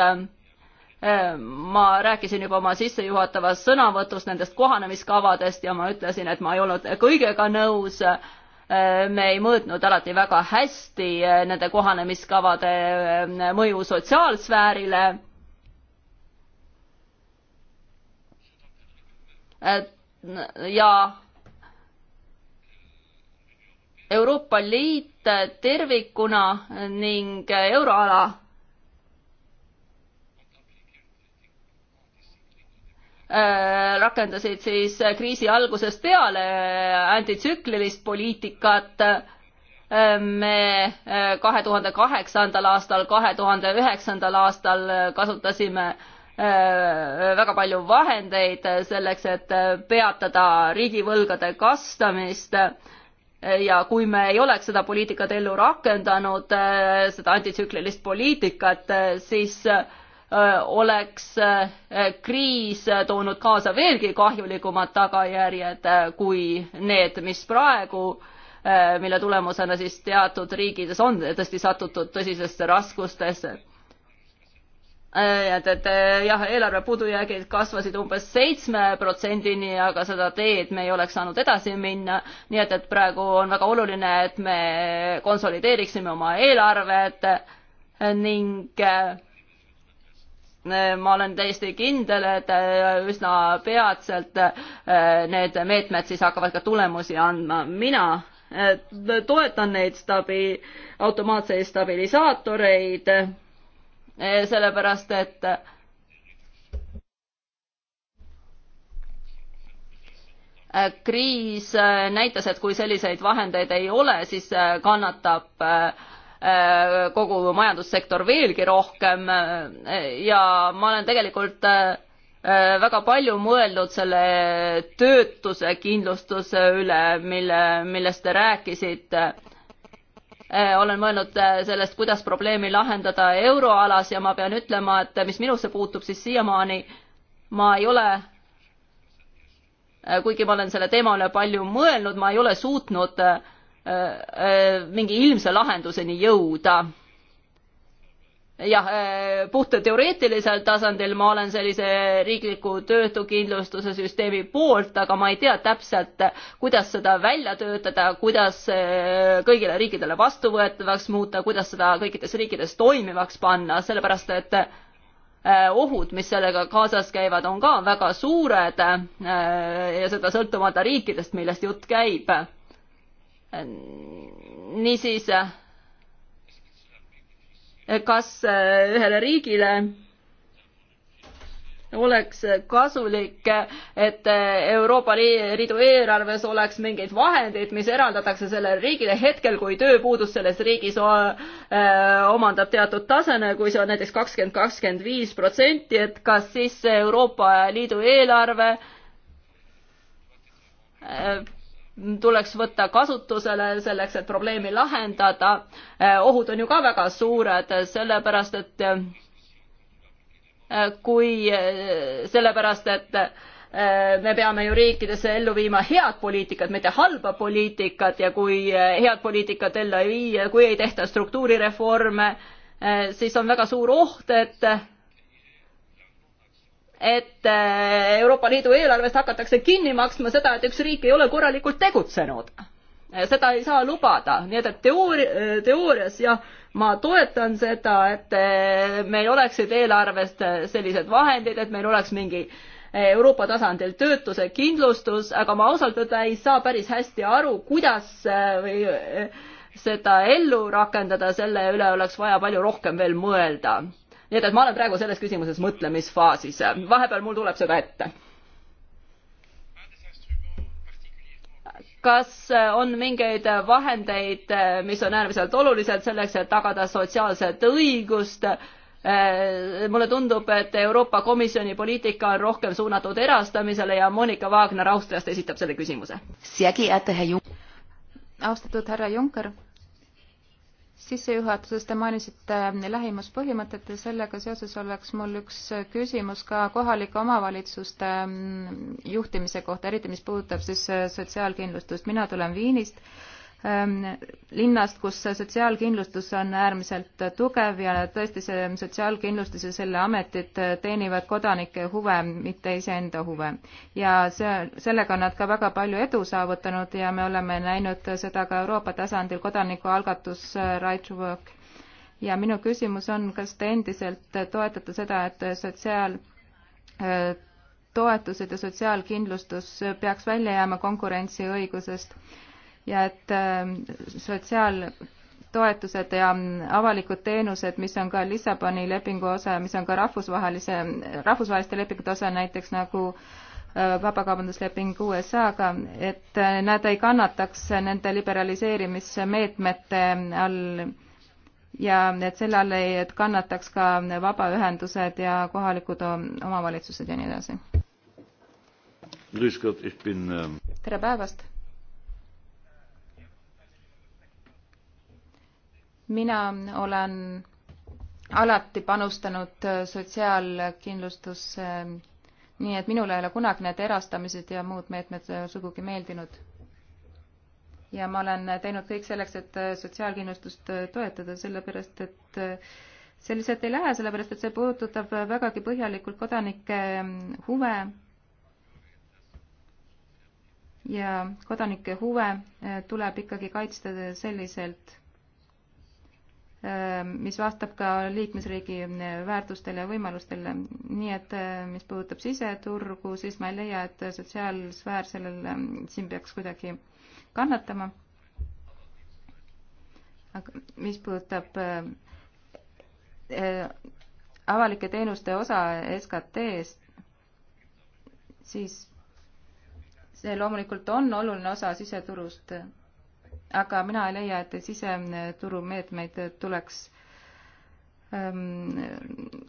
Äh, ma rääkisin juba oma sissejuhatavas sõnavõtus nendest kohanemiskavadest ja ma ütlesin, et ma ei olnud kõigega nõus. Äh, me ei mõõtnud alati väga hästi nende kohanemiskavade mõju sotsiaalsfäärile ja Euroopa Liit tervikuna ning euroala äh, rakendasid siis kriisi algusest peale antitsüklilist poliitikat. Äh, me äh, kahe tuhande kaheksandal aastal, kahe tuhande üheksandal aastal kasutasime väga palju vahendeid selleks, et peatada riigivõlgade kastamist ja kui me ei oleks seda poliitikat ellu rakendanud, äh, seda antitsüklilist poliitikat, äh, siis äh, oleks kriis toonud kaasa veelgi kahjulikumad tagajärjed kui need, mis praegu, mille tulemusena siis teatud riikides on tõesti satutud tõsisesse raskustesse Äh, et, et äh, jah, eelarve puudujäägid kasvasid umbes seitsme protsendini, aga seda teed me ei oleks saanud edasi minna. nii et, et praegu on väga oluline, et me konsolideeriksime oma eelarved ning äh, ma olen täiesti kindel, et üsna peatselt need meetmed siis hakkavad ka tulemusi andma. mina toetan neid stabi-, automaatseid stabilisaatoreid Eh, sellepärast et eh, kriis eh, näitas, et kui selliseid vahendeid ei ole, siis kannatab kogu majandussektor veelgi rohkem ja ma olen tegelikult väga palju mõelnud selle töötuse kindlustuse üle, mille, millest te rääkisite Äh, olen mõelnud äh, sellest, kuidas probleemi lahendada euroalas ja ma pean ütlema, et mis minusse puutub, siis siiamaani ma ei ole, äh, kuigi ma olen selle teema üle palju mõelnud, ma ei ole suutnud mingi ilmse lahenduseni jõuda jah, äh, puht teoreetilisel tasandil ma olen sellise riikliku töötukindlustuse süsteemi poolt, aga ma ei tea täpselt, kuidas seda välja töötada, kuidas äh, kõigile riikidele vastuvõetavaks muuta, kuidas seda kõikides riikides toimivaks panna, sellepärast et äh, ohud, mis sellega kaasas käivad, on ka väga suured ja seda sõltumata riikidest, millest jutt käib. niisiis kas äh, ühele riigile oleks kasulik, et äh, Euroopa Liidu eelarves oleks mingeid vahendeid, mis eraldatakse sellele riigile hetkel, kui tööpuudus selles riigis äh, omandab teatud taseme, kui see on näiteks kakskümmend, kakskümmend viis protsenti, et kas siis Euroopa Liidu eelarve tuleks võtta kasutusele selleks, et probleemi lahendada. Eh, ohud on ju ka väga suured, sellepärast et eh, kui, eh, sellepärast et me peame ju riikidesse ellu viima head poliitikat, mitte halba poliitikat ja kui head poliitikat ellu ei vii, kui ei tehta struktuurireforme, siis on väga suur oht, et et äh, Euroopa Liidu eelarvest hakatakse kinni maksma seda, et üks riik ei ole korralikult tegutsenud. Äh, seda ei saa lubada, nii et, et teooria, äh, teoorias jah, ma toetan seda, et meil oleksid eelarvest sellised vahendid, et meil oleks mingi Euroopa tasandil töötuse kindlustus, aga ma ausalt öelda ei saa päris hästi aru, kuidas või seda ellu rakendada, selle üle oleks vaja palju rohkem veel mõelda nii et, et ma olen praegu selles küsimuses mõtlemisfaasis, vahepeal mul tuleb see ka ette. kas on mingeid vahendeid, mis on äärmiselt olulised selleks, et tagada sotsiaalset õigust? mulle tundub, et Euroopa Komisjoni poliitika on rohkem suunatud erastamisele ja Monika Wagner Austriast esitab selle küsimuse. austatud härra Juncker sissejuhatuses te mainisite äh, lähimuspõhimõtet ja sellega seoses oleks mul üks äh, küsimus ka kohalike omavalitsuste mm, juhtimise kohta, eriti mis puudutab siis äh, sotsiaalkindlustust. mina tulen Viinist Ähm, linnast, kus sotsiaalkindlustus on äärmiselt tugev ja tõesti see sotsiaalkindlustus ja selle ametid teenivad kodanike huve, mitte iseenda huve. ja see, sellega on nad ka väga palju edu saavutanud ja me oleme näinud seda ka Euroopa tasandil kodanikualgatus äh, Right to Work. ja minu küsimus on, kas te endiselt toetate seda, et sotsiaal äh, toetused ja sotsiaalkindlustus peaks välja jääma konkurentsiõigusest ja et ähm, sotsiaaltoetused ja avalikud teenused, mis on ka Lissaboni lepingu osa ja mis on ka rahvusvahelise, rahvusvaheliste lepingute osa, näiteks nagu äh, vabakaubandusleping USA-ga, et äh, nad ei kannataks nende liberaliseerimismeetmete all ja et selle all ei, et kannataks ka vabaühendused ja kohalikud omavalitsused ja nii edasi. Ähm tere päevast! mina olen alati panustanud sotsiaalkindlustusse, nii et minule ei ole kunagi need erastamised ja muud meetmed sugugi meeldinud. ja ma olen teinud kõik selleks, et sotsiaalkindlustust toetada, sellepärast et see lihtsalt ei lähe, sellepärast et see puudutab vägagi põhjalikult kodanike huve ja kodanike huve tuleb ikkagi kaitsta selliselt Äh, mis vastab ka liikmesriigi äh, väärtustele ja võimalustele. nii et äh, mis puudutab siseturgu, siis ma ei leia, et sotsiaalsfäär sellel siin peaks kuidagi kannatama. aga mis puudutab avalike teenuste osa SKT-st, siis see loomulikult on oluline osa siseturust aga mina ei leia, et siseturumeetmeid tuleks ähm,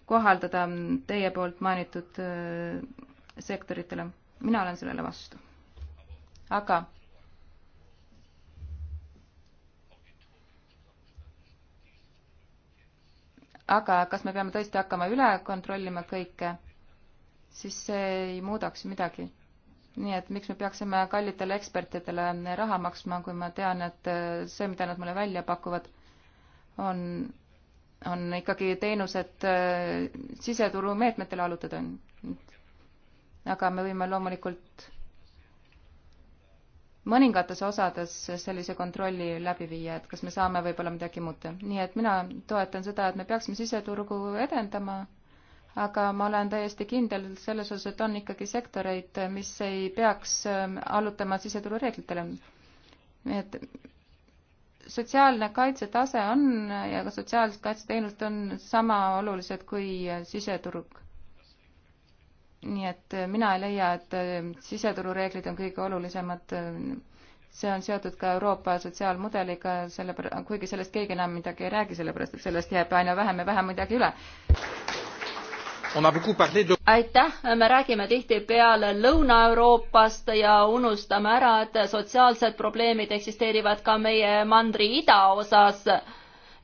kohaldada teie poolt mainitud äh, sektoritele. mina olen sellele vastu. aga aga kas me peame tõesti hakkama üle kontrollima kõike, siis see ei muudaks midagi nii et miks me peaksime kallitele ekspertidele raha maksma, kui ma tean, et äh, see, mida nad mulle välja pakuvad, on, on ikkagi teenused äh, siseturu meetmetele allutada. aga me võime loomulikult mõningates osades sellise kontrolli läbi viia, et kas me saame võib-olla midagi muuta. nii et mina toetan seda, et me peaksime siseturgu edendama aga ma olen täiesti kindel selles osas, et on ikkagi sektoreid, mis ei peaks ähm, allutama siseturureeglitele. nii et sotsiaalne kaitsetase on ja ka sotsiaalsed kaitseteenused on sama olulised kui äh, siseturg. nii et äh, mina ei leia, et äh, siseturureeglid on kõige olulisemad. see on seotud ka Euroopa sotsiaalmudeliga, selle, kuigi sellest keegi enam midagi ei räägi, sellepärast et sellest jääb aina vähem ja vähem midagi üle aitäh, me räägime tihtipeale Lõuna-Euroopast ja unustame ära, et sotsiaalsed probleemid eksisteerivad ka meie mandri idaosas.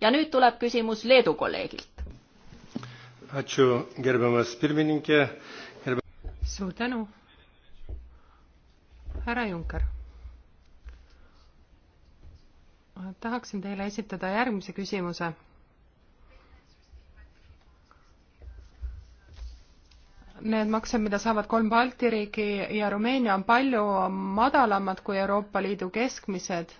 ja nüüd tuleb küsimus Leedu kolleegilt. suur tänu, härra Junker. tahaksin teile esitada järgmise küsimuse need maksed, mida saavad kolm Balti riiki ja Rumeenia, on palju madalamad kui Euroopa Liidu keskmised.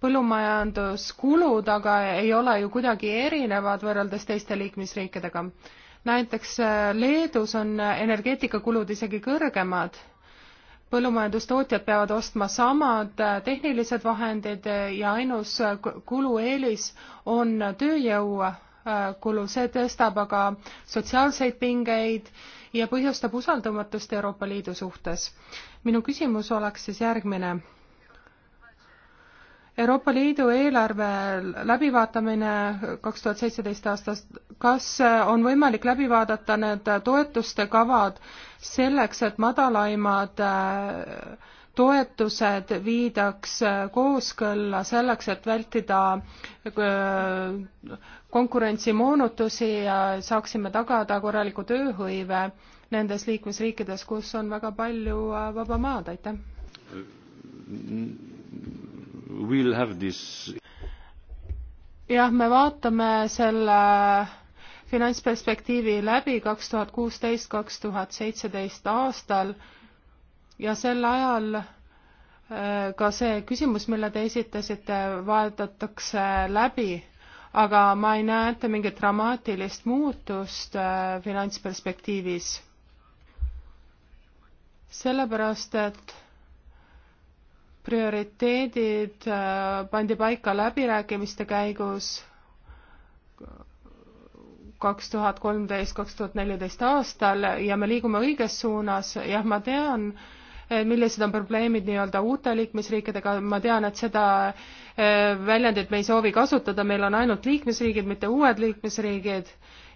põllumajanduskulud aga ei ole ju kuidagi erinevad võrreldes teiste liikmesriikidega. näiteks äh, Leedus on energeetikakulud isegi kõrgemad. põllumajandustootjad peavad ostma samad äh, tehnilised vahendid äh, ja ainus kulueelis on tööjõu kulu, see tõstab aga sotsiaalseid pingeid ja põhjustab usaldamatust Euroopa Liidu suhtes. minu küsimus oleks siis järgmine. Euroopa Liidu eelarve läbivaatamine kaks tuhat seitseteist aastast, kas on võimalik läbi vaadata need toetuste kavad selleks, et madalaimad äh, toetused viidaks äh, kooskõlla selleks, et vältida äh, konkurentsimoonutusi ja saaksime tagada korraliku tööhõive nendes liikmesriikides, kus on väga palju äh, vaba maad, aitäh we'll have this jah, me vaatame selle finantsperspektiivi läbi kaks tuhat kuusteist, kaks tuhat seitseteist aastal ja sel ajal äh, ka see küsimus, mille te esitasite, vaadatakse läbi aga ma ei näe ette mingit dramaatilist muutust äh, finantsperspektiivis. sellepärast, et prioriteedid äh, pandi paika läbirääkimiste käigus kaks tuhat kolmteist, kaks tuhat neliteist aastal ja me liigume õiges suunas, jah, ma tean äh,, Eh, millised on probleemid nii-öelda uute liikmesriikidega, ma tean, et seda eh, väljendit me ei soovi kasutada, meil on ainult liikmesriigid, mitte uued liikmesriigid.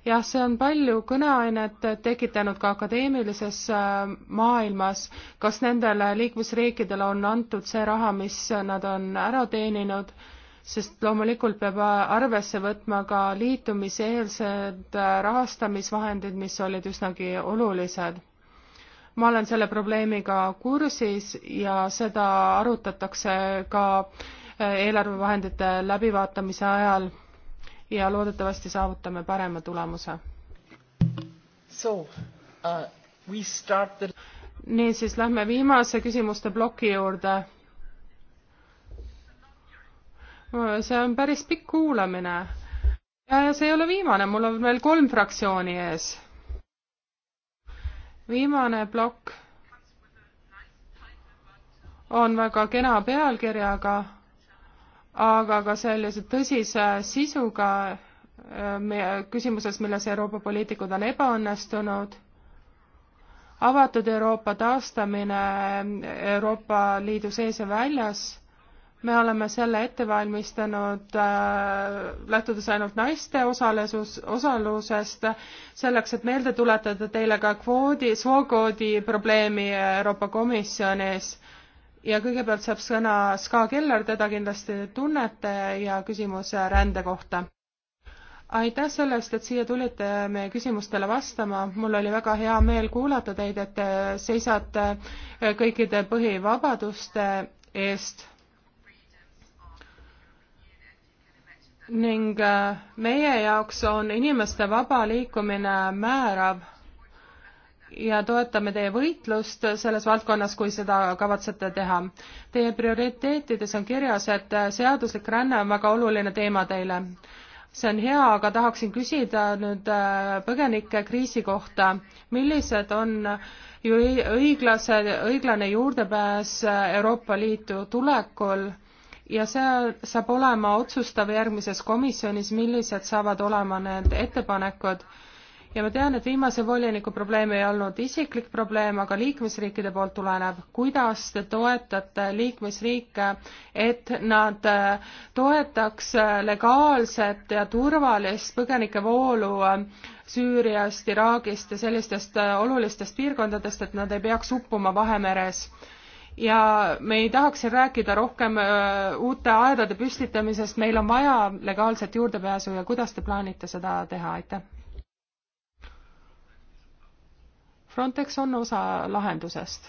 jah, see on palju kõneainet tekitanud ka akadeemilises eh, maailmas, kas nendele liikmesriikidele on antud see raha, mis nad on ära teeninud, sest loomulikult peab arvesse võtma ka liitumiseelsed rahastamisvahendid, mis olid üsnagi olulised ma olen selle probleemiga kursis ja seda arutatakse ka äh, eelarvevahendite läbivaatamise ajal ja loodetavasti saavutame parema tulemuse. Uh, the... nii, siis lähme viimase küsimuste ploki juurde. see on päris pikk kuulamine. see ei ole viimane, mul on veel kolm fraktsiooni ees viimane plokk on väga kena pealkirjaga, aga ka sellise tõsise sisuga äh, küsimuses, milles Euroopa poliitikud on ebaõnnestunud. avatud Euroopa taastamine Euroopa Liidu sees ja väljas me oleme selle ette valmistanud äh, lähtudes ainult naiste osalesus, osalusest, selleks, et meelde tuletada teile ka kvoodi, sookoodi probleemi Euroopa Komisjonis. ja kõigepealt saab sõna Ska Keller, teda kindlasti tunnete, ja küsimus rände kohta. aitäh selle eest, et siia tulite meie küsimustele vastama, mul oli väga hea meel kuulata teid, et te seisate kõikide põhivabaduste eest ning äh, meie jaoks on inimeste vaba liikumine määrav ja toetame teie võitlust selles valdkonnas, kui seda kavatsete teha. Teie prioriteetides on kirjas, et äh, seaduslik ränne on väga oluline teema teile. see on hea, aga tahaksin küsida nüüd äh, põgenike kriisi kohta. millised on ju õiglase, õiglane juurdepääs Euroopa Liitu tulekul ja see saab olema otsustav järgmises komisjonis, millised saavad olema need ettepanekud. ja ma tean, et viimase voliniku probleem ei olnud isiklik probleem, aga liikmesriikide poolt tulenev. kuidas te toetate liikmesriike, et nad äh, toetaks äh, legaalset ja turvalist põgenikevoolu äh, Süüriast, Iraagist ja sellistest olulistest piirkondadest, et nad ei peaks uppuma Vahemeres? ja me ei tahaks siin rääkida rohkem äh, uute aedade püstitamisest, meil on vaja legaalset juurdepääsu ja kuidas te plaanite seda teha, aitäh? Frontex on osa lahendusest.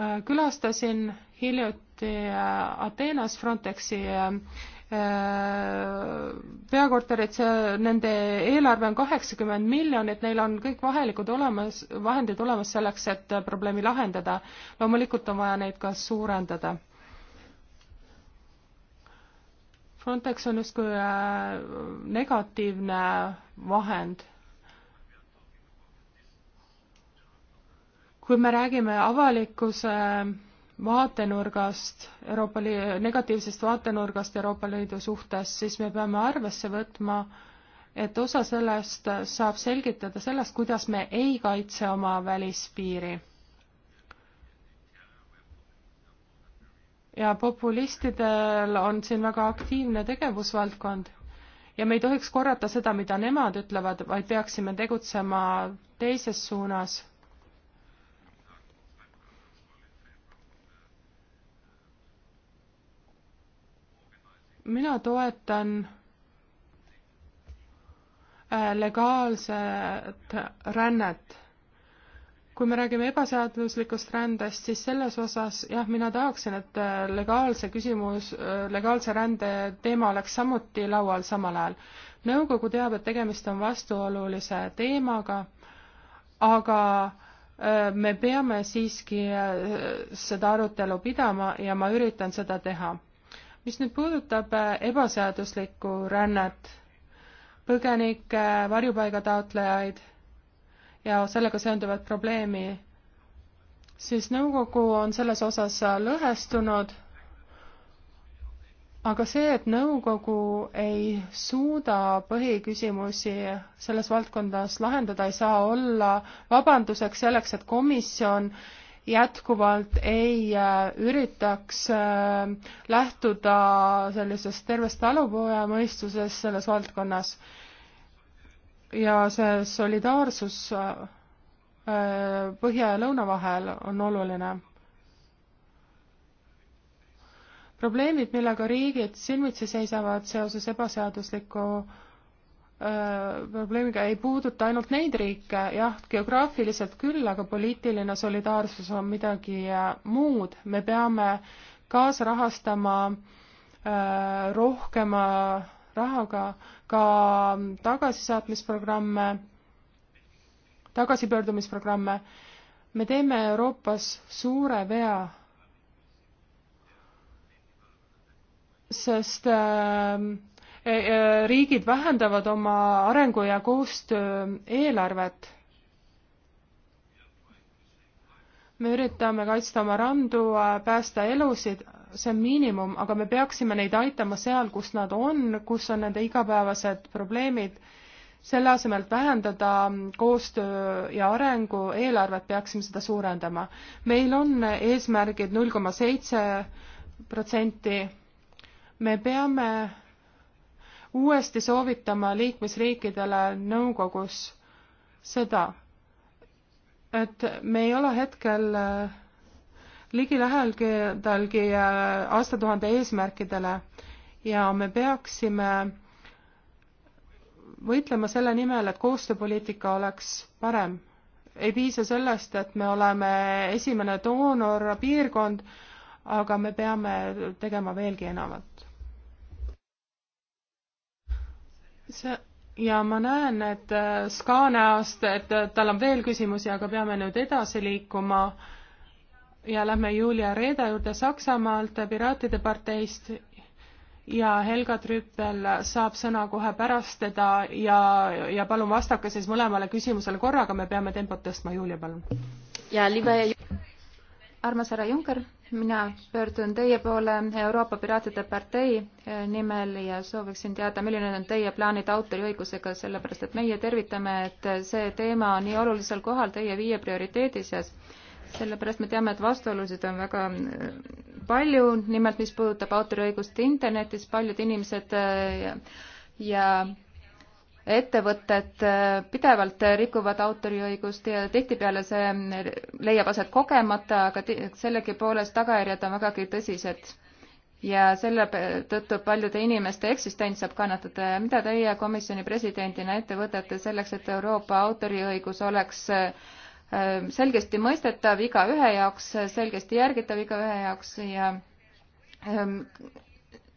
Äh, külastasin hiljuti äh, Ateenas Frontexi Äh, peakorterid, see, nende eelarve on kaheksakümmend miljonit, neil on kõik vahelikud olemas, vahendid olemas selleks, et probleemi lahendada. loomulikult on vaja neid ka suurendada. Frontex on justkui äh, negatiivne vahend kui me räägime avalikkuse äh, vaatenurgast, Euroopa Liidu, negatiivsest vaatenurgast Euroopa Liidu suhtes, siis me peame arvesse võtma, et osa sellest saab selgitada sellest, kuidas me ei kaitse oma välispiiri. ja populistidel on siin väga aktiivne tegevusvaldkond ja me ei tohiks korrata seda, mida nemad ütlevad, vaid peaksime tegutsema teises suunas mina toetan äh, legaalset rännet. kui me räägime ebaseaduslikust rändest, siis selles osas jah, mina tahaksin, et äh, legaalse küsimus, äh, legaalse rände teema oleks samuti laual samal ajal. nõukogu teab, et tegemist on vastuolulise teemaga, aga me peame siiski seda arutelu pidama ja ma üritan seda teha mis nüüd puudutab äh, ebaseaduslikku rännet, põgenikke, varjupaigataotlejaid ja sellega seonduvat probleemi, siis nõukogu on selles osas äh, lõhestunud, aga see, et nõukogu ei suuda põhiküsimusi selles valdkondas lahendada, ei saa olla vabanduseks selleks, et komisjon jätkuvalt ei äh, üritaks äh, lähtuda sellisest tervest talupojamõistusest selles valdkonnas. ja see solidaarsus äh, põhja ja lõuna vahel on oluline. probleemid, millega riigid silmitsi seisavad seoses ebaseadusliku probleemiga ei puuduta ainult neid riike, jah, geograafiliselt küll, aga poliitiline solidaarsus on midagi äh, muud, me peame kaasrahastama äh, rohkema rahaga ka tagasisaatmisprogramme, tagasipöördumisprogramme. me teeme Euroopas suure vea sest äh, E, e, riigid vähendavad oma arengu- ja koostööeelarvet. me üritame kaitsta oma randu, äh, päästa elusid, see on miinimum, aga me peaksime neid aitama seal, kus nad on, kus on nende igapäevased probleemid. selle asemel, et vähendada koostöö ja arengu eelarvet, peaksime seda suurendama. meil on eesmärgid null koma seitse protsenti. me peame uuesti soovitama liikmesriikidele nõukogus seda, et me ei ole hetkel äh, ligilähedalgi äh, aastatuhande eesmärkidele ja me peaksime võitlema selle nimel, et koostööpoliitika oleks parem. ei piisa sellest, et me oleme esimene doonor, piirkond, aga me peame tegema veelgi enamat. see ja ma näen, et äh, Ska näost, et äh, tal on veel küsimusi, aga peame nüüd edasi liikuma. ja lähme Julia Reeda juurde Saksamaalt äh, Piraatide parteist ja Helga Trüppel saab sõna kohe pärast teda ja, ja palun vastake siis mõlemale küsimusele korraga, me peame tempot tõstma, Julia, palun. ja libe armas härra Juncker mina pöördun teie poole Euroopa Piraatide partei eh, nimel ja sooviksin teada, milline on teie plaanid autoriõigusega, sellepärast et meie tervitame, et see teema on nii olulisel kohal teie viie prioriteedi seas. sellepärast me teame, et vastuolusid on väga eh, palju, nimelt mis puudutab autoriõigust internetis, paljud inimesed eh, ja, ja ettevõtted äh, pidevalt rikuvad autoriõigust ja tihtipeale see leiab aset kogemata, aga sellegipoolest tagajärjed on vägagi tõsised. ja selle tõttu paljude inimeste eksistents saab kannatada ja mida teie komisjoni presidendina ette võtate selleks, et Euroopa autoriõigus oleks äh, selgesti mõistetav igaühe jaoks, selgesti järgitav igaühe jaoks ja ähm,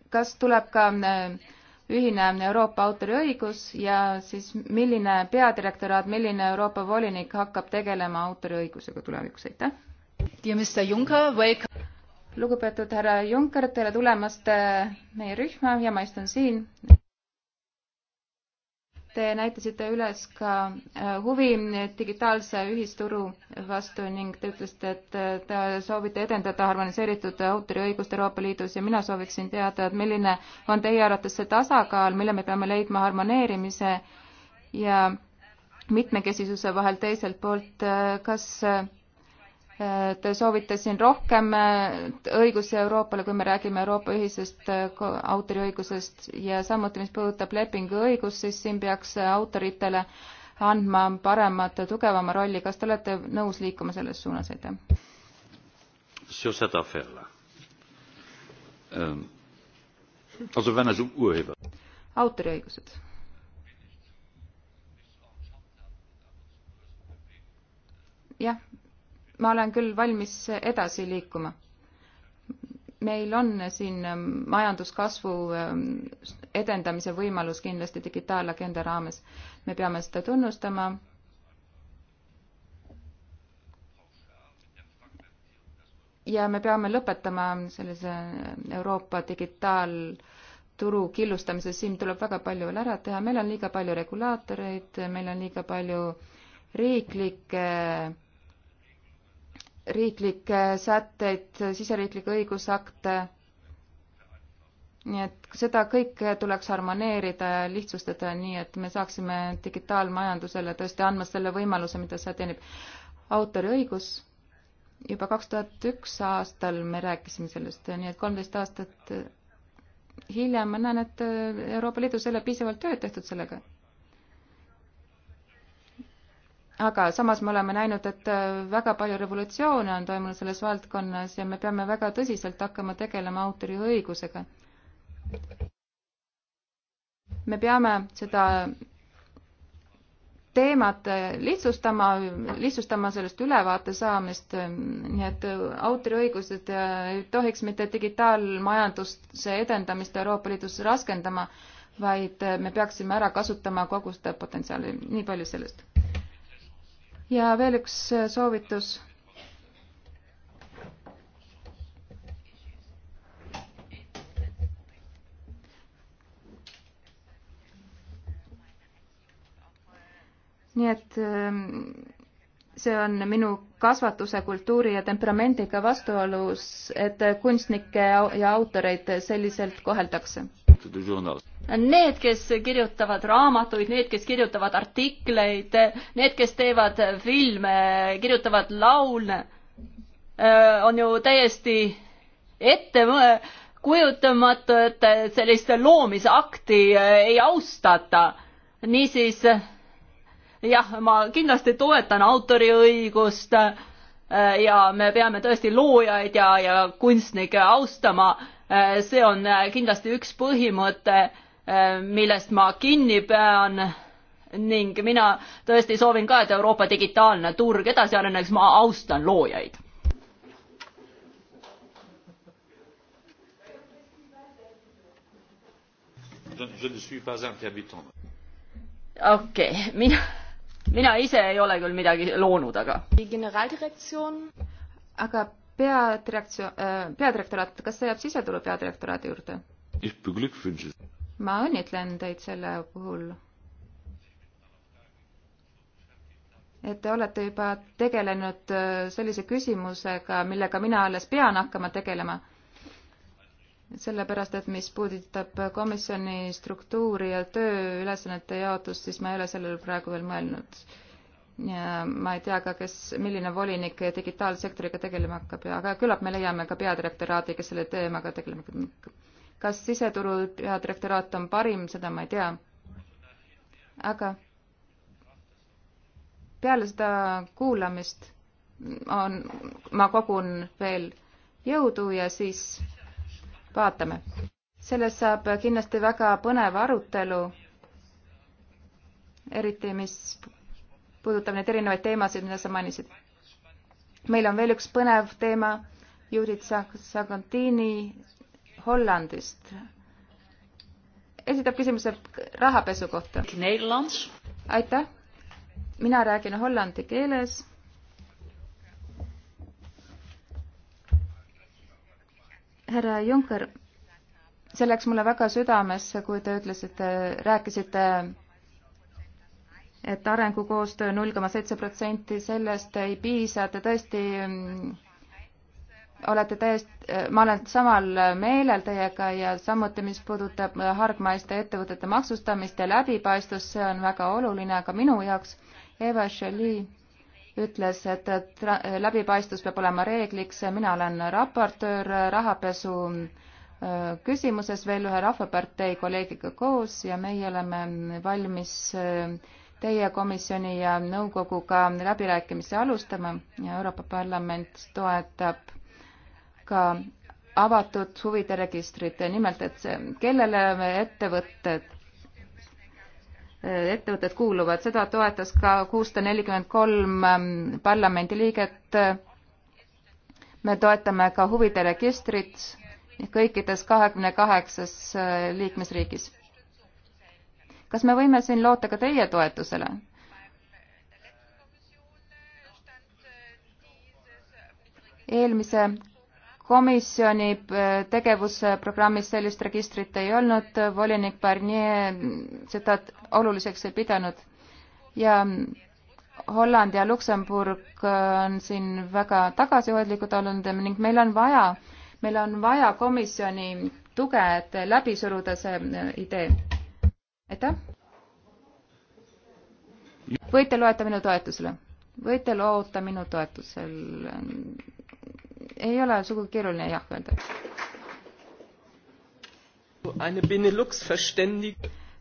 kas tuleb ka äh, ühine Euroopa autoriõigus ja siis milline peadirektoraat, milline Euroopa volinik hakkab tegelema autoriõigusega tulevikus, aitäh! lugupeetud härra Juncker, tere tulemast meie rühma ja ma istun siin. Te näitasite üles ka äh, huvi digitaalse ühisturu vastu ning te ütlesite, et äh, te soovite edendada harmoniseeritud autoriõigust Euroopa Liidus ja mina sooviksin teada, et milline on teie arvates see tasakaal, mille me peame leidma harmoneerimise ja mitmekesisuse vahel teiselt poolt, äh, kas Te soovite siin rohkem äh, õigusi Euroopale, kui me räägime Euroopa ühisest äh, autoriõigusest ja samuti, mis puudutab lepinguõigust, siis siin peaks äh, autoritele andma paremat, tugevama rolli. kas te olete nõus liikuma selles suunas, aitäh? Euh, autoriõigused. jah ma olen küll valmis edasi liikuma. meil on siin ähm, majanduskasvu ähm, edendamise võimalus kindlasti digitaalagenda raames. me peame seda tunnustama. ja me peame lõpetama sellise Euroopa digitaal- turu killustamises, siin tuleb väga palju veel ära teha, meil on liiga palju regulaatoreid, meil on liiga palju riiklikke äh, riiklikke sätteid, siseriiklikke õigusakte. nii et seda kõike tuleks harmoneerida ja lihtsustada, nii et me saaksime digitaalmajandusele tõesti andma selle võimaluse, mida see teenib. autoriõigus, juba kaks tuhat üks aastal me rääkisime sellest, nii et kolmteist aastat hiljem ma näen, et Euroopa Liidus ei ole piisavalt tööd tehtud sellega aga samas me oleme näinud, et äh, väga palju revolutsioone on toimunud selles valdkonnas ja me peame väga tõsiselt hakkama tegelema autoriõigusega. me peame seda teemat lihtsustama, lihtsustama sellest ülevaate saamist, äh, nii et äh, autoriõigused ei tohiks mitte digitaalmajanduse edendamist Euroopa Liidus raskendama, vaid me peaksime ära kasutama kogu seda potentsiaali, nii palju sellest ja veel üks äh, soovitus. nii et ähm, see on minu kasvatuse, kultuuri ja temperamendiga vastuolus, et kunstnikke ja autoreid selliselt koheldakse. Need, kes kirjutavad raamatuid, need, kes kirjutavad artikleid, need, kes teevad filme, kirjutavad laule, on ju täiesti ette kujutamatu, et sellist loomisakti ei austata. niisiis jah, ma kindlasti toetan autoriõigust ja me peame tõesti loojaid ja, ja kunstnikke austama. see on kindlasti üks põhimõte Äh, millest ma kinni pean ning mina tõesti soovin ka, et Euroopa digitaalne turg edasi areneks, ma austan loojaid. okei okay,, mina, mina ise ei ole küll midagi loonud, aga. generaaldirektsioon, aga peadirektsioon äh,, peadirektoraat, kas see jääb siseturu peadirektoraadi juurde? ma õnnitlen teid selle puhul, et te olete juba tegelenud äh, sellise küsimusega, millega mina alles pean hakkama tegelema. sellepärast, et mis puudutab komisjoni struktuuri ja tööülesannete jaotust, siis ma ei ole sellele praegu veel mõelnud. ja ma ei tea ka, kes, milline volinik digitaalsektoriga tegelema hakkab ja, aga küllap me leiame ka peadirektoraadi, kes selle teemaga tegelema hakkab kas siseturu peadirektoraat on parim, seda ma ei tea. aga peale seda kuulamist on, ma kogun veel jõudu ja siis vaatame. sellest saab kindlasti väga põnev arutelu, eriti mis puudutab neid erinevaid teemasid, mida sa mainisid. meil on veel üks põnev teema, Judith Sagantini Hollandist esitab küsimuse rahapesu kohta. aitäh, mina räägin hollandi keeles. härra Juncker, see läks mulle väga südamesse, kui te ütlesite, rääkisite et arengukoostöö null koma seitse protsenti, sellest ei piisa, te tõesti mm, olete täiesti, ma olen samal meelel teiega ja samuti, mis puudutab hargmaiste ettevõtete maksustamist ja läbipaistvust, see on väga oluline ka minu jaoks. Eva Jolie ütles, et läbipaistvus peab olema reegliks, mina olen raportöör rahapesu äh, küsimuses veel ühe Rahvapartei kolleegiga koos ja meie oleme valmis äh, teie komisjoni ja nõukoguga läbirääkimisi alustama ja Euroopa Parlament toetab ka avatud huvide registrit, nimelt et see, kellele ettevõtted, ettevõtted kuuluvad, seda toetas ka kuussada nelikümmend kolm ähm, parlamendiliiget. me toetame ka huvide registrit kõikides kahekümne kaheksas äh, liikmesriigis. kas me võime siin loota ka teie toetusele? eelmise komisjoni äh, tegevusprogrammis sellist registrit ei olnud, volinik Barnier mm, seda oluliseks ei pidanud ja mm, Holland ja Luksemburg äh, on siin väga tagasihoidlikud olnud ning meil on vaja, meil on vaja komisjoni tuge, et läbi suruda see äh, idee. aitäh! võite loeta minu toetusele, võite loota minu toetusel ei ole sugugi keeruline jah öelda.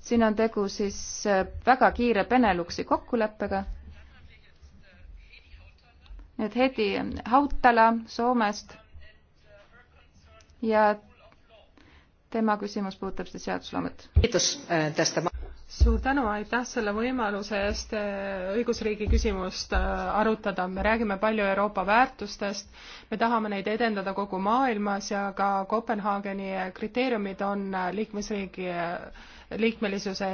siin on tegu siis äh, väga kiire Beneluxi kokkuleppega. nüüd Heidi Hautala Soomest ja tema küsimus puudutab siis seadusloomet. Äh, suur tänu, aitäh selle võimaluse eest eh, õigusriigi küsimust eh, arutada. me räägime palju Euroopa väärtustest, me tahame neid edendada kogu maailmas ja ka Kopenhaageni eh, kriteeriumid on liikmesriigi liikmelisuse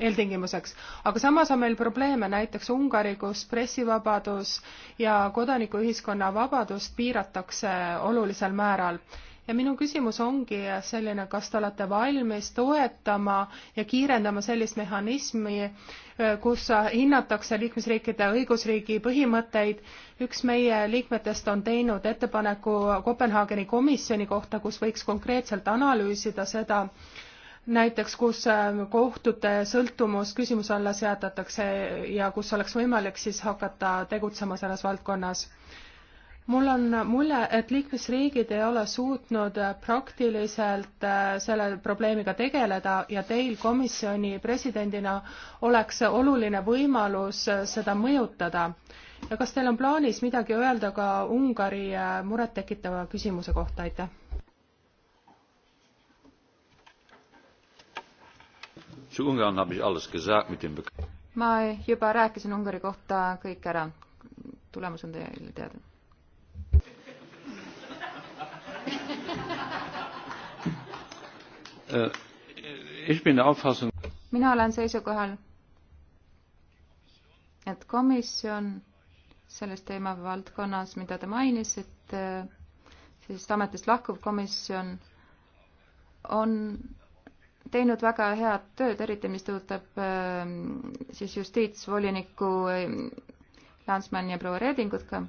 eeltingimuseks. aga samas on meil probleeme, näiteks Ungari, kus pressivabadus ja kodanikuühiskonna vabadust piiratakse olulisel määral ja minu küsimus ongi selline, kas te olete valmis toetama ja kiirendama sellist mehhanismi, kus hinnatakse liikmesriikide õigusriigi põhimõtteid. üks meie liikmetest on teinud ettepaneku Kopenhaageni komisjoni kohta, kus võiks konkreetselt analüüsida seda, näiteks kus kohtute sõltumus küsimuse alla seatatakse ja kus oleks võimalik siis hakata tegutsema selles valdkonnas mul on mulje, et liikmesriigid ei ole suutnud äh, praktiliselt äh, selle probleemiga tegeleda ja teil komisjoni presidendina oleks oluline võimalus äh, seda mõjutada. ja kas teil on plaanis midagi öelda ka Ungari murettekitava küsimuse kohta, aitäh? ma juba rääkisin Ungari kohta kõik ära, tulemus on teile teada Äh, mina olen seisukohal, et komisjon selles teemavaldkonnas, mida te mainisite, siis ametist lahkuv komisjon on teinud väga head tööd, eriti mis tõotab äh, siis justiitsvoliniku äh, Lansmanni ja proua Redingut ka.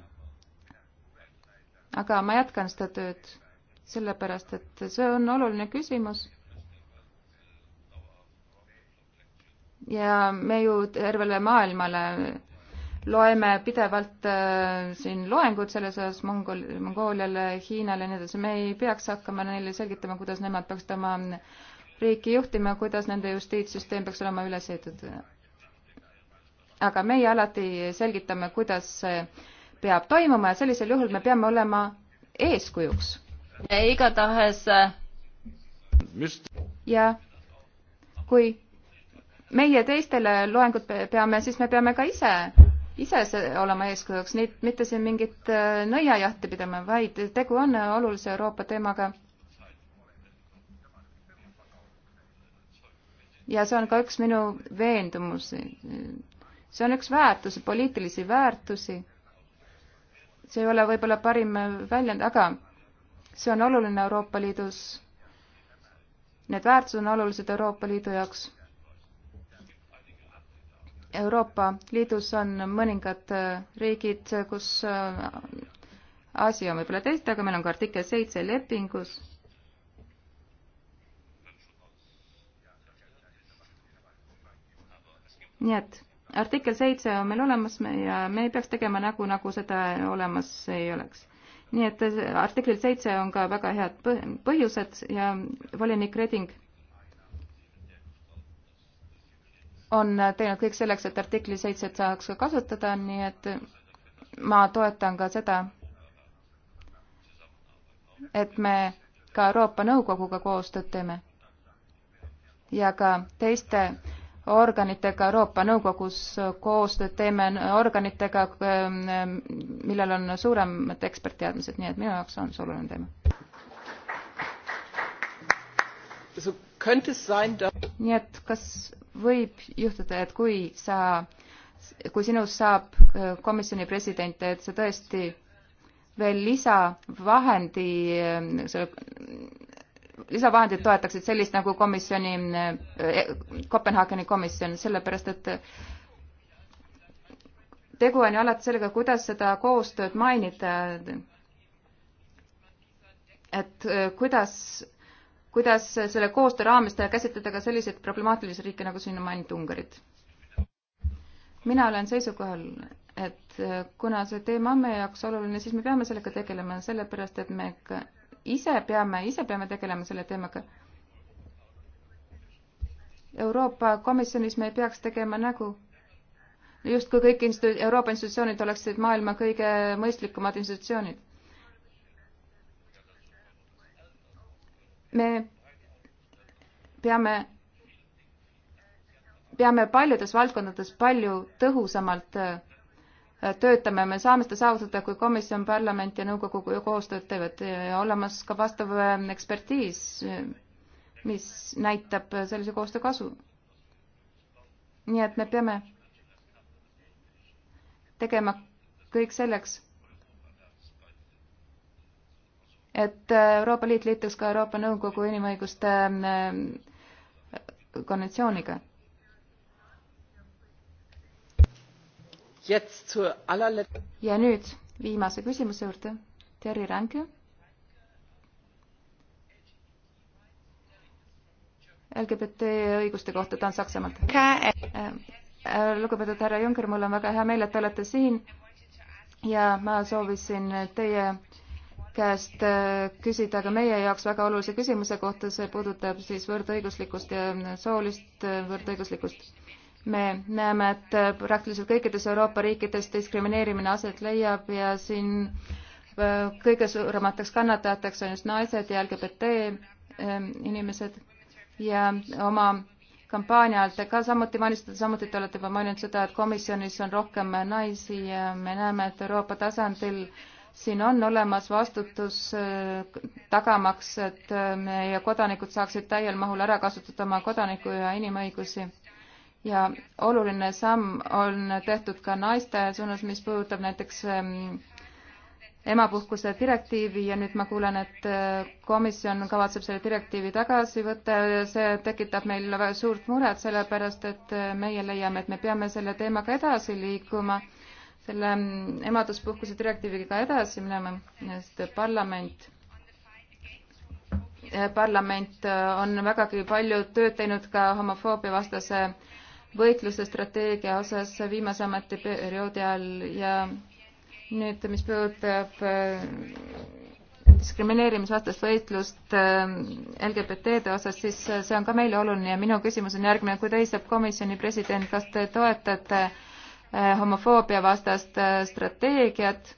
aga ma jätkan seda tööd, sellepärast et see on oluline küsimus ja me ju tervele maailmale loeme pidevalt äh, siin loengud selles osas Mongol, Mongooliale, Hiinale ja nii edasi, me ei peaks hakkama neile selgitama, kuidas nemad peaksid oma riiki juhtima, kuidas nende justiitssüsteem peaks olema üles ehitatud. aga meie alati selgitame, kuidas see peab toimuma ja sellisel juhul me peame olema eeskujuks. igatahes. Äh, ja kui meie teistele loengut peame, siis me peame ka ise, ise olema eeskujuks, mitte siin mingit äh, nõiajahti pidama, vaid tegu on olulise Euroopa teemaga. ja see on ka üks minu veendumusi. see on üks väärtusi, poliitilisi väärtusi. see ei ole võib-olla parim väljend, aga see on oluline Euroopa Liidus. Need väärtused on olulised Euroopa Liidu jaoks Euroopa Liidus on mõningad äh, riigid, äh, kus äh, asi on võib-olla teist, aga meil on ka artikkel seitse lepingus. nii et artikkel seitse on meil olemas ja me ei peaks tegema nägu, nagu seda olemas ei oleks. nii et artiklil seitse on ka väga head põhjused ja volinik Reding on teinud kõik selleks, et artikli seitset saaks ka kasutada, nii et ma toetan ka seda, et me ka Euroopa Nõukoguga koostööd teeme ja ka teiste organitega Euroopa Nõukogus koostööd teeme, organitega, ähm, ähm, millel on suuremad ekspertteadmised, nii et minu jaoks on see oluline teema. nii et kas võib juhtuda, et kui sa, kui sinust saab äh, komisjoni president, et sa tõesti veel lisavahendi, äh, lisavahendid toetaksid sellist nagu komisjoni, äh, e-, Kopenhaageni komisjon, sellepärast et tegu on ju alati sellega, kuidas seda koostööd mainida, et kuidas kuidas selle koostöö raames käsitleda ka selliseid problemaatilisi riike, nagu siin on mainitud Ungarit? mina olen seisukohal, et kuna see teema on meie jaoks oluline, siis me peame sellega tegelema, sellepärast et me ka ise peame, ise peame tegelema selle teemaga. Euroopa Komisjonis me ei peaks tegema nägu, justkui kõik institu-, Euroopa institutsioonid oleksid maailma kõige mõistlikumad institutsioonid me peame, peame paljudes valdkondades palju tõhusamalt äh, töötame, me saame seda saavutada, kui komisjon, parlament ja nõukogu koostööd teevad ja olemas ka vastav äh, ekspertiis, äh, mis näitab sellise koostöö kasu. nii et me peame tegema kõik selleks et äh, Euroopa Liit liituks ka Euroopa Nõukogu inimõiguste äh, konventsiooniga. ja nüüd viimase küsimuse juurde, Terri Ränke. LGBT õiguste kohta, ta on Saksamaalt. Äh, lugupeetud härra Juncker, mul on väga hea meel, et te olete siin ja ma soovisin teie äh, käest äh, küsida ka meie jaoks väga olulise küsimuse kohta, see puudutab siis võrdõiguslikkust ja soolist äh, võrdõiguslikkust. me näeme, et äh, praktiliselt kõikides Euroopa riikides diskrimineerimine aset leiab ja siin kõige suuremateks kannatajateks on just naised ja LGBT ähm, inimesed ja oma kampaania alt ka samuti mainisite, samuti te olete juba maininud seda, et komisjonis on rohkem naisi ja me näeme, et Euroopa tasandil äh, siin on olemas vastutus äh, tagamaks, et äh, meie kodanikud saaksid täiel mahul ära kasutada oma kodaniku ja inimõigusi. ja oluline samm on tehtud ka naiste suunas, mis puudutab näiteks ähm, emapuhkuse direktiivi ja nüüd ma kuulen, et äh, komisjon kavatseb selle direktiivi tagasi võtta ja see tekitab meil suurt muret, sellepärast et meie leiame, et me peame selle teemaga edasi liikuma selle emaduspuhkuse direktiiviga edasi minema, sest parlament, parlament äh, on vägagi palju tööd teinud ka homofoobia vastase võitluse strateegia osas viimase ametiperioodi ajal ja nüüd, mis puudutab äh, diskrimineerimisvastast võitlust äh, LGBT-de osas, siis see on ka meile oluline ja minu küsimus on järgmine, kui teie saab komisjoni president, kas te toetate äh, Äh, homofoobia vastast äh, strateegiat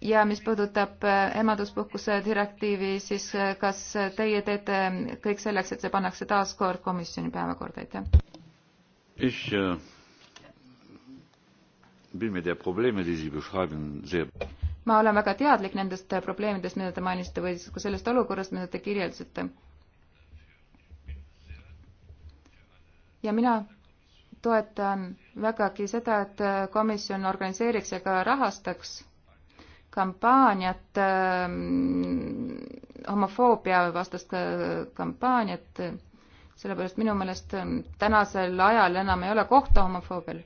ja mis puudutab äh, emaduspuhkuse direktiivi, siis kas teie teete kõik selleks, et see pannakse taas kord komisjoni päevakorda, aitäh? ma olen väga teadlik nendest probleemidest, mida te mainisite või siis ka sellest olukorrast, mida te kirjeldasite. ja mina toetan vägagi seda, et komisjon organiseeriks ja ka rahastaks kampaaniat, ähm, homofoobia vastast äh, kampaaniat, sellepärast minu meelest ähm, tänasel ajal enam ei ole kohta homofoobial.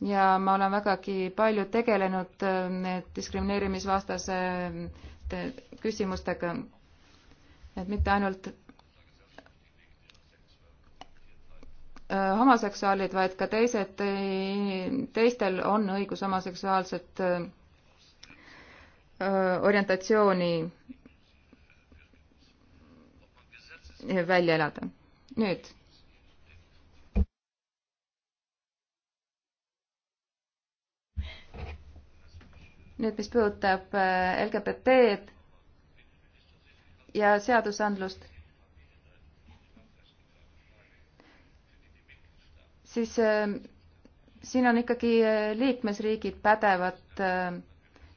ja ma olen vägagi palju tegelenud ähm, diskrimineerimisvastase küsimustega, et mitte ainult Äh, homoseksuaalid, vaid ka teised, äh, teistel on õigus homoseksuaalset äh, orientatsiooni välja elada. nüüd. nüüd, mis puudutab LGBT-d ja seadusandlust siis ähm, siin on ikkagi äh, liikmesriigid pädevad äh,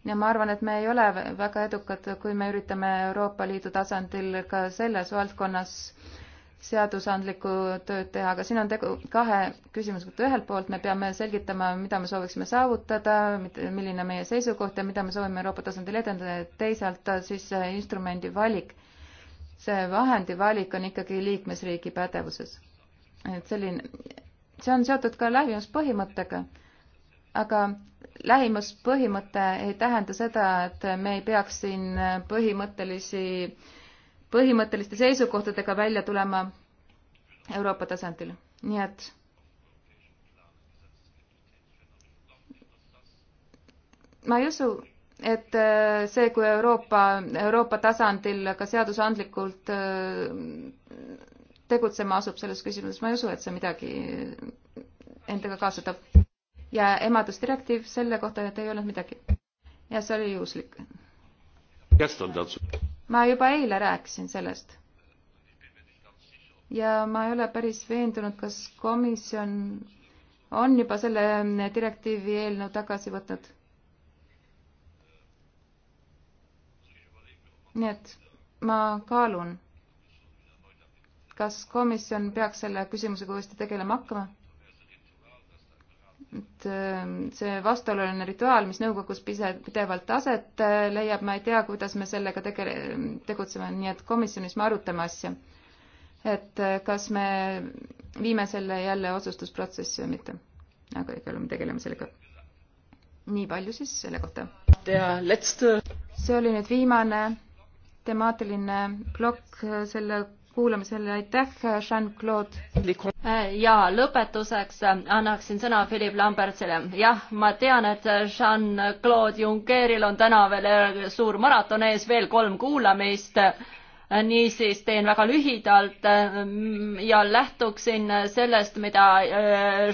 ja ma arvan, et me ei ole väga edukad, kui me üritame Euroopa Liidu tasandil ka selles valdkonnas seadusandlikku tööd teha, aga siin on tegu kahe küsimusega, et ühelt poolt me peame selgitama, mida me sooviksime saavutada, milline meie seisukoht ja mida me soovime Euroopa tasandil edendada ja teisalt äh, siis instrumendi valik. see vahendi valik on ikkagi liikmesriigi pädevuses. et selline see on seotud ka lähimuspõhimõttega. aga lähimuspõhimõte ei tähenda seda, et me ei peaks siin põhimõttelisi, põhimõtteliste seisukohtadega välja tulema Euroopa tasandil, nii et ma ei usu, et äh, see, kui Euroopa, Euroopa tasandil ka seadusandlikult äh, tegutsema asub selles küsimuses, ma ei usu, et see midagi endaga kaasa toob. ja emadusdirektiiv selle kohta ei olnud midagi. ja see oli juhuslik. ma juba eile rääkisin sellest. ja ma ei ole päris veendunud, kas komisjon on juba selle direktiivi eelnõu tagasi võtnud. nii et ma kaalun kas komisjon peaks selle küsimusega uuesti tegelema hakkama? et ähm, see vastuoluline rituaal, mis nõukogus pise-, pidevalt aset äh, leiab, ma ei tea, kuidas me sellega tege-, tegutseme, nii et komisjonis me arutame asja. et äh, kas me viime selle jälle otsustusprotsessi või mitte. aga igal juhul me tegeleme sellega. nii palju siis selle kohta. see oli nüüd viimane temaatiline plokk äh, selle kuulamisele, aitäh, Jean-Claude. Äh, ja lõpetuseks äh, annaksin sõna Philip Lambertsile. jah, ma tean, et äh, Jean-Claude Junckeril on täna veel suur maraton ees, veel kolm kuulamist. niisiis teen väga lühidalt ja lähtuksin sellest, mida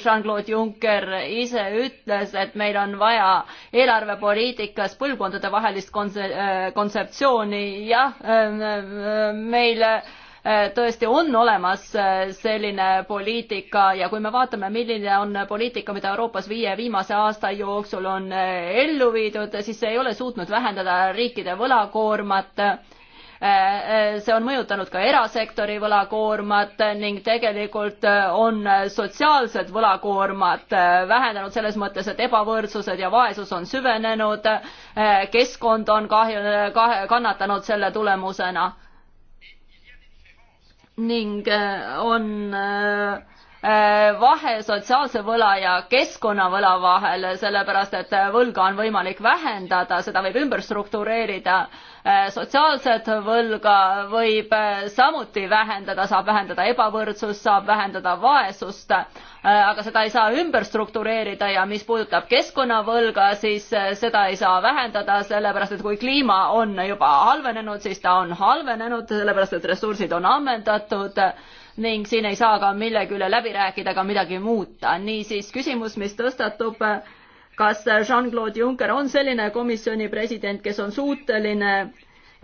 Jean-Claude Juncker ise ütles, et meil on vaja eelarvepoliitikas põlvkondadevahelist konse-, kontseptsiooni, jah, meil Äh, tõesti on olemas äh, selline poliitika ja kui me vaatame, milline on poliitika, mida Euroopas viie viimase aasta jooksul on äh, ellu viidud, siis see ei ole suutnud vähendada riikide võlakoormat. see on mõjutanud ka erasektori võlakoormat ning tegelikult on sotsiaalsed võlakoormad vähendanud selles mõttes, et ebavõrdsused ja vaesus on süvenenud, keskkond on kahju, kannatanud selle tulemusena ning äh, on äh, äh, vahe sotsiaalse võla ja keskkonnavõla vahel, sellepärast et võlga on võimalik vähendada, seda võib ümber struktureerida Äh, sotsiaalset võlga võib äh, samuti vähendada, saab vähendada ebavõrdsust, saab vähendada vaesust, äh, aga seda ei saa ümber struktureerida ja mis puudutab keskkonnavõlga, siis seda ei saa vähendada, sellepärast et kui kliima on juba halvenenud, siis ta on halvenenud, sellepärast et ressursid on ammendatud ning siin ei saa ka millegi üle läbi rääkida ega midagi muuta. niisiis küsimus, mis tõstatub äh, kas Jean-Claude Juncker on selline komisjoni president, kes on suuteline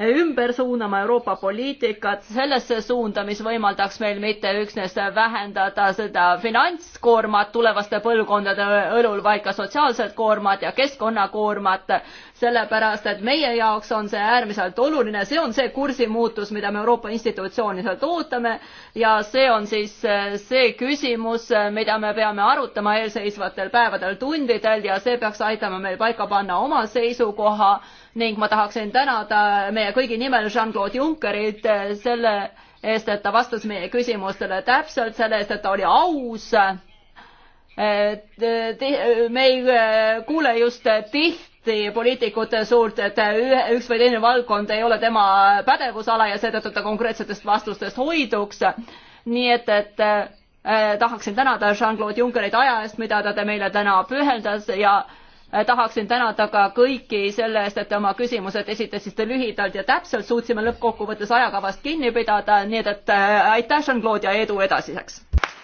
ümber suunama Euroopa poliitikat sellesse suunda, mis võimaldaks meil mitte üksnes vähendada seda finantskoormat tulevaste põlvkondade õlul, vaid ka sotsiaalset koormat ja keskkonnakoormat sellepärast et meie jaoks on see äärmiselt oluline, see on see kursimuutus, mida me Euroopa institutsioonidelt ootame ja see on siis eh, see küsimus, eh, mida me peame arutama eelseisvatel päevadel, tundidel ja see peaks aitama meil paika panna oma seisukoha ning ma tahaksin tänada meie kõigi nimel Jean-Claude Junckerit eh, selle eest, et ta vastas meie küsimustele täpselt, selle eest, et ta oli aus. me ei kuule just tihti tõesti poliitikute suurt, et üks või teine valdkond ei ole tema pädevusala ja seetõttu ta konkreetsetest vastustest hoiduks. nii et, et eh, tahaksin tänada Jean-Claude Junckerit aja eest, mida ta meile täna pühendas ja äh, tahaksin tänada ka kõiki selle eest, et te oma küsimused esitasite lühidalt ja täpselt, suutsime lõppkokkuvõttes ajakavast kinni pidada, nii et, et äh, aitäh, Jean-Claude ja edu edasiseks!